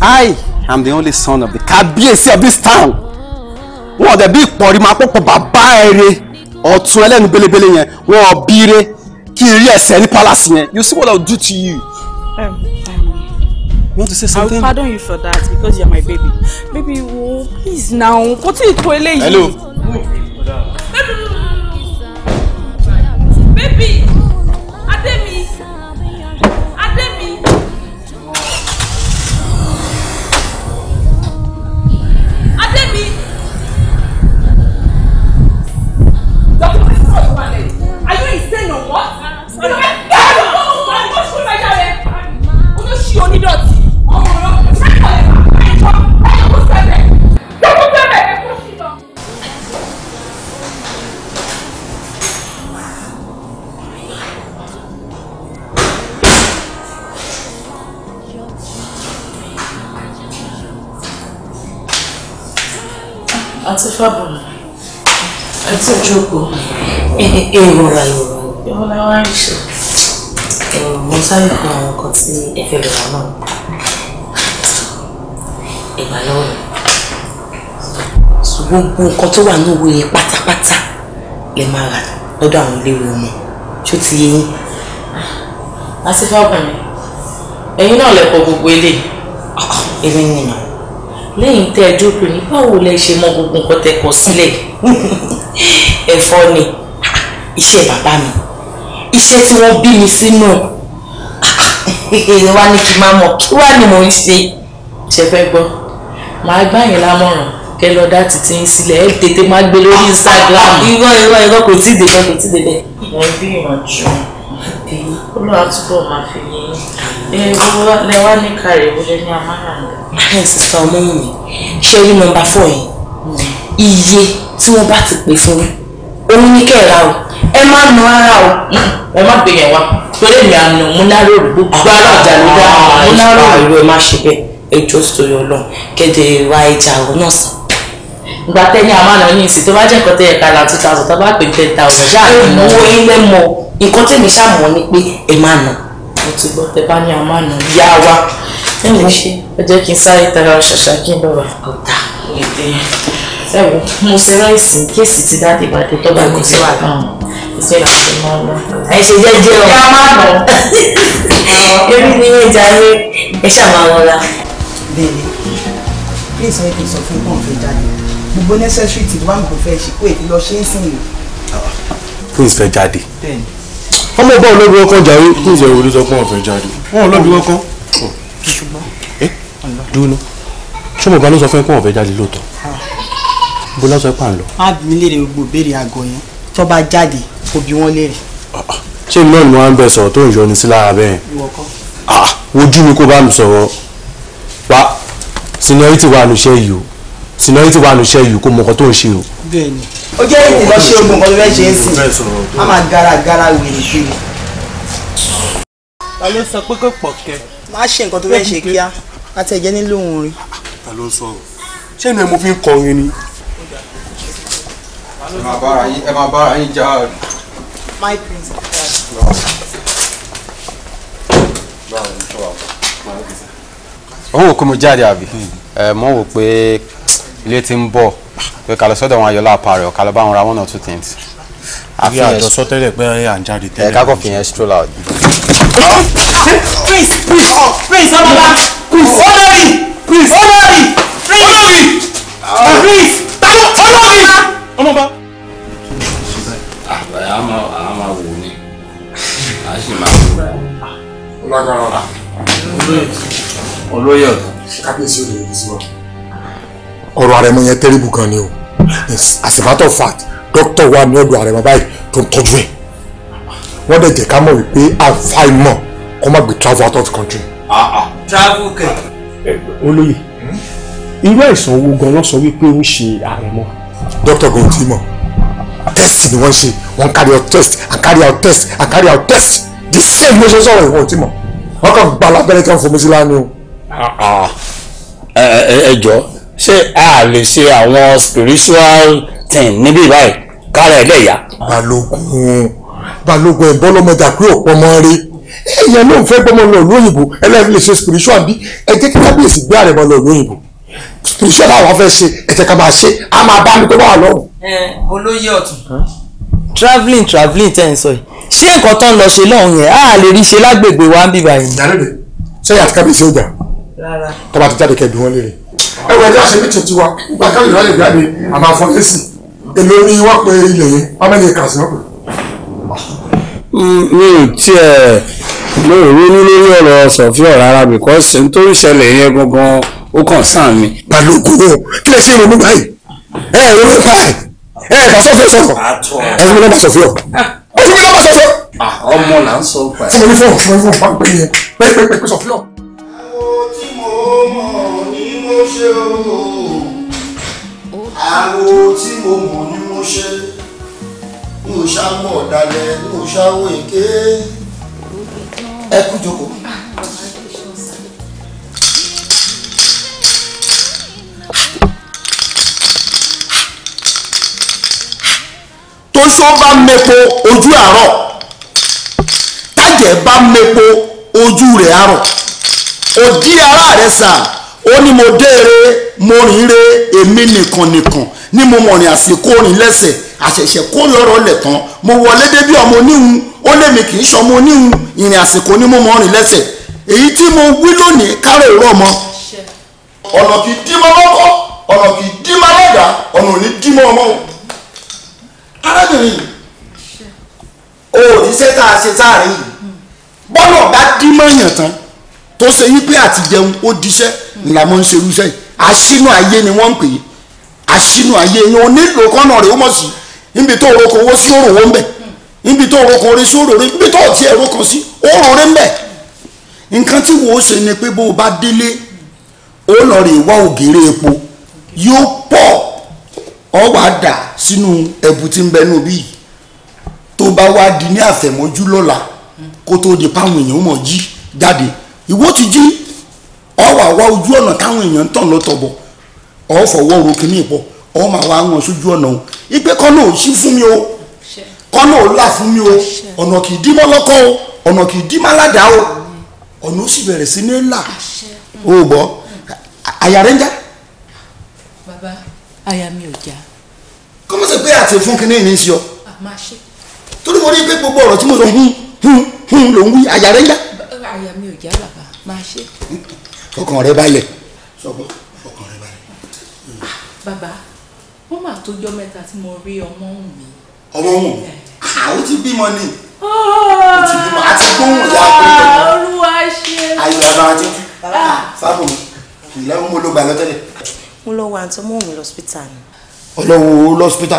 I am the only son of the KBS of this town. Wọ́n ọ̀dẹ̀ bí ìpọ̀rí máa pọ̀pọ̀ bàbá ẹ̀rẹ̀ ọ̀tún ẹlẹ́nu belebele yẹn wọn ò bíire kí n rí ẹsẹ̀ ní palace yẹn you see what I will do to you. Um, you to I will pardon you for that because you are my baby. Baby, oh please now continue to eléyìí. Hello. Baby. Baby. àti fábùlà àti ìjókòó èrò ra ìwò ọlọ́wà ìṣó mo sáré fún àwọn nǹkan tí ẹ fẹ́ bẹ̀rẹ̀ náà ìgbà lọ́wọ́ mi ṣùgbọ́n gbogbo nǹkan tó wà ní owó yẹn pátápátá lè máa rà lọ́dọ̀ àwọn iléèwé ọmọ tó ti yé yín. láti fẹ́ ọkùnrin ẹ̀yin náà lè kọ gbogbo ilé èmi nìyàn lẹ́yìn tẹ́ ẹ jókòó ní báwo lẹ ṣe mọ gbogbo nǹkan tẹ́ kọ sílẹ̀ ẹ̀fọ́ ni iṣẹ́ bàbá mi iṣẹ́ tí wọ́n bí mi sínú wá ní kí n máa mọ̀ kí wá ni mò ń ṣe ṣe fẹ́ gbọ́ màá gbà yín lámọ̀ràn kẹ lọ dá títí yín sílẹ̀ ẹ tètè máa gbé lórí Instagram irọ́ irọ́ irọ́ kò tí ì dé bẹ́ẹ̀ kò tí ì dé bẹ́ẹ̀. mo ń gbìyànjú olúwa túbọ̀ máa fi yín lẹ wá ní kárẹ̀ ìwọlé ní amárànà. ẹ sísá ọmọ mi ṣe rí nọ́mbà yìí mm. iye tí wọ́n bá ti pè fún mi Oníkẹ́ ra o ẹ má nu ara o. ẹ má gbìyàn wa torí èmi àná mo náà rò gbogbo alájà ló dá ah, mo náà rò má ṣe bẹ́ẹ̀ ẹjọ́ sórí ọlọ́run kéde ìwà ìjà ọ̀rọ̀ náà sàn. ìgbà àmàlà sí tó bá jẹ́ nǹkan ẹ̀ka là tó bá pè ni pé ẹ má nà. mo ti gbọ́ tẹ bá ní àmàlà yá wa. ẹ ẹ wò mo ṣe ráìsì kéèsì ti dáàdì ìbàdí tó bá mi ti wà náà ìṣe ìrànṣẹ́ máa ń lọ. ẹ ṣe jẹ́jẹ́ o. ìyá máa nọ. èmi ni ẹ jáde ẹ ṣàmà wọn la. bẹ́ẹ̀ni please make me sọ fún pọn fẹ jáde gbogbo necessary ti wà nǹkan fẹ ṣe kó èyí lọ ṣe é sìn yìí. prince fẹ́ jáde ọmọ ẹgbẹ́ olóbi ọkọ jàre prince ẹ̀rọ olóbi ọkọ ọ̀fẹ́ jáde wọn olóbi ọkọ. dúró ṣé mo bá ló sọ fún ẹ pé wọn jáde lóòótọ́ bó lọ́sọ̀ pà ń lọ. má bí mi léèrè gbogbo béèrè àgọ́ yẹn tó bá jáde kó bí wọ́n léèrè. Ah, ah. ṣé mi náà ni wọ́n á ń bẹ sọ̀rọ̀ tó ń yọni sí lára bẹ́ẹ̀. Ah, wojú mi kó bá mi sọ̀rọ̀ wa seniority wà nù iṣẹ́ yìí o seniority wà nù iṣẹ́ yìí kó mọ̀kọ́ tó ń ṣe o. bẹ́ẹ̀ni ó jẹ́ ètò lọ ogun nǹkan tó fẹ́ ṣe é sìn á máa garagara wèrè kiri. ta ló sọ pé kò pọ̀ kẹ́. má ṣe nǹkan tó fẹ́ ṣe kíá láti ẹ̀jẹ̀ nílò òun rin. ta ló ń ṣé ni mo fi ń kọrin ni ẹ máa bára yín ẹ máa bára yín já a. my prince. òun ò kó mo jáde àbí ẹ mọ̀ wò pé ilé ti ń bọ̀ pé ká lọ sọ́dọ̀ àwọn ayọ̀lá apààrọ̀ ká lọ bá wọn ra one or two things. àfi àjọsọ tẹ́lẹ̀ pé à ń jáde tẹ́lẹ̀. ẹ ká kọ́ fi yẹn stroll out. prince prince prince ọlọ́lá prince olórí prince olórí prince olórí prince olórí ọmọba àmọ́ àmọ́ wò ni a sì máa wò. ọlọ́gbọ́n ọ̀la. olóyè ọ̀dọ́. kábíyèsí ò lè yẹ sí wa. ọ̀rọ̀ àrẹ̀mọ yẹn tẹ́rìbù gan ni o as a matter of fact dókítà wa ní ọ̀dọ̀ àrẹ̀mọ báyìí tó ń tọ́jú ẹ̀ wọ́n dẹ̀ jẹ́ ká mọ̀ wípé àfàìmọ̀ kó má gbé travel out of the country. travel kẹ. olóyè hmm? irú àìsàn wo gan ló sọ wípé ó ń ṣe àrẹ̀mọ. dókítà gan ò tí ì mọ̀. Testing ni wọ́n ṣe wọ́n carry out test and carry out test and carry out test the same ló ṣe sọ̀rọ̀ ìwọ̀n tí mọ̀ wọ́n kàn gba alábẹ́rẹ́ kan fún mi sí lánàá o. Ah, ah. ẹ jọ ṣé a lè ṣe àwọn spiritual thing níbí báyìí kára ẹ̀ lẹ́yà. balógun balógun ẹ̀ bọ́lọ́mọdà pé òpó mọ́ rí èèyàn ló ń fẹ́ gbọ́mọ lọ lóyìnbó ẹlẹ́rìí lè ṣe spiritual bí ẹ jẹ́ kí kábíyèsí gbé àrẹ̀mọ lọ lóyìnbó iṣẹ́ làwọn fẹ́ ṣe ẹ̀jẹ̀ ká máa ṣe á máa bá mi tó wà lọ́rùn. olóyè ọ̀tún. travelling travelling tẹ́ ń sọ yìí ṣé nǹkan tó ń lọ ṣe lọ́hùn yẹn á lè rí ṣe lágbègbè wa ń bì báyìí. ìdálóde ṣé yàtí kábíyèsí ọjà tọ́ba ti jáde kẹ́ẹ̀dùn wọn léèrè. ẹ wọ ẹjọ́ ṣe mí tuntun wa ìgbà káwọn ìlú ayé gbàgbé àmà àfọlẹ́sì èlò ni wọ́n pe ilẹ̀ yẹn wọ́n mẹ́lẹ̀ kà sí ọ̀pẹ. mi ò tiẹ̀ mi ò ronú lórí ọ̀rọ̀ sọ̀fíọ̀ rárá because n tó ń ṣẹlẹ̀ yẹn gangan ó kàn sáà mi. balógun o kí lè ṣe ìrònú báyìí ẹ ẹ ronú báyìí ẹ ẹ bàṣọfẹ sọ̀rọ̀ ẹ fún mi lọ́ba sọ̀fẹ́ o ẹ fún mi lọ́ba sọ̀fẹ́. ọmọ là ń sọ pa ẹ. fún mi fún mi fún mi pé pé pé pé pé sọ̀fẹ́ o. owó tí mo mọ̀ ni mo ṣe o àwo tí mo mọ̀ ni mo ṣe ní o ṣáwó ọ̀dàlẹ̀ ní o ṣáwó èké ẹ kú jókòó. tóṣó bá mepo ojú àárọ̀ tájẹ̀ bá mepo ojú rẹ̀ àárọ̀ òdí ara rẹ̀ sà ó ní mo déere mo rìn re èmi nìkan nìkan ní mo mọ̀rìn àsìkò rìn lẹ́sẹ̀ àṣẹ̀ṣẹ̀ kó lọ́rọ̀ lẹ̀ mo wọlé débí ọmọ oníhun ó lémi kì í ṣọmọ oníhun ìrìn àsìkò ní mo mọ̀rìn lẹ́sẹ̀ èyí tí mo wí lónìí kárò rọ̀ mọ́ ọ̀nà kì í dí mọ́ lọ́kọ́ ọ̀nà kì í dí mọ́ lọ́gàá ọ̀nà ò ní dí mọ́ ọmọ o arábìnrin òrìṣẹ́ tá a ṣe sáàrin yìí bọ́lọ̀ bá dí mọ́yàn tán tó ṣe wípé àti jẹun ó diṣẹ́ ńlá mọ́ ń ṣe irúṣẹ́ yìí àṣínú ayé ni wọ́n ń pè é àṣínú ayé yìí ó nílò kọ́nà rẹ̀ ó mọ̀ sí níbi tó roko owó sí òrò owó ń bẹ̀ níbi tó roko orin sí òrò rẹ̀ níbi tó ti ẹ̀rọ kan sí òrò rẹ̀ ń bẹ̀ nǹkan tí wò ṣe ni pé bó o bá délé ó lọ rè wá ògèrè epo yóò pọ̀ ọ wàá dà sínú ẹ̀bù tí ń bẹnu bíi tó bá wá di ní àfẹ̀mọ́jú lọ́la kó tó di páwọn èèyàn mọ̀ jí jáde ìwọ ti jí ọ wà wá ojú ọ̀nà táwọn èèyàn ń tàn lọ́tọ̀bọ̀ ọ fọwọ́ ro kíní ìpọ̀ ọ máa wá wọn sójú ọ̀nà o ìpè kọ́nà ò sí fún mi o kọ́nà ò là fún mi o ọ̀nà kì í dí mọ́lọ́kọ́ o ọ̀nà kì í dí máládàá o ọ̀nà ó sì bẹ̀rẹ̀ sí ní là o gbọ́ àyà ń já aya mi ò já. kọ́mọ́ sí pé àti fún kínní ìní sí ọ. torí mo rí pé gbogbo ọ̀rọ̀ tí mo sọ hun hun hun ló ń wí àyà rẹ̀ yá. aya mi ò já bàbá máa ṣe. ọkàn rẹ balẹ̀ sọ́kọ́ ọkàn rẹ balẹ̀. bàbá wọ́n máa tójọ́ mẹ́ta tí mo rí ọmọ òun mi. ọmọ òun àwọn ah, ti bímọ ni ti bímọ àti gbóhùn ìyá àpéjọ. Ah, olúwa ṣe. ayọ̀ àbáwá ti kú fábùn ìlẹ́wọ̀n mo ló gbà lọ́tẹ́lẹ̀ mo lọ wà àǹtí ọmọ mi lọ́sípítà ni. ọlọ́wọ́ lọ́sípítà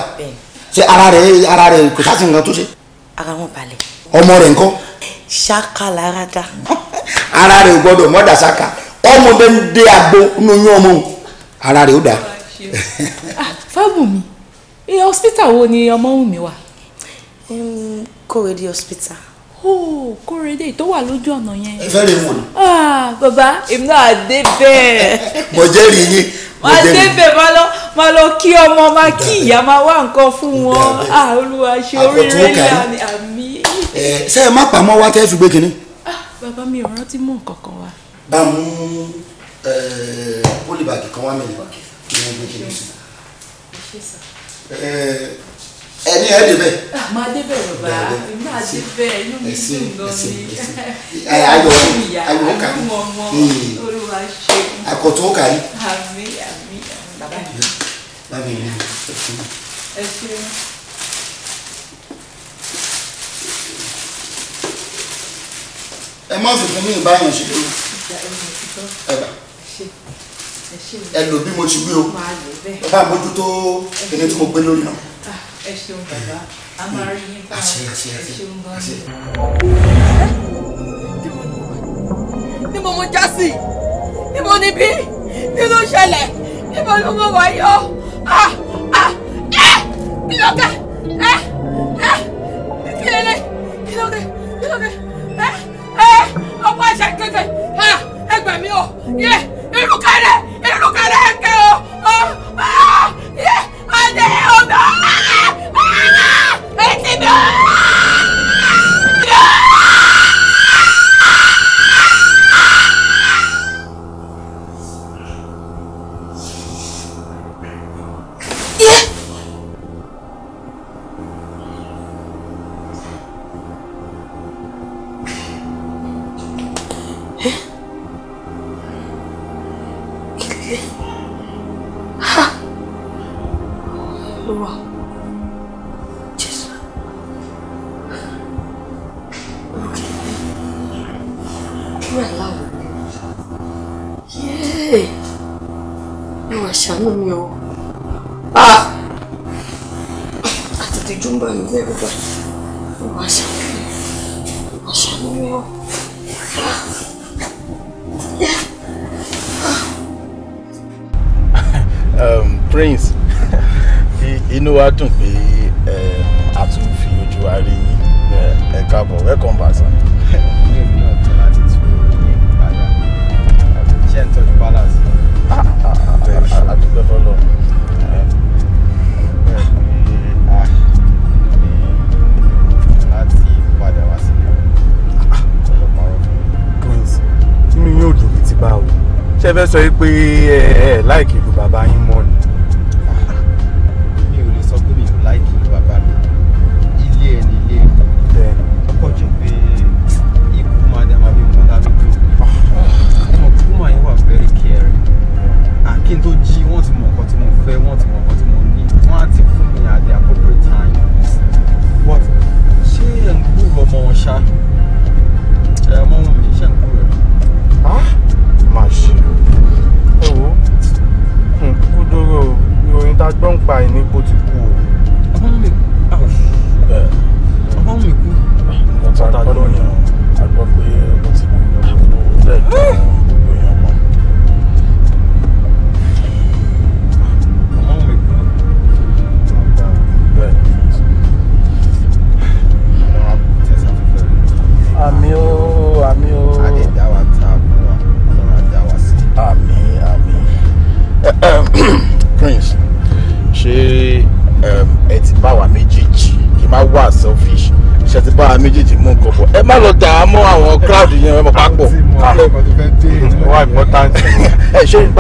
ṣé ara rẹ̀ ara rẹ̀ kò sá sí nǹkan tó ṣe. ara wọn balẹ̀. ọmọ rẹ̀ ńkọ́. ṣáká lára dá. ara rẹ̀ ò gbọ́dọ̀ mọ́dà ṣáká ọmọ bẹ́ẹ̀ ń dé agbo nínú ọmọ ara rẹ̀ ó dà. fábùmí hospital wo ni ọmọ Wùnmí wà. Kórèdé hospital. Oh, Kórèdé tó wà lójú ọ̀nà yẹn. ẹ fẹ́ rí wọn. Ah, bàbá èmi náà dé bẹ́ẹ̀. mo yín wàá débẹ̀ máa lọ máa lọ kí ọmọ máa kí ìyá máa wá nǹkan fún wọn ah, Olúwa ṣe oríire ńlá ni àmì. ṣé ẹ má pamọ́ wá tẹ́ fi gbé kinní. Ah, bàbá mi ò rántí mú nǹkan wá. bá a mú pólíbàgì kan wá mi ní ìgbé kinní sí ẹni ẹ débẹ. Ah, máa débẹ bàbá èmi náà débẹ inú mi dùn gan ni. ayọ̀ ayọ̀ kàrí akọ̀tún kàrí. àmì àmì bàbá mi. bàbá mi ẹ ṣeun. ẹ má fi fún mi báyọ̀ ṣe lórí. ẹ bá ẹ lò bí mo ti gbé o bá a mójútó ẹni tí mo gbé lórí náà ẹ ṣeun bàbá a máa rí yín bá ẹ ṣeun gan ni. níbo mo já sí níbo ni bí kí ló ṣẹlẹ̀ níbo ló mọ̀ wáyé ọ́ ah ah ẹ́ kí ló dé ẹ́ ẹ́ kí ló dé kí ló dé kí ló dé ẹ́ ẹ́ ọkọ̀ àṣà kékeré ẹ gbà mí o yẹ ìrùkẹ̀rẹ̀ ìrùkẹ̀rẹ̀ kẹ́ o ọ̀dẹ̀ ọ̀dọ̀ ẹ̀sìn mi.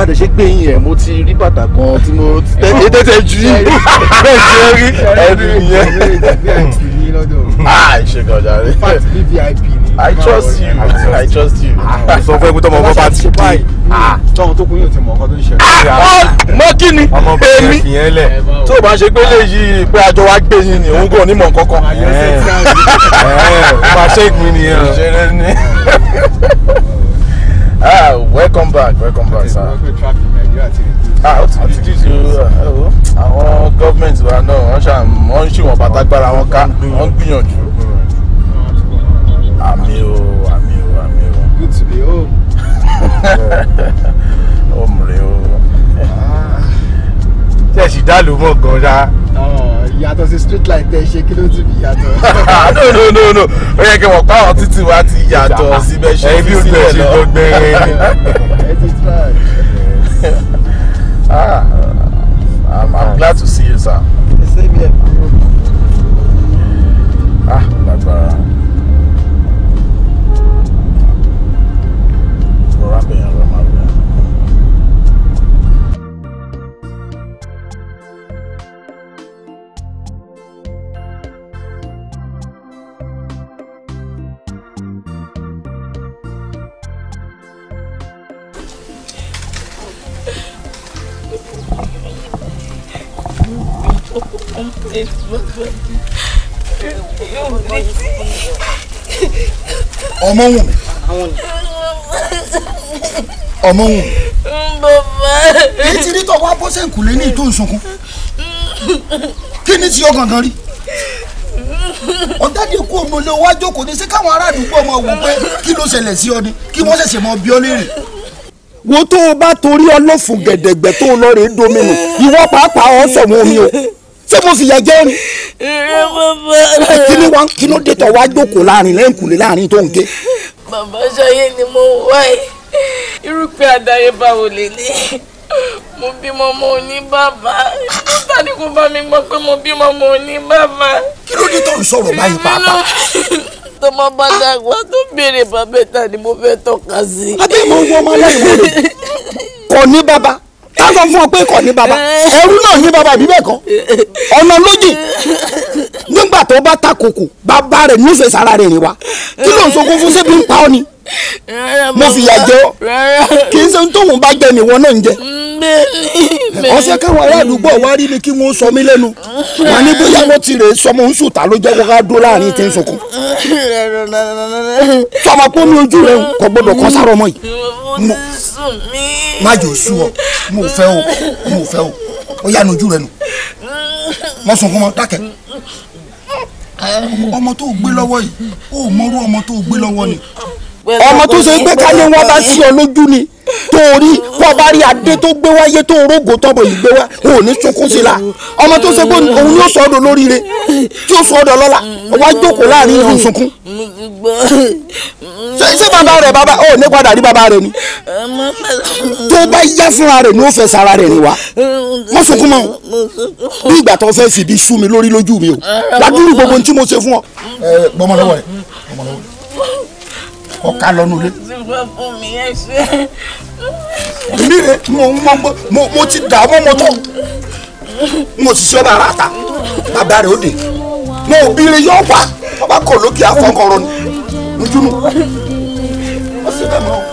bàtẹ ṣe gbé yín mo ti rí bàtà kan tí mo tẹ tẹtẹ ju yín bẹ́ẹ̀ ṣe rí ẹni yẹn. Ah, I trust you I trust you. Ah, sọ fún ẹ pé tọmọ ọmọ bá ti dé. Ah. tọ́hún tó kún yóò ti mọ ọkọ tó ń ṣẹlẹ̀. mọ kí ni èmi tó bá ṣe pé léyìí pé àjọ wa gbé yín ni òun kò ní mọ kankan. Eh. Eh, ó máa eh. ṣe ìpín nìyẹn. ah welcome back welcome back sir. ah ó ti reduce o àwọn government wa náà wọ́n ṣàn wọ́n ń ṣìwọ̀n bàtàgbára wọn ká wọ́n gbìyànjú. àmì o àmì o àmì o. good to be home. ó mùrè o. Ah. tẹ̀sí dálò mọ́ gan-an yàtọ̀ sí street light ẹ ṣe kí ló ti fi yàtọ̀. no no no no ó yẹ kí wọ́n pa àwọn títì wa ti yàtọ̀ síbẹ̀ ṣe fi sílẹ̀ lọ. Ah, I'm glad to ọmọ wù mí ọmọ wù mí. èyí ti rí tọ́ wá bọ́ sẹ́ǹkù lé ní ìtò ìsunkún kí ni ti yọ gangan rí ọ̀dádì kú ọmọlé wa jókòó ní sí káwọn ará àdúgbò ọmọ wò pé kí ló ṣẹlẹ̀ sí ọ ni kí wọ́n ṣẹ̀ṣẹ̀ mọ bí ọ léèrè. wo tó o bá torí ọlọ́fun gẹ̀dẹ̀gbẹ̀ tó o lọ rèé domi nù ìwọ pàápàá ọ̀ sọ̀mù omi o ṣé mo fìyà jẹ́ ni. kíni wá kíni dé tọ̀ wá jókòó láàrin lẹ́yìn kùlé láàrin tó ń ké. bàbá ṣayé ni mo wá ẹ irúfẹ́ àdáyébá ò lè ní mo bímọ mo ní bàbá nígbà tí kò bá mi gbọ́ pé mo bímọ mo ní bàbá. kí ló dé tó ń sọ̀rọ̀ báyìí pàápàá tó máa bá dàgbà tó béèrè bàbá ẹ̀ta ni mo fẹ́ tọ́ka sí. abẹ́ mo wọ ọmọ aláìwọ̀ rẹ̀ kò ní bàbá ká sọ fún ọ pé kò ní bàbá ẹrú náà ní Baba. ìbí bẹ́ẹ̀ kọ́ ọ̀nà lójì nígbà tó bá ta kòkò bàbá rẹ̀ nífẹ̀ẹ́ sára rẹ̀ rìn wá kí ló ń sọkún fún sẹ́bí ń pa ọ ni mo fìyà jẹ ọ kì í ṣe ń tóun bá jẹ nìwọ náà ń jẹ bẹ́ẹ̀ni. ọ̀sẹ̀ káwọn ará àdúgbò wa rí ni kí wọ́n sọ mí lẹ́nu wọn ní bóyá wọ́n ti rè sọmọ oṣù ta ló jẹ́ wọ́n ká dó láàrin tí ń sunkún. sọmọ pé omi ojú rẹ kò gbọdọ̀ kọ́ sáré ọmọ yìí. má jò sú ọ mo fẹ́ o mo fẹ́ o ó yá nu ojú rẹ nù wọ́n sunkún mọ́ dákẹ́ ọmọ tó gbé lọ́wọ́ yìí ó mọrú ọmọ tó gbé lọ́wọ́ ni ọmọ tó ṣe pé káyé wọn bá sí ọ lójú ni torí wọn rí adé tó gbé wáyé tó rógò tọmọ yìí gbé wá ò ní sunkún sí la ọmọ tó ṣe pé òun yóò sọ ọdọ lóríire tí yóò sọ ọdọ lọ́la wá jókòó láàrin ìlú sunkún ṣé bàbá rẹ bàbá ò ní padà rí bàbá rẹ ni tó bá yá fúnra rẹ ni ó fẹ́ sara rẹ ni wa mọ sunkún mọ bí ìgbà tó fẹ́ fìbí sú mi lórí lójú mi o wàá gbogbo ohun tí mo ṣe fún ọ. ẹ gbọmọlọwọ rẹ ọ̀ka lọ́nu ilé. èmi rè mo mo mo ti dààmú mo tọ́ mo sì ṣe ọba ara bàbá rẹ̀ ó dé mo ò bí ire yọ wá ọba kò lókè àfọkànrọ ni ojúmọ́ ó sì bẹ́ẹ̀ mọ́.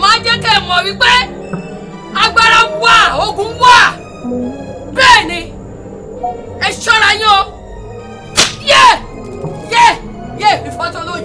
máa jẹ́ kẹ́ ẹ mọ̀ wípé agbára wà ogun wà bẹ́ẹ̀ ni ẹ ṣọ́ra yín o yé yé yé ìfọ́tọ́ lóyún.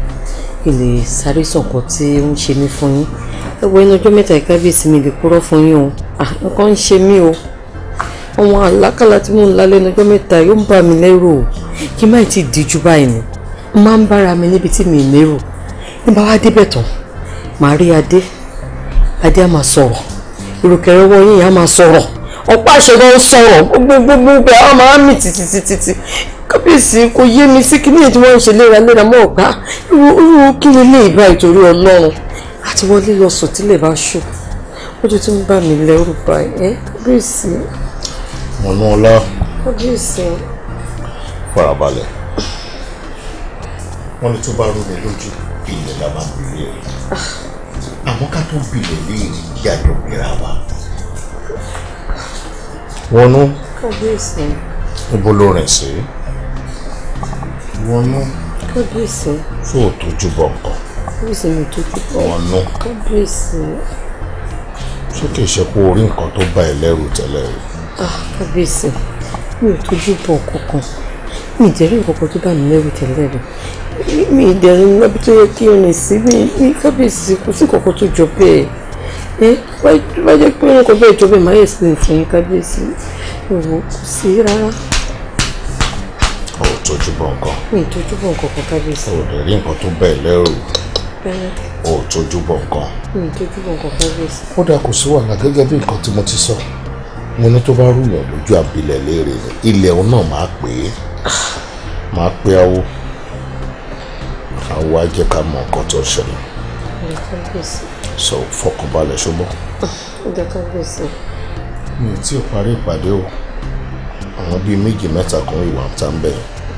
ilé sáré sọ̀kan tí ó ń ṣe mí fún yín ẹ wo inú ọjọ́ mẹ́ta ìkábíyèsí mi lè purọ́ fún yín o nǹkan ń ṣe mí o àwọn àlákàlà tí mò ń lá lẹ́nu ọjọ́ mẹ́ta yóò ń bà mí lẹ́rù o kí má ti díjú báyìí ni máa ń bára mi níbi tí mi ì lérò ní bá wá débẹ̀ tán màá rí adé adé á máa sọ̀rọ̀ ìrùkẹ̀rẹ̀ wọ yín á máa sọ̀rọ̀ ọ̀pá àṣẹ náà ń sọ̀rọ̀ gbogbo gbogbo bẹ́ẹ̀ á máa mì títítítí kábíyèsí kò yé mi sí kíní èyí tí wọ́n ń ṣe léraléra mọ́ ọ̀gá irú kí ni ilé ìbá ìtorí ọlọ́run àti wọlé lọ sùn tílẹ̀ bá ṣù ojú tí ń bà mí lẹ́rù báyìí ẹ kábíyèsí. mọ̀nú ọlá. kábíyèsí. farabalẹ̀ wọ́n ní tó bá rú mi lójú ilẹ̀ la máa ń bilẹ̀ rẹ̀ àmọ́ ká tó bilẹ̀ léèrè kí a jọ gbéra wa. wọnú. kábíyèsí. ibo ló rìn sí wọnú. kábíyèsí. ṣó o tójú bọ nǹkan. kábíyèsí mi tójú bọ. wọnú. kábíyèsí. ṣé kìí ṣe kó o rí nǹkan tó bá ẹ lẹ́rù tẹ́lẹ̀ rí. Ah, kábíyèsí mi ò tójú bọ kankan mi ì jẹ́rìí nǹkan kan tó bá mi lẹ́rù tẹ́lẹ̀ rí mi ì dẹ̀rù lọ́bí tó yẹ kí o rìn sí mi kábíyèsí kò sí nǹkan kan tó jọ bẹ́ẹ̀ bá jẹ́ pé nǹkan bẹ́ẹ̀ jọ bẹ́ẹ̀ máa yẹ̀ sí ní ìfẹ̀yìn kábíyèsí ìwò tójú bọ nǹkan. mi tójú bọ nǹkan kan kábíyèsí. o lè rí nǹkan tó bẹ́ẹ̀ lẹ́rù. o tójú bọ nǹkan. mi tójú bọ nǹkan kábíyèsí. kódà kò sí wàhálà gẹ́gẹ́ bí nǹkan tí mo ti sọ mo ní tó bá rúyàn lójú abilẹ̀ léèrè ni ilẹ̀ òun náà máa pè é máa pé awo àwo á jẹ́ ká mọ nǹkan tó ṣẹlẹ̀. so fọkànbalẹ̀ ṣùgbọ́n. ọjà kábíyèsí. mi ò tí ì parí ìpàdé o àwọn bíi méjì mẹ́ta kan ìwà ń ta ń bẹ̀rẹ̀.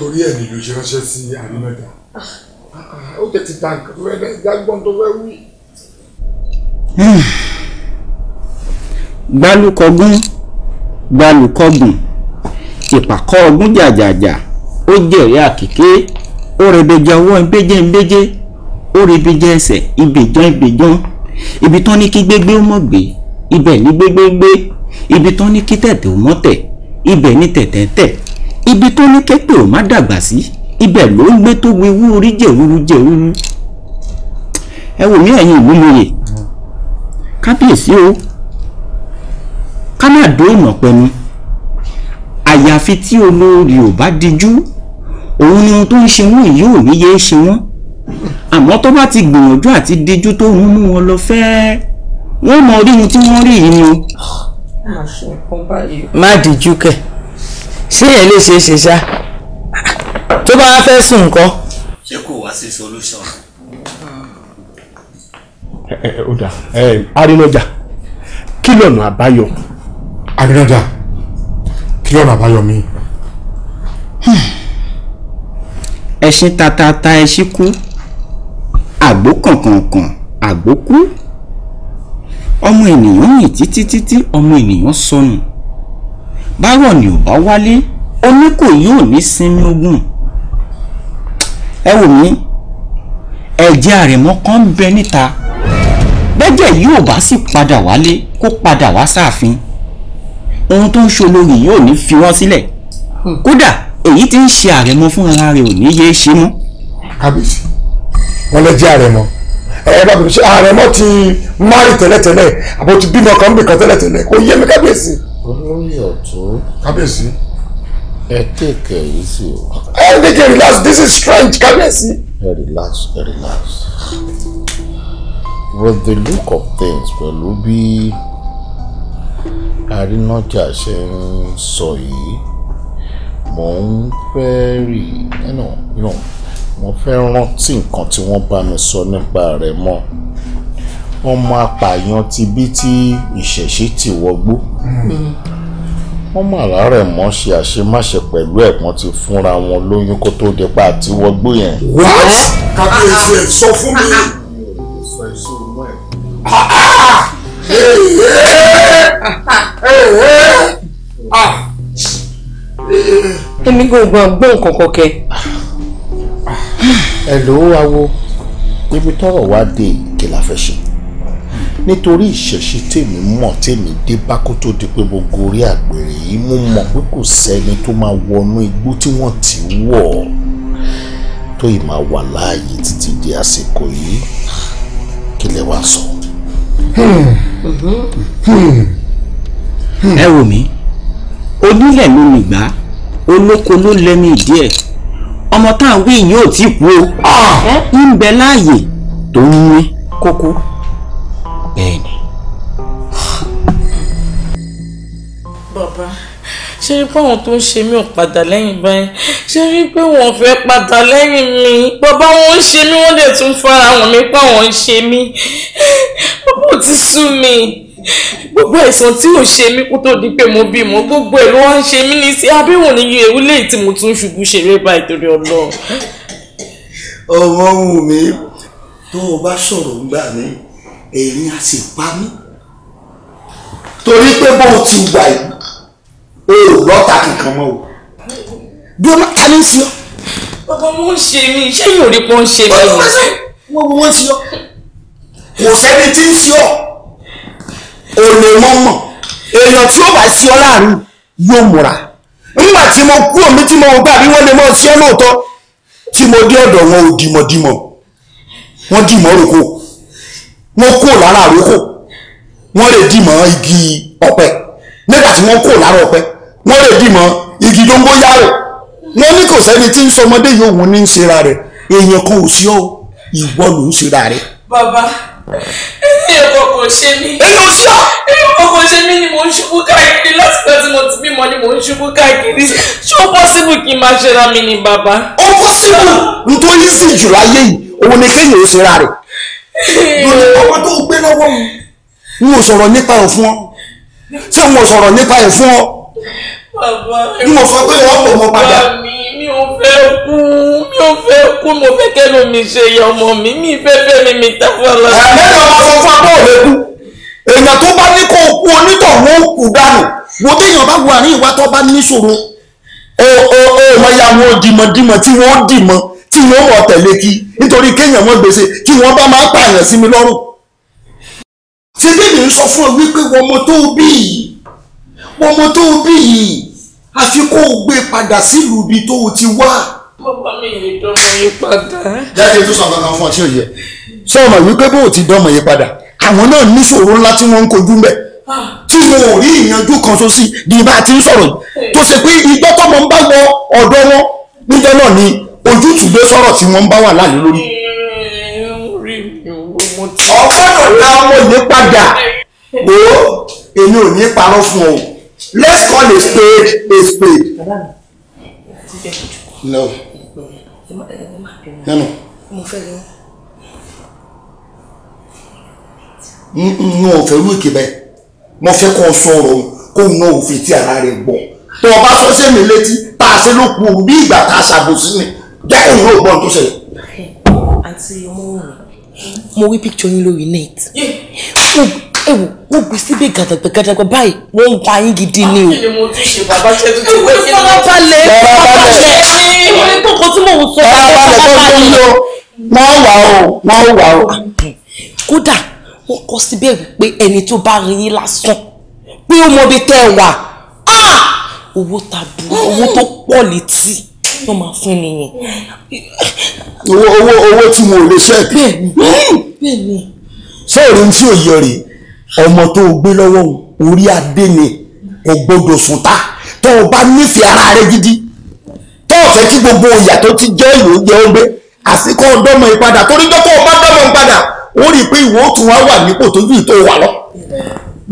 torí ẹ̀ nílò ṣe ránṣẹ́ sí àrímẹ́ta ah. ah, ó tẹ̀ ti ta nǹkan tó fẹ́ dágbọ́n tó fẹ́ wí. gbálùkọgún gbálùkọgùn ìpàkọ́ ọgún jàjàjà ó jẹ̀rí àkèké ó rẹ̀bẹ̀jẹ̀ ọwọ́ ìbẹ́jẹ́ ìbẹ́jẹ́ ó rẹ̀bẹ̀jẹ̀ ẹsẹ̀ ìbẹ̀jọ́ ìbẹ̀jọ́ ibi tán ní kí gbégbé ó mọ̀ gbé ibẹ̀ ní gbégbégbé ibi tán ní kí tẹ̀tẹ̀ ó mọ̀ tẹ̀ ibẹ̀ ní tẹ̀tẹ̀ tẹ̀ ibi tó ní képè ò má dàgbà sí ibẹ̀ ló ń gbé tó wíwú orí jẹ̀wúrú jẹ̀wúrú ẹ wò mí ẹ̀yin ìlú lóye kábíyèsí o ká má dó ìmọ̀ pẹ̀lú àyàfi tí olórí ò bá dijú òun ni ohun tó ń ṣe wọn yìí ò ní yéé ṣe wọn àmọ́ tó bá ti gbìyànjú àti dijú tó ń mú wọn lọ fẹ́ẹ́ wọ́n mọ orí ohun tí wọ́n rí yìí ni o. má dijú kẹ̀ ṣé yẹn lè ṣeé ṣe ṣá tó bá fẹ́ sùn nǹkan. ṣé kò wá sí solution. ẹ ẹ ó dáa ẹ arínájà kí lọ́nà àbáyọ. arínájà kí lọ́nà àbáyọ mi. ẹṣin tatata ẹṣin kú àgbo kànkànkàn àgbo kú ọmọ ènìyàn yìn títí títí ọmọ ènìyàn sọnù báwọn ni ò bá wálé oníkò yóò ní sinmi ogun ẹ wò mí ẹ̀jẹ̀ àrẹ̀mọ kan ń bẹ níta bẹ́jẹ̀ yóò bá sì padà wálé kó padà wá sáàfin ohun tó ń ṣolórí yóò ní fi wọ́n sílẹ̀ kódà èyí tí ń ṣe àrẹ̀mọ fúnra rẹ̀ ò ní yéé ṣe mọ́. kábíyèsí wọn lè jẹ àrẹ̀mọ ẹ bá bẹ̀rẹ̀ ṣe àrẹ̀mọ ti márì tẹ́lẹ̀tẹ́lẹ̀ àbótú bímọ kan bìkan tẹ́lẹ̀tẹ́lẹ̀ kò yé mi kábíyèsí olórí ọ̀tún. kábíyèsí. ẹ tèkè yìí sí o. ẹ tèkè relax this is strange kábíyèsí. ẹ relax ẹ relax. with the look of things pẹ̀lú bí arínájà ṣe ń sọ yìí mo ń fẹ́ rí ẹnà mo fẹ́ rántí nǹkan tí wọ́n bá mi sọ nípa rẹ̀ mọ́ ọmọ apààyàn ti bí tí ìṣẹ̀ṣe ti wọgbó wọ́n mà lára mọ́ ṣe àṣemáṣe pẹ̀lú ẹ̀gbọ́n ti fúnra wọn lóyún kó tó di pa àti wọgbó yẹn. what kàbíyèsí ẹ sọ fún mi. èmi gbogbo àgbọn kankan kẹ. ẹ ló wá wo ibi tọ́rọ̀ wá dé kí la fẹ́ ṣe nítorí ìṣẹ̀ṣe tèmi mọ̀ tèmi dé bá kó tó di pé mo gorí àgbèrè yìí mo mọ̀ pé kò sẹ́ni tó máa wọnú igbó tí wọ́n ti wọ̀ tó yìí máa wà láàyè títí di àsìkò yìí kí lè wá sọ. ẹ wò mí onílẹ̀ ló nìgbà olóko ló lẹ́nu ìdí ọmọ tá à wí yìí ò kú o ah! ń bẹ láàyè tó ń wí kókó bẹ́ẹ̀ ni. bàbá ṣe rí pé àwọn tó ń ṣe mí ò padà lẹ́yìn báyìí ṣe rí pé wọ́n fẹ́ padà lẹ́yìn mi bàbá wọn ń ṣe mí wọ́n dẹ̀ tún fara hàn mí pé àwọn ń ṣe mí bàbá ò ti sú mi gbogbo àìsàn tí ò ṣe mí kó tó di pé mo bímọ gbogbo ẹ̀ ló wá ń ṣe mí ní sí abẹ́wò ní ewu léyìí tí mo tún ṣubú ṣeré báyìí torí Ọlọ́run. ọmọ wù mí tó o bá sọ̀rọ̀ gbà mí ẹ̀yin á sì pa mí torí pé bó o ti wà yìí o ò lọ́ta kankan mọ́ o bí o máa ta ní sí ọ. bàbá wọn ń ṣe mí ṣé yóò rí pé wọn ń ṣe mí. wọ́n wọ́n wọ́n ń ṣe ọ kò sẹ́ni tí ń ṣe ọ ò lè mọ́ mọ́ èèyàn tí ó bá ṣe ọ láàrin yóò múra nígbà tí mo kú omi tí mo gbà bí wọ́n lè mọ́ ṣe ọ lóòótọ́ tí mo dé ọ̀dọ̀ wọn ò dìmọ̀dìmọ̀ wọ́n dìmọ̀ rògbò wọ́n kó lára àrókò wọ́n lè dìmọ̀ igi ọ̀pẹ nígbà tí wọ́n kó lára ọ̀pẹ wọ́n lè dìmọ̀ igi dóngóyárò wọ́n ní kò sẹ́ni tí ń sọmọdé yìí òun ní ń ṣera rẹ̀ èèyàn kan ò sí ọ ìwọ ló ń ṣera rẹ̀. bàbá ẹni ẹ̀kọ́ kò ṣe mí. ẹni ò sí ọ. ẹni ẹ̀kọ́ kò ṣe mí ni mò ń ṣubú káàkiri lásìkò tí mo ti bímọ ni mò ń ṣubú káàkiri ṣé ó pọ́sibù kí n máa ṣera mi ni bàbá. ó pọ́sibù nítorí sì jù láyé yìí òun ni kéèyàn ó ṣera rẹ̀ lórí ọmọ tó gbé lọ́wọ́ n ò sọ̀rọ̀ nípa ẹ̀ fún ọ ṣé n ò sọ̀rọ̀ nípa ẹ̀ fún ọ. bàbá ẹ mo sọ pé wọn kò mọ padà. mi ò fẹ́ kú mi ò fẹ́ kú mo fẹ́ kẹ́lò mi ṣe ìyá ọmọ mi mi fẹ́ fẹ́ mi mi ta fún ọlọ́run. ẹ̀ẹ́dẹ́gbẹ̀rún máa sọ fún abọ́ òde kú èèyàn tó bá ní kó kú onítọ̀hún ó kú dànù wo téèyàn bá wà ní ìwà tó bá níṣòro ó ó ó mọ ya wọn dìmọ̀dìmọ̀ tí wọ́n dìmọ̀ sì ló wọ̀ tẹ̀lé kí nítorí kéèyàn wọn gbèsè kí wọ́n bá máa pààyàn sí mi lọ́rùn. ṣé bíbí ń sọ fún ẹ wípé wọmọ tó bí yìí wọmọ tó bí yìí àfi kó o gbé padà sílùú ibi tó o ti wá. bàbá mi yìí dánmọ yín padà. jáde tó sọ kankan fún ọ tí ò yẹ ṣé wípé bó o ti dánmọ yín padà àwọn náà níṣòro ńlá tí wọ́n ń kojú mbẹ̀ ah. tí wọn ò rí ìyanjú kan tó sí di bá a ti ń sọ̀rọ̀ yìí tó ṣe pé ìgbọ́tọ̀mọ̀ ń bá wọ ọ̀dọ́ wọn níjọ́ náà ni ojútùú dé sọ̀rọ̀ tí wọ́n bá wà láàyè lórí. ọgbọ́dọ̀ dá ọmọ yìí padà o èmi ò ní parọ́ fún ọ let's call a spade a spade. no. nínú. n ò fẹ́ lú ìkébẹ́ mo fẹ́ kọ́ sọ̀rọ̀ kó n náà ò fi ti ara rẹ̀ gbọ́ tó o bá sọ sí mi létí tá a ṣe ló kú bí ìgbà tá a ṣàbòsí ni jáde yóò gbọ́n tó ṣẹlẹ̀. àǹtí ọmọ wọn mo wí píkṣọ yín lórí net ẹ wò wọ́n gbé síbẹ̀ gàdàgbà gàdàgbà báyìí wọ́n ń pa yín gidi ni o. kí ni mo tún ṣe bàbá ṣe tuntun wẹ́ẹ́ sí mi. fara balẹ̀ fara balẹ̀ mo ní kókó tí mò ń sọ fara balẹ̀ fara balẹ̀ wọ́n wà o wọ́n wà o. kódà wọ́n kọ síbẹ̀ wípé ẹni tó bá rí yín lásán pé ó mọ ibi tẹ́ ẹ wà owó tabu owó tó pọ̀ létí wọ́n máa fún nìyẹn. owó owó owó tí mo lè ṣe. bẹ́ẹ̀ni bẹ́ẹ̀ni. sọ̀rọ̀ ní tí ò yẹ rè ọmọ tó o gbé lọ́wọ́ orí adé ni kò gbọdọ̀ sùn ta tó o bá nífẹ̀ẹ́ ara rẹ gidi tó o fẹ́ kí gbogbo ìyà tó ti jẹ́ ìlú jẹ́ ó gbé àsìkò ọ̀dọ́mọ ìpadà torí dọ́kọ̀ ọba dọ́mọ ìpadà ó rí i pé ìwọ tún wá wà nípò tó ju ìtò wà lọ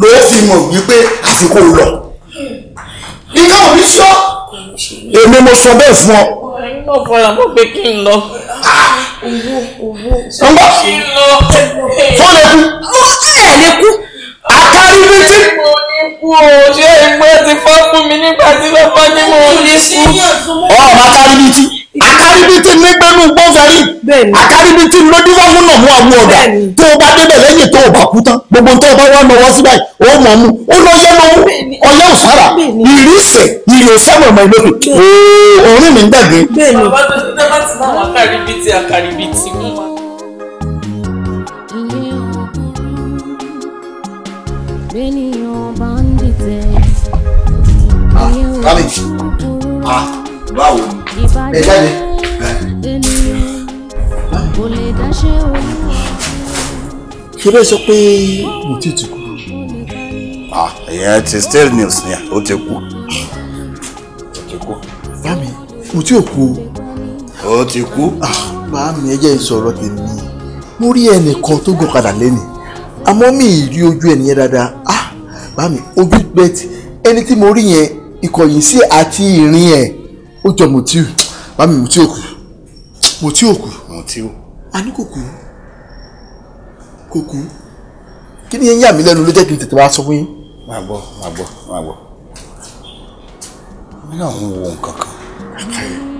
ló fi mọ̀ wípé àsìkò lọ. nǹkan ò ní èmi mo sọ bẹ́ẹ̀ fún ọ. ẹ̀yin náà fọlá mọ̀ pé kí n lọ. ọgbà fọlẹ̀ kú. ẹ̀ lè kú. àkárí létí. mo ní kú o ṣé ẹgbẹ́ ti fọ́ fún mi nígbà tí bàbá ní mo ní kú. ọ̀rọ̀ àkárí létí akaribiti nígbẹ́nu gbọ́nfẹ́rí akaribiti lódìfà múnà mú àwọn ọ̀dà tó o bá débẹ̀ lẹ́yìn tó o bá kú tán gbogbo tó o bá wà lọ́wọ́ síbẹ̀ o mọ̀ mú o lọ yẹ mọ̀ mú ọyẹ òsára ìrísẹ̀ ìrẹsẹ̀ mọ̀mọ́ ìlókè òórùn mi ń dàgbé. bẹ́ẹ̀ni bàbá tó ti dábàá ti náà akaribiti akaribiti mú wa. Ah, Kali. Ah báwo ni ẹ jáde. ṣé bẹ́ẹ̀ sọ pé mo ti ti kú. ẹ̀yẹ ti still news ni ó ti kú. ó ti kú. bá mi mo ti ò kú. ó ti kú. Ah, bá mi ìsọ̀rọ̀ tèmi mo rí ẹnìkan tó gùn kadà lẹ́nìí àmọ́ mi ì rí ojú ẹnìyẹn dáadáa ah bá mi ojú bẹ́ẹ̀ ẹni tí mo rí yẹn ìkọ̀yìn sí àti ìrìn ẹ̀ ó jọ Mutiu bá mi Mutiu kù Mutiu kù. Mutiu. a ní kò kú kò kú kí ni yẹn yà mí lẹ́nu ló jẹ́ kí n tètè wá sọ fún yín. máa gbọ́ máa gbọ́ máa gbọ́ mi náà ń wo nǹkan kan àkàyè ń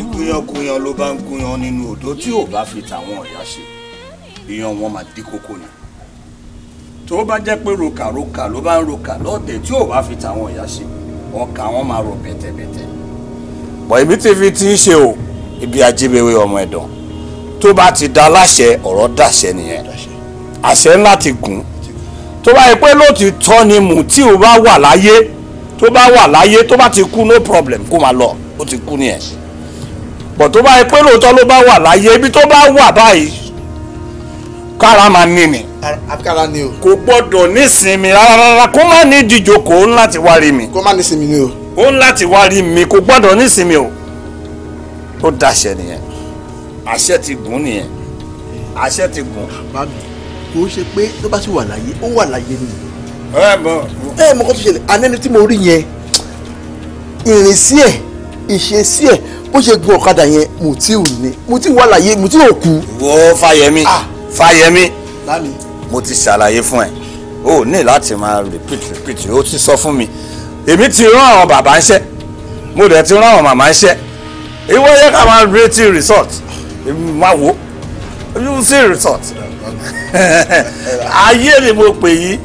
ìgbìyànkuyan ló bá ń gúnyan nínú odò tí ò bá fi tàwọn ọ̀yà ṣe ìyan wọn máa dí kókó ni tó bá jẹ́ pé rokaroka ló bá ń roka lọ́ọ̀dẹ̀ tí ò bá fi tàwọn ọ̀yà ṣe ọkà wọn máa rọ bẹ̀tẹ̀bẹ̀tẹ̀. bọ̀ ibi tí fi ti ń ṣe o ibi ajíbewé ọmọ ẹ̀dàn tó bá ti da láṣẹ ọ̀rọ̀ dàṣẹ nìyẹn àṣẹ ńlá ti gùn tó bá yẹ pé lóòtítọ́ ni mù tí ò bá wà láyé tó bá wà láyé tó bá ti kú no problem kó máa lọ ó ti kú nìyẹn bọ̀ tó bá yẹ pé lóòótọ́ ló bá wà láyé ibi tó bá wà báyìí kára máa ní ni kò gbọ́dọ̀ nísinmi rárá kó má ní ìdíjokòó ńlá ti wá rí mi. o. ó ńlá ti wá rí mi kò gbọ́dọ̀ nísinmi o ó dàṣẹ nìyẹn àṣẹ ti gùn nìyẹn àṣẹ ti gùn. bàbá kò ṣe pé tó bá sì wà láyé ó wà láyé ni. ẹ mọ. ẹ mọ kó tó ṣẹlẹ̀ anẹ́ni tí mo rí yẹn ìrìnsí ẹ̀ ìṣesí ẹ̀ bó ṣe gun ọ̀kadà yẹn mo ti ò ní mo ti wà láyé mo ti wo Fáyẹmí ah! Fáyẹmí mo ti ṣàlàyé fún ẹ o ní láti máa repeat repeat o ti sọ fún mi èmi ti rán àwọn bàbá ń ṣe mo dẹ̀ ti rán àwọn màmá ń ṣe ìwọ yẹ ká máa retí result máa wò you see resort. ayé ni mo pè yìí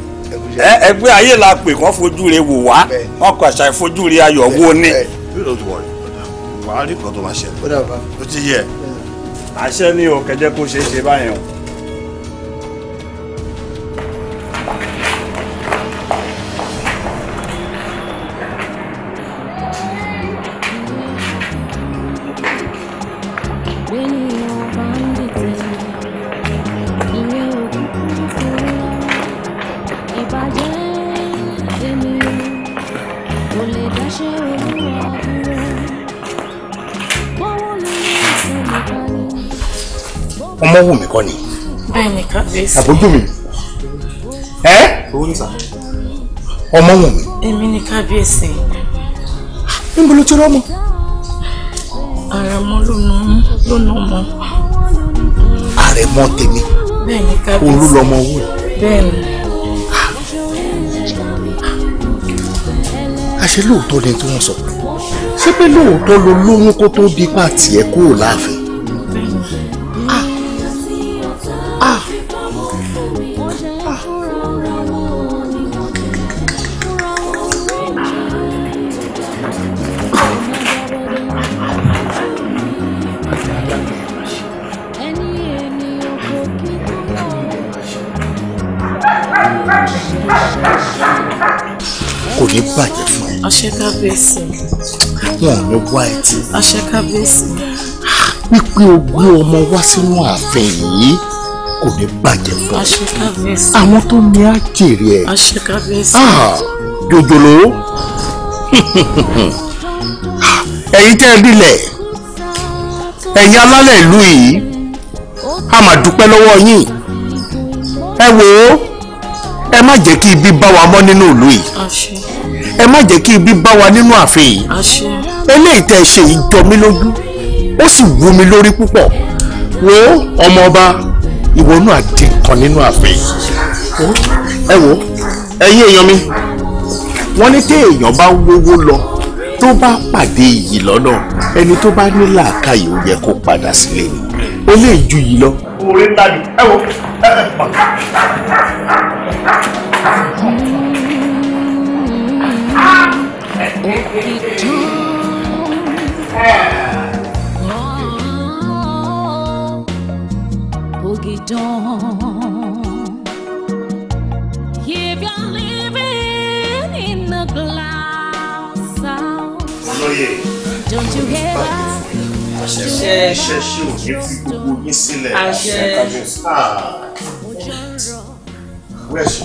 ẹgbẹ́ ayé la pè kàn fojú rẹ wò wá wọn kọ àṣà ìfojú rẹ ayọ̀ wo ni wàá rí nǹkan tó máa ṣẹlẹ̀. ó dàbà. ó ti yẹ àṣẹ ni o kẹjẹ kó ṣeé ṣe báyẹn o. mọ́ wù mí kọ́ ni. bẹ́ẹ̀ni kábíyèsí. àbójú mi ẹ. owó ní sà. ọmọ wù mí. èmi ni kábíyèsí. níbo ló ti rọ́mọ. àrẹ̀mọ ló nà ló nà ọmọ. àrẹ̀mọ tèmi. bẹ́ẹ̀ni kábíyèsí. olú lọmọ owó. bẹ́ẹ̀ni. àṣé lóòótọ́ ni tí wọ́n sọ ṣé pé lóòótọ́ lo lóyún kó tó di pa tiẹ̀ kúrò láàfin. white. àṣẹ kábíyèsí. wípé o gbé ọmọ wá sínú ààfin yìí kò ní bàjẹ́ fún ọ. àṣẹ kábíyèsí. àwọn tó ní á jèrè ẹ. àṣẹ kábíyèsí. Ah, jòjòló ẹ̀yin tẹ́ ẹ nílẹ̀ ẹ̀yin alálẹ̀ ìlú yìí a máa dúpẹ́ lọ́wọ́ yín ẹ wò ó ẹ má jẹ́ kí ibi bá wa mọ́ nínú ìlú yìí ẹ má jẹ́ kí ibi bá wa nínú ààfin yìí eléyìí tẹ́ ẹ ṣe ìjọ mi lójú ó sì wú mi lórí púpọ̀ wo ọmọọba ìwọ náà di kan nínú ààfin ẹ wo ẹ̀yin èèyàn mi wọ́n ní téèyàn bá wówó lọ tó bá pàdé iyì lọ́nà ẹni tó bá ní làákàyè ó yẹ kó padà sílé ni ó lè ju yìí lọ. orí ńlá ni ẹ wo ẹ ẹ pọ̀. Mm-hmm. Boogie Down. If you're living in the glass house, don't you hear that? Àṣẹ ṣẹṣẹ ò ní fi gbogbo yín sílẹ̀ àṣẹ kábíyèsí. Wẹ́ẹ̀ ṣe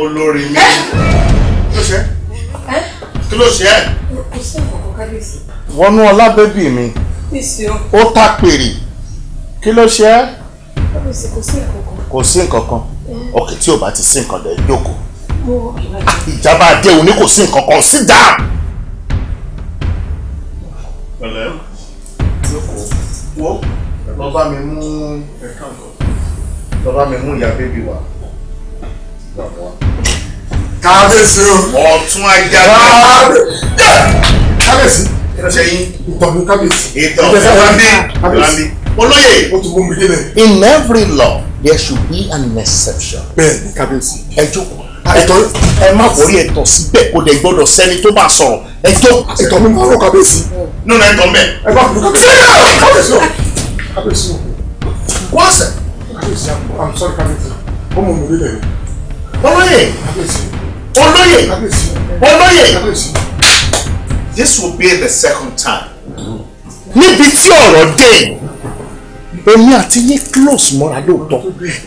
olórí mi. Ẹ ṣe kí ló ṣe ẹ́. kò sí àkọ́kọ́ kábíyèsí. mi ó tàpèrè kí ló ṣe ẹ́. kábíyèsí kò sí nǹkan kan. ọkẹ tí ò bá ti sí nǹkan lẹ jókòó. ìjàmbá adé òní kò sí nǹkan kan sit down. pẹ̀lẹ́ jókòó wo lọ bá mi mú lọ bá mi mú ìyá bébí wa kábíyèsí o. ọ̀tún ajá náà. kábíyèsí. ṣẹyìn. ìtọ́jú kábíyèsí. ìtọ́jú kábíyèsí. olóyè. o tún bọ́ mi délẹ̀. in every law there should be an exception. bẹ́ẹ̀ni kábíyèsí. ẹ jókòó ah, ẹ má wọrí ẹ̀tọ́ síbẹ̀ kó dẹ gbọ́dọ̀ sẹ́ni tó bá sọ̀rọ̀ ẹ jọ. ẹ̀tọ́ ah, mi máa ń rọ kábíyèsí. nínú ẹ̀tọ́ mbẹ. ẹ bá kúrò kábíyèsí. kábíyèsí o. wọ́n sẹ̀. kábíyèsí I'm sorry kábíyèsí. ọmọ mi ò rí lẹ́yìn. wọ́n kábíyèsí olóyè olóyè this will be the second time. Mm-hmm. níbi tí ọ̀rọ̀ dé èmi àti yín close mọ́ra lóòótọ́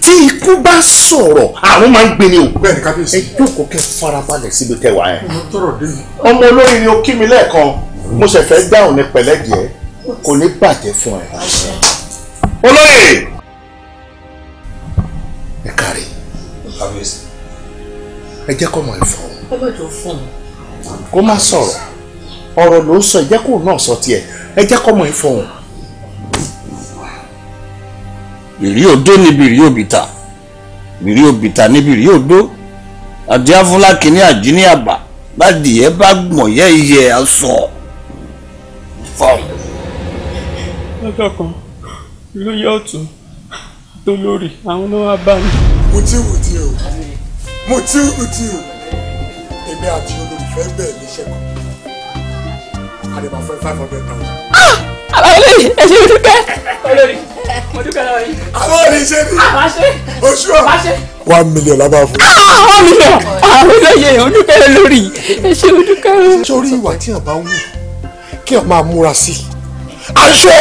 tí ikú bá sọ̀rọ̀ àwọn máa ń gbé ni o ẹ jókòó kẹ́ farabalẹ̀ síbi tẹwàá ẹ̀. ọmọ olóyè ni o kí mi lẹ́ẹ̀kan mo ṣe fẹ́ dáhùn ní pẹ̀lẹ́dìẹ́ kò ní bàjẹ́ fún ẹ. olóyè ẹ kárí. kábíyèsí ẹ jẹ́ kọ́ mọ̀ ẹ̀ fọ́. ẹ má jọ fún un. kó má sọ̀rọ̀ ọ̀rọ̀ ló ń sọ ẹ jẹ́ kó náà sọ tiẹ̀ ẹ jẹ́ kọ́ mọ̀ ẹ̀ fọ́ òun. bìrí odó ni bìrí òbìtà bìrí òbìtà ni bìrí odó àti afúlákì ní àjíní àbá bádìyẹ bá gbọ̀n yẹ iyẹ aṣọ fọ́ọ̀mù. lọ́jọ́ kan ló yẹ ọ̀tún tó lórí àwọn ló wá bá mi. mo ti wò tí o mo tí mo tí o èmi àti olùfẹ́ bẹ́ẹ̀ níṣẹ́ kan àdèmà fẹ́ five hundred thousand. àwọn olórí ẹsẹ mi dúpẹ́ olórí mo dúpẹ́ lọ́wọ́ yìí. àwọn olórí ṣe ni oṣù ọ one million la máa fún. Ah, one million àwọn olóyè o dúpẹ́ lórí ẹsẹ mi dúpẹ́ o. sórí ìwà tí a bá wù kí a máa múra sí aṣọ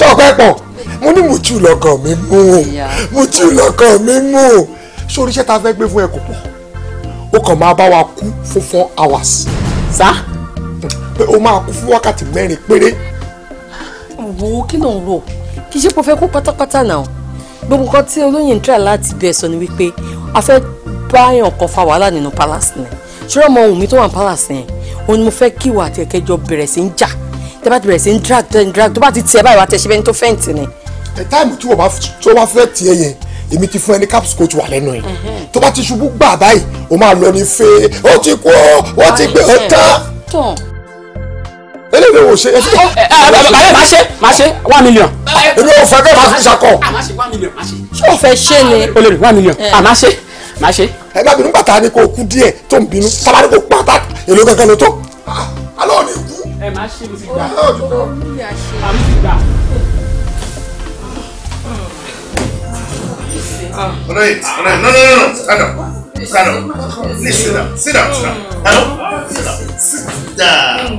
ṣọpẹ́ pọ̀ mo ní mo jù lọ́kàn mi mú mo jù lọ́kàn mi mú sórí iṣẹ́ ta fẹ́ gbé fún ẹ kò pọ̀ ó kàn máa bá wa kú fún four hours sá pé ó máa kú fún wákàtí mẹ́rin péré. wo kí ló ń rò kì í ṣe pé o fẹ́ kú pátápátá náà gbogbo kan tí olóyè ń tẹ̀ láti bẹ̀ sọ ni wípé a fẹ́ báyàn kan fa wàhálà nínú palace ni ṣọ́rọ́ ọmọ òun mi tó wà ní palace yẹn òun ni mo fẹ́ kí ìwà àti ẹ̀kẹ́jọ bẹ̀rẹ̀ sí ń jà tẹ́ bá ti bẹ̀rẹ̀ sí ń drag drag tó bá ti tiẹ̀ báyìí wà á tẹ̀ ṣe bẹ́ẹ̀ ní tó fẹ́ǹtì ni. ẹ táìmù tí wọ́n bá fẹ́ tiẹ̀ yẹn èmi ti fún ẹni caps coach wà lẹ́nu yìí tó bá ti ṣubú gbà báyìí o máa lọ ní fèé ó ti kú ó wọ́n ti gbé ó tán eléyìí ò ṣe ẹtí. máa ṣe máa ṣe one million. èmi ò fẹ́ bẹ́ẹ̀ máa fi ṣakọ. ṣé o fẹ́ ṣe ni. o lè rí one million à eh. ah, máa ṣe máa ṣe. ẹ má bínú bàtà ni kò kú díẹ̀ tó ń bínú sábà ní kò pátá èlò kankan ló tó. Ah, alọ́ kú. ẹ eh, máa ṣe mo ti gbà. alọ́ ò ti gbà. Ah. All right, all right. No, no, no, no. Stand up. Stand up. Please sit down. Sit down, sit down. Hello? Sit down. Sit down.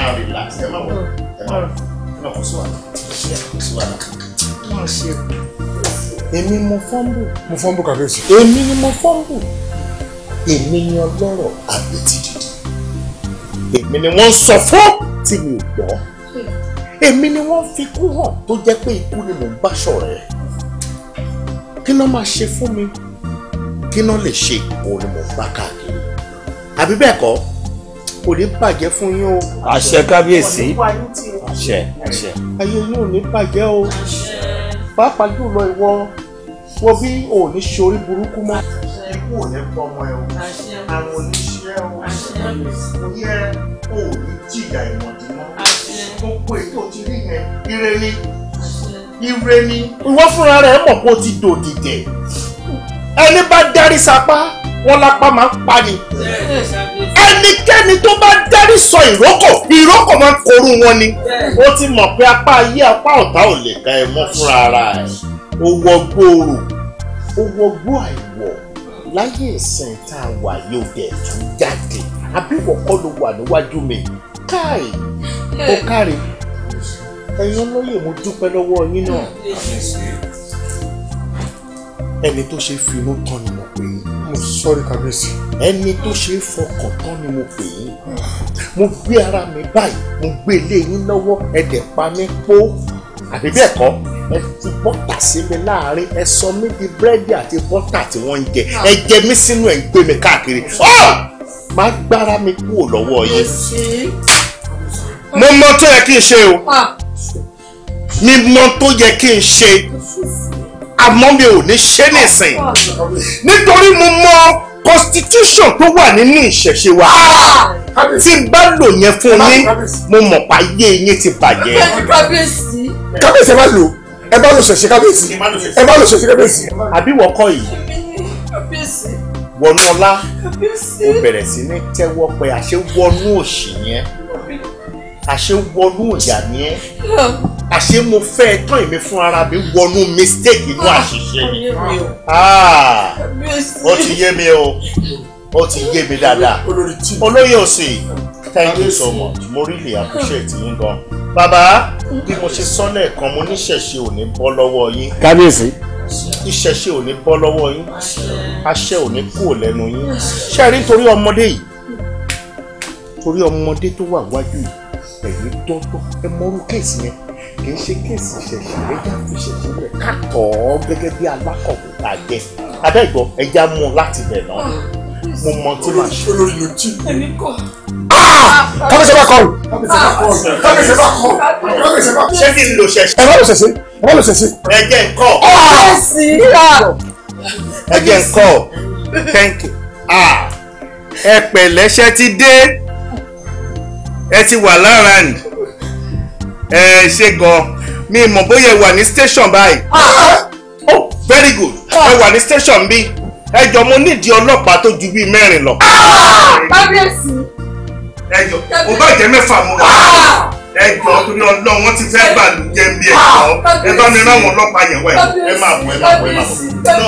Now relax. Ẹ má wọ̀. Ẹ má wọ̀. Ẹ má kò sí wàhálà. Kò sí wàhálà. Wọ́n ṣe. Èmi mo fọ́nbù. Mo fọ́nbù kàbíyèsí. Èmi ni mo fọ́nbù. Èmi ni ọlọ́rọ̀ àbètì dìde. Èmi ni wọ́n sọ fún tí mi ò gbọ́. Hmm. Èmi ni wọ́n fi kú hàn tó jẹ́ pé ikú ni mò ń bá ṣọ̀rẹ́ kí ló máa ṣe fún mi kí ló lè ṣe òun ni mo bá káàkiri àbí bẹ́ẹ̀ kọ́ kò ní bàjẹ́ fún yín o. àṣẹ kábíyèsí àṣẹ àṣẹ. ayé yín ò ní bàjẹ́ o pàápàá jùlọ ìwọ wọ bí o ò ní ṣorí burúkú mọ́. ikú ò ní pọmọ ẹ o àrùn ò ní ṣe ẹ o kò yẹ o ò ní jìyà ìmọ̀dí mọ́ gbogbo ètò ti rí yẹn ire ni ire ni ìwọ fúnra rẹ mọ̀ kó ti dò dìdẹ̀ ẹni bá dárí sapá wọn lápá máa ń pani ẹnikẹ́ni tó bá dárí sọ ìrókò ìrókò máa ń korú wọn ni ó ti mọ̀ pé apá ayé apá ọ̀tá ò lè ka ẹ mọ́ fúnra ara ẹ ó wọ gbòòrò ó wọ gbó àìwọ̀ láyé ìsìn tá a wà yóò dẹ̀ tún jáde àbí ìwọ kọ́ ló wà níwájú mi káì ó káre ẹ̀yin olóyè mo dúpẹ́ lọ́wọ́ yín náà ẹni tó ṣe fi inú ni mo pè yín mo oh, sọrí kábíyèsí ẹni tó ṣe fọkàn tán ni mo pè yín mo gbé ara mi báyìí mo gbé ilé yín lọ́wọ́ ẹ̀dẹ̀ pa mí pó àbí bẹ́ẹ̀ kọ́ ẹ fi bọ́tà sí mi láàrin ẹ sọ mí di búrẹ́dì àti bọ́tà tí wọ́n ń jẹ ẹ jẹ mí sínú ẹ̀ ń gbé mi káàkiri ah! má gbára mi kúrò lọ́wọ́ yín mo mọ tó yẹ kí n ṣe o. Ah! mi mọ tó yẹ kí n ṣe àmọ́ mi ò ní ṣe nìsín nítorí mo mọ constitution tó wà nínú ìṣẹ̀ṣe wa tí n bá lò yẹn fún yín mo mọ̀ pa ayé yín ti bàjẹ́. kábíyèsí ẹ bá lò ẹ bá lò ṣẹ̀ṣẹ̀ kábíyèsí ẹ bá lò ṣẹ̀ṣẹ̀ kábíyèsí. àbí wọ́kọ́ yìí wọnú ọlá ó bẹ̀rẹ̀ sí ní tẹ́wọ́ pé àṣẹ wọnú òṣì yẹn àṣé wọnú ìyà ni ẹ́ àṣé mo fẹ́ ẹ tán èmi fún ara mi wọnú mistake inú ah, àṣìṣe ah, ó ti yé mi o ó ti yé mi dáadáa olóyè ọ̀sẹ̀ thank you so much mo really appreciate yín gan bàbá bí mo ṣe sọ lẹ́ẹ̀kan mo níṣẹ̀ṣe ò ní bọ́ lọ́wọ́ yín kábíyèsí ìṣẹ̀ṣe ò ní bọ́ lọ́wọ́ yín àṣẹ ò ní kúrò lẹ́nu yín ṣe rí torí ọmọdé yìí torí ọmọdé tó wà wájú yìí pẹ̀lú dọ́dọ̀ ẹ mọ́rú kéèsì yẹn kì í ṣe kéèsì ìṣẹ̀ṣẹ̀ ẹja fi ṣẹ̀ṣẹ̀ rẹ̀ kàtọ́ gẹ́gẹ́ bí alákọ̀wé ta jẹ abẹ́gbọ́ ẹja mú un láti bẹ̀ náà ah, mo mọ tí màá ṣe. olórí ló jí. ẹni kọ. Ah! kábíyèsí bá kọrù. kábíyèsí bá kọrù. Ah! ṣé kí n lo ṣẹ̀ṣẹ̀. ẹ má lo ṣẹ̀ṣẹ̀ ẹ má lo ṣẹ̀ṣẹ̀. ẹ jẹ́ nǹkan. ẹ jẹ́ nǹkan thank you. ẹ pẹ̀lẹ́ṣẹ́ ti dé ẹ ti wà lára ni ẹ ṣe gan mi mọ̀ bóyá ẹ wà ní station báyìí ah. oh very good ah. ẹ wà ní station bí ẹ jọ mo nídìí ọlọ́pàá tó ju bíi mẹ́rin lọ. Ah, kábíyèsí. ẹ jọ mo bá jẹ mẹ́fà mo ẹjọ́ torí ọlọ́ wọn ti fẹ́ bà lù jẹ́ bí ẹjọ́ ẹ bá mi ráwọn ọlọ́pàá yẹn wá ẹ máa bọ̀ ẹ máa bọ̀ ẹ máa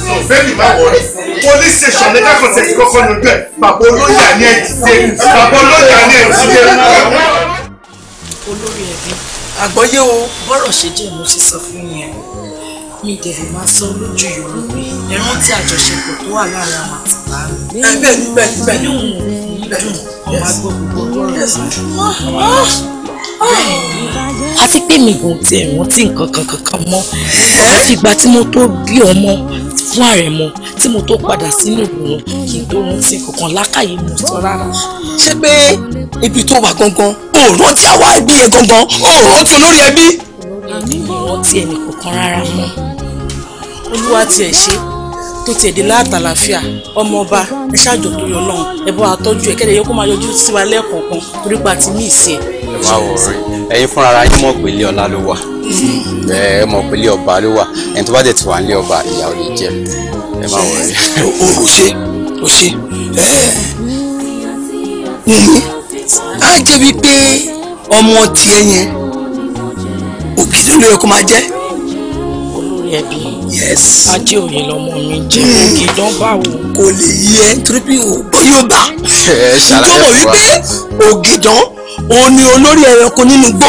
bọ̀ no bẹ́ẹ̀ni má wọrí police station lẹ́jà kọ̀tẹ̀ ti kọ́kọ́ lójú ẹ̀ bàbá olóyè àní ẹ̀ ti dé bàbá olóyè àní ẹ̀ ti dé. olórí ẹbí àgbọ́yé o bọ́rọ̀ ṣe jẹ́ mo ti sọ fún yẹn mi dẹ̀rẹ̀ máa sọ lójú yòówù ẹ̀rántí àjọṣepọ̀ tó wà láàárín àwọn àtìláàmì. bẹ́ẹ̀ ni bẹ́ẹ̀ ni bẹ́ẹ̀ ni àti pé mi gùn tí ẹ̀wọ̀n tí nǹkan kan kankan mọ́ fìgbà tí mo tó bí ọmọ fún àrẹ̀mọ tí mo tó padà sínú ìlú wọn kì í tó rántí kankan lákàyè mi sọ rárá. ṣé pé ibi tó wà gangan ò rántí àwa ẹbí yẹn gangan ò rántí olórí ẹbí. mi ò rántí ẹnì kankan rárá mọ́ olúwa tiẹ̀ ṣe é tó ti èdè láàtà àlàáfíà ọmọọba ẹ ṣáàjọ tó yọ náà ẹ bọ́ àtọ́jú ẹ kẹ́lẹ́ yẹ kó máa yọjú sí wa lẹ́ẹ̀kọ̀ọ̀kan torí pa ti mí ìsìn ẹ. ẹ má wọ orí ẹ̀yin fúnra ara yín mọ̀ pé ilé ọlá ló wà ẹ mọ̀ pé ilé ọba ló wà ẹni tó bá dẹ̀ ti wà nílé ọba ìyá ò lè jẹ ẹ má wọ orí. o ṣe o ṣe ẹ á jẹ́ wípé ọmọ tiẹ̀ yẹn ògidì yẹn bí. yes. ajé òye lọmọ mi jẹ ògì dánbàwò. kò lè yẹ torí pé ògbó yorùbá. ṣàlàyé fún wa ìjọba wípé ògìdán òun ni olórí ẹranko nínú igbó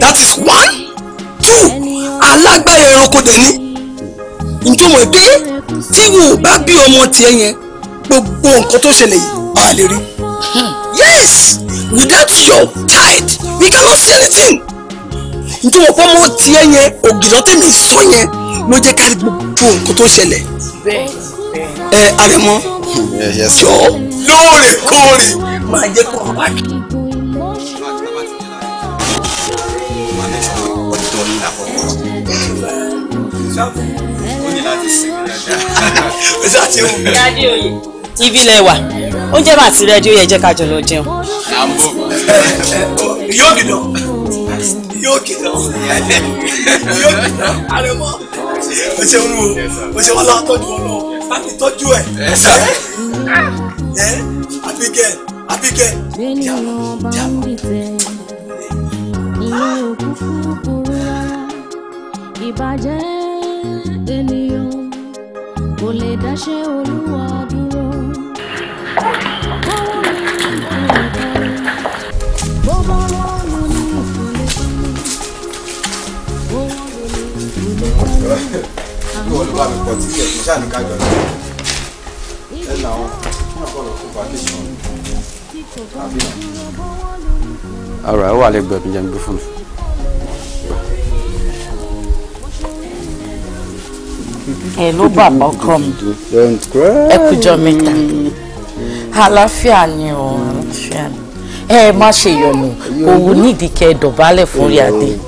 that is one two alágbára ẹranko dẹ̀ ni ìjọba wípé tí wò bá bí ọmọ tiẹ̀ yẹn gbogbo nǹkan tó ṣẹlẹ̀ yìí a lè rí. Hmm. yes without your tithe we cannot see anything nítorí wọn pọ́ mọ́ tiẹ̀ yẹn ògìrán tèmi sọ yẹn ló jẹ́ ká gbogbo nǹkan tó ṣẹlẹ̀ ẹ àrẹ̀mọ jọ lóòrèkóòrè máa jẹ́ kó wá wájú. ibi lẹ wà oúnjẹ bá ti rẹ di ó yẹ ká jọ lọ jẹun. yóò dùn yóò kìlọ̀ yóò kìlọ̀ àrẹ̀mọ́ o ṣeun o o ṣeun lọ tọ́jú ọ̀nà láti tọ́jú ẹ̀ ẹ̀ ìbàjẹ́ ènìyàn kò lè dáṣẹ́ olúwa dúró. bó bá wọ́n. All right, ló are mi pọ̀ tí kẹ̀ kí sáà ní ká jọ lọ ẹ là wọn wọn gbọ́dọ̀ kó vacation tàbí nà. ara ẹ wà lẹ́gbẹ̀ẹ́ mi jẹ mi bí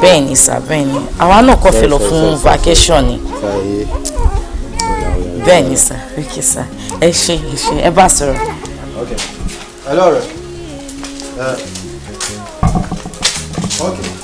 bẹ́ẹ̀ ni sà bẹ́ẹ̀ ni àwa náà kọ́ fẹ́ lọ fún vacation ni bẹ́ẹ̀ ni sà ok sà ẹ ṣe ẹ ṣe ẹ bá sọ̀rọ̀. okay hello rẹ. Uh, okay.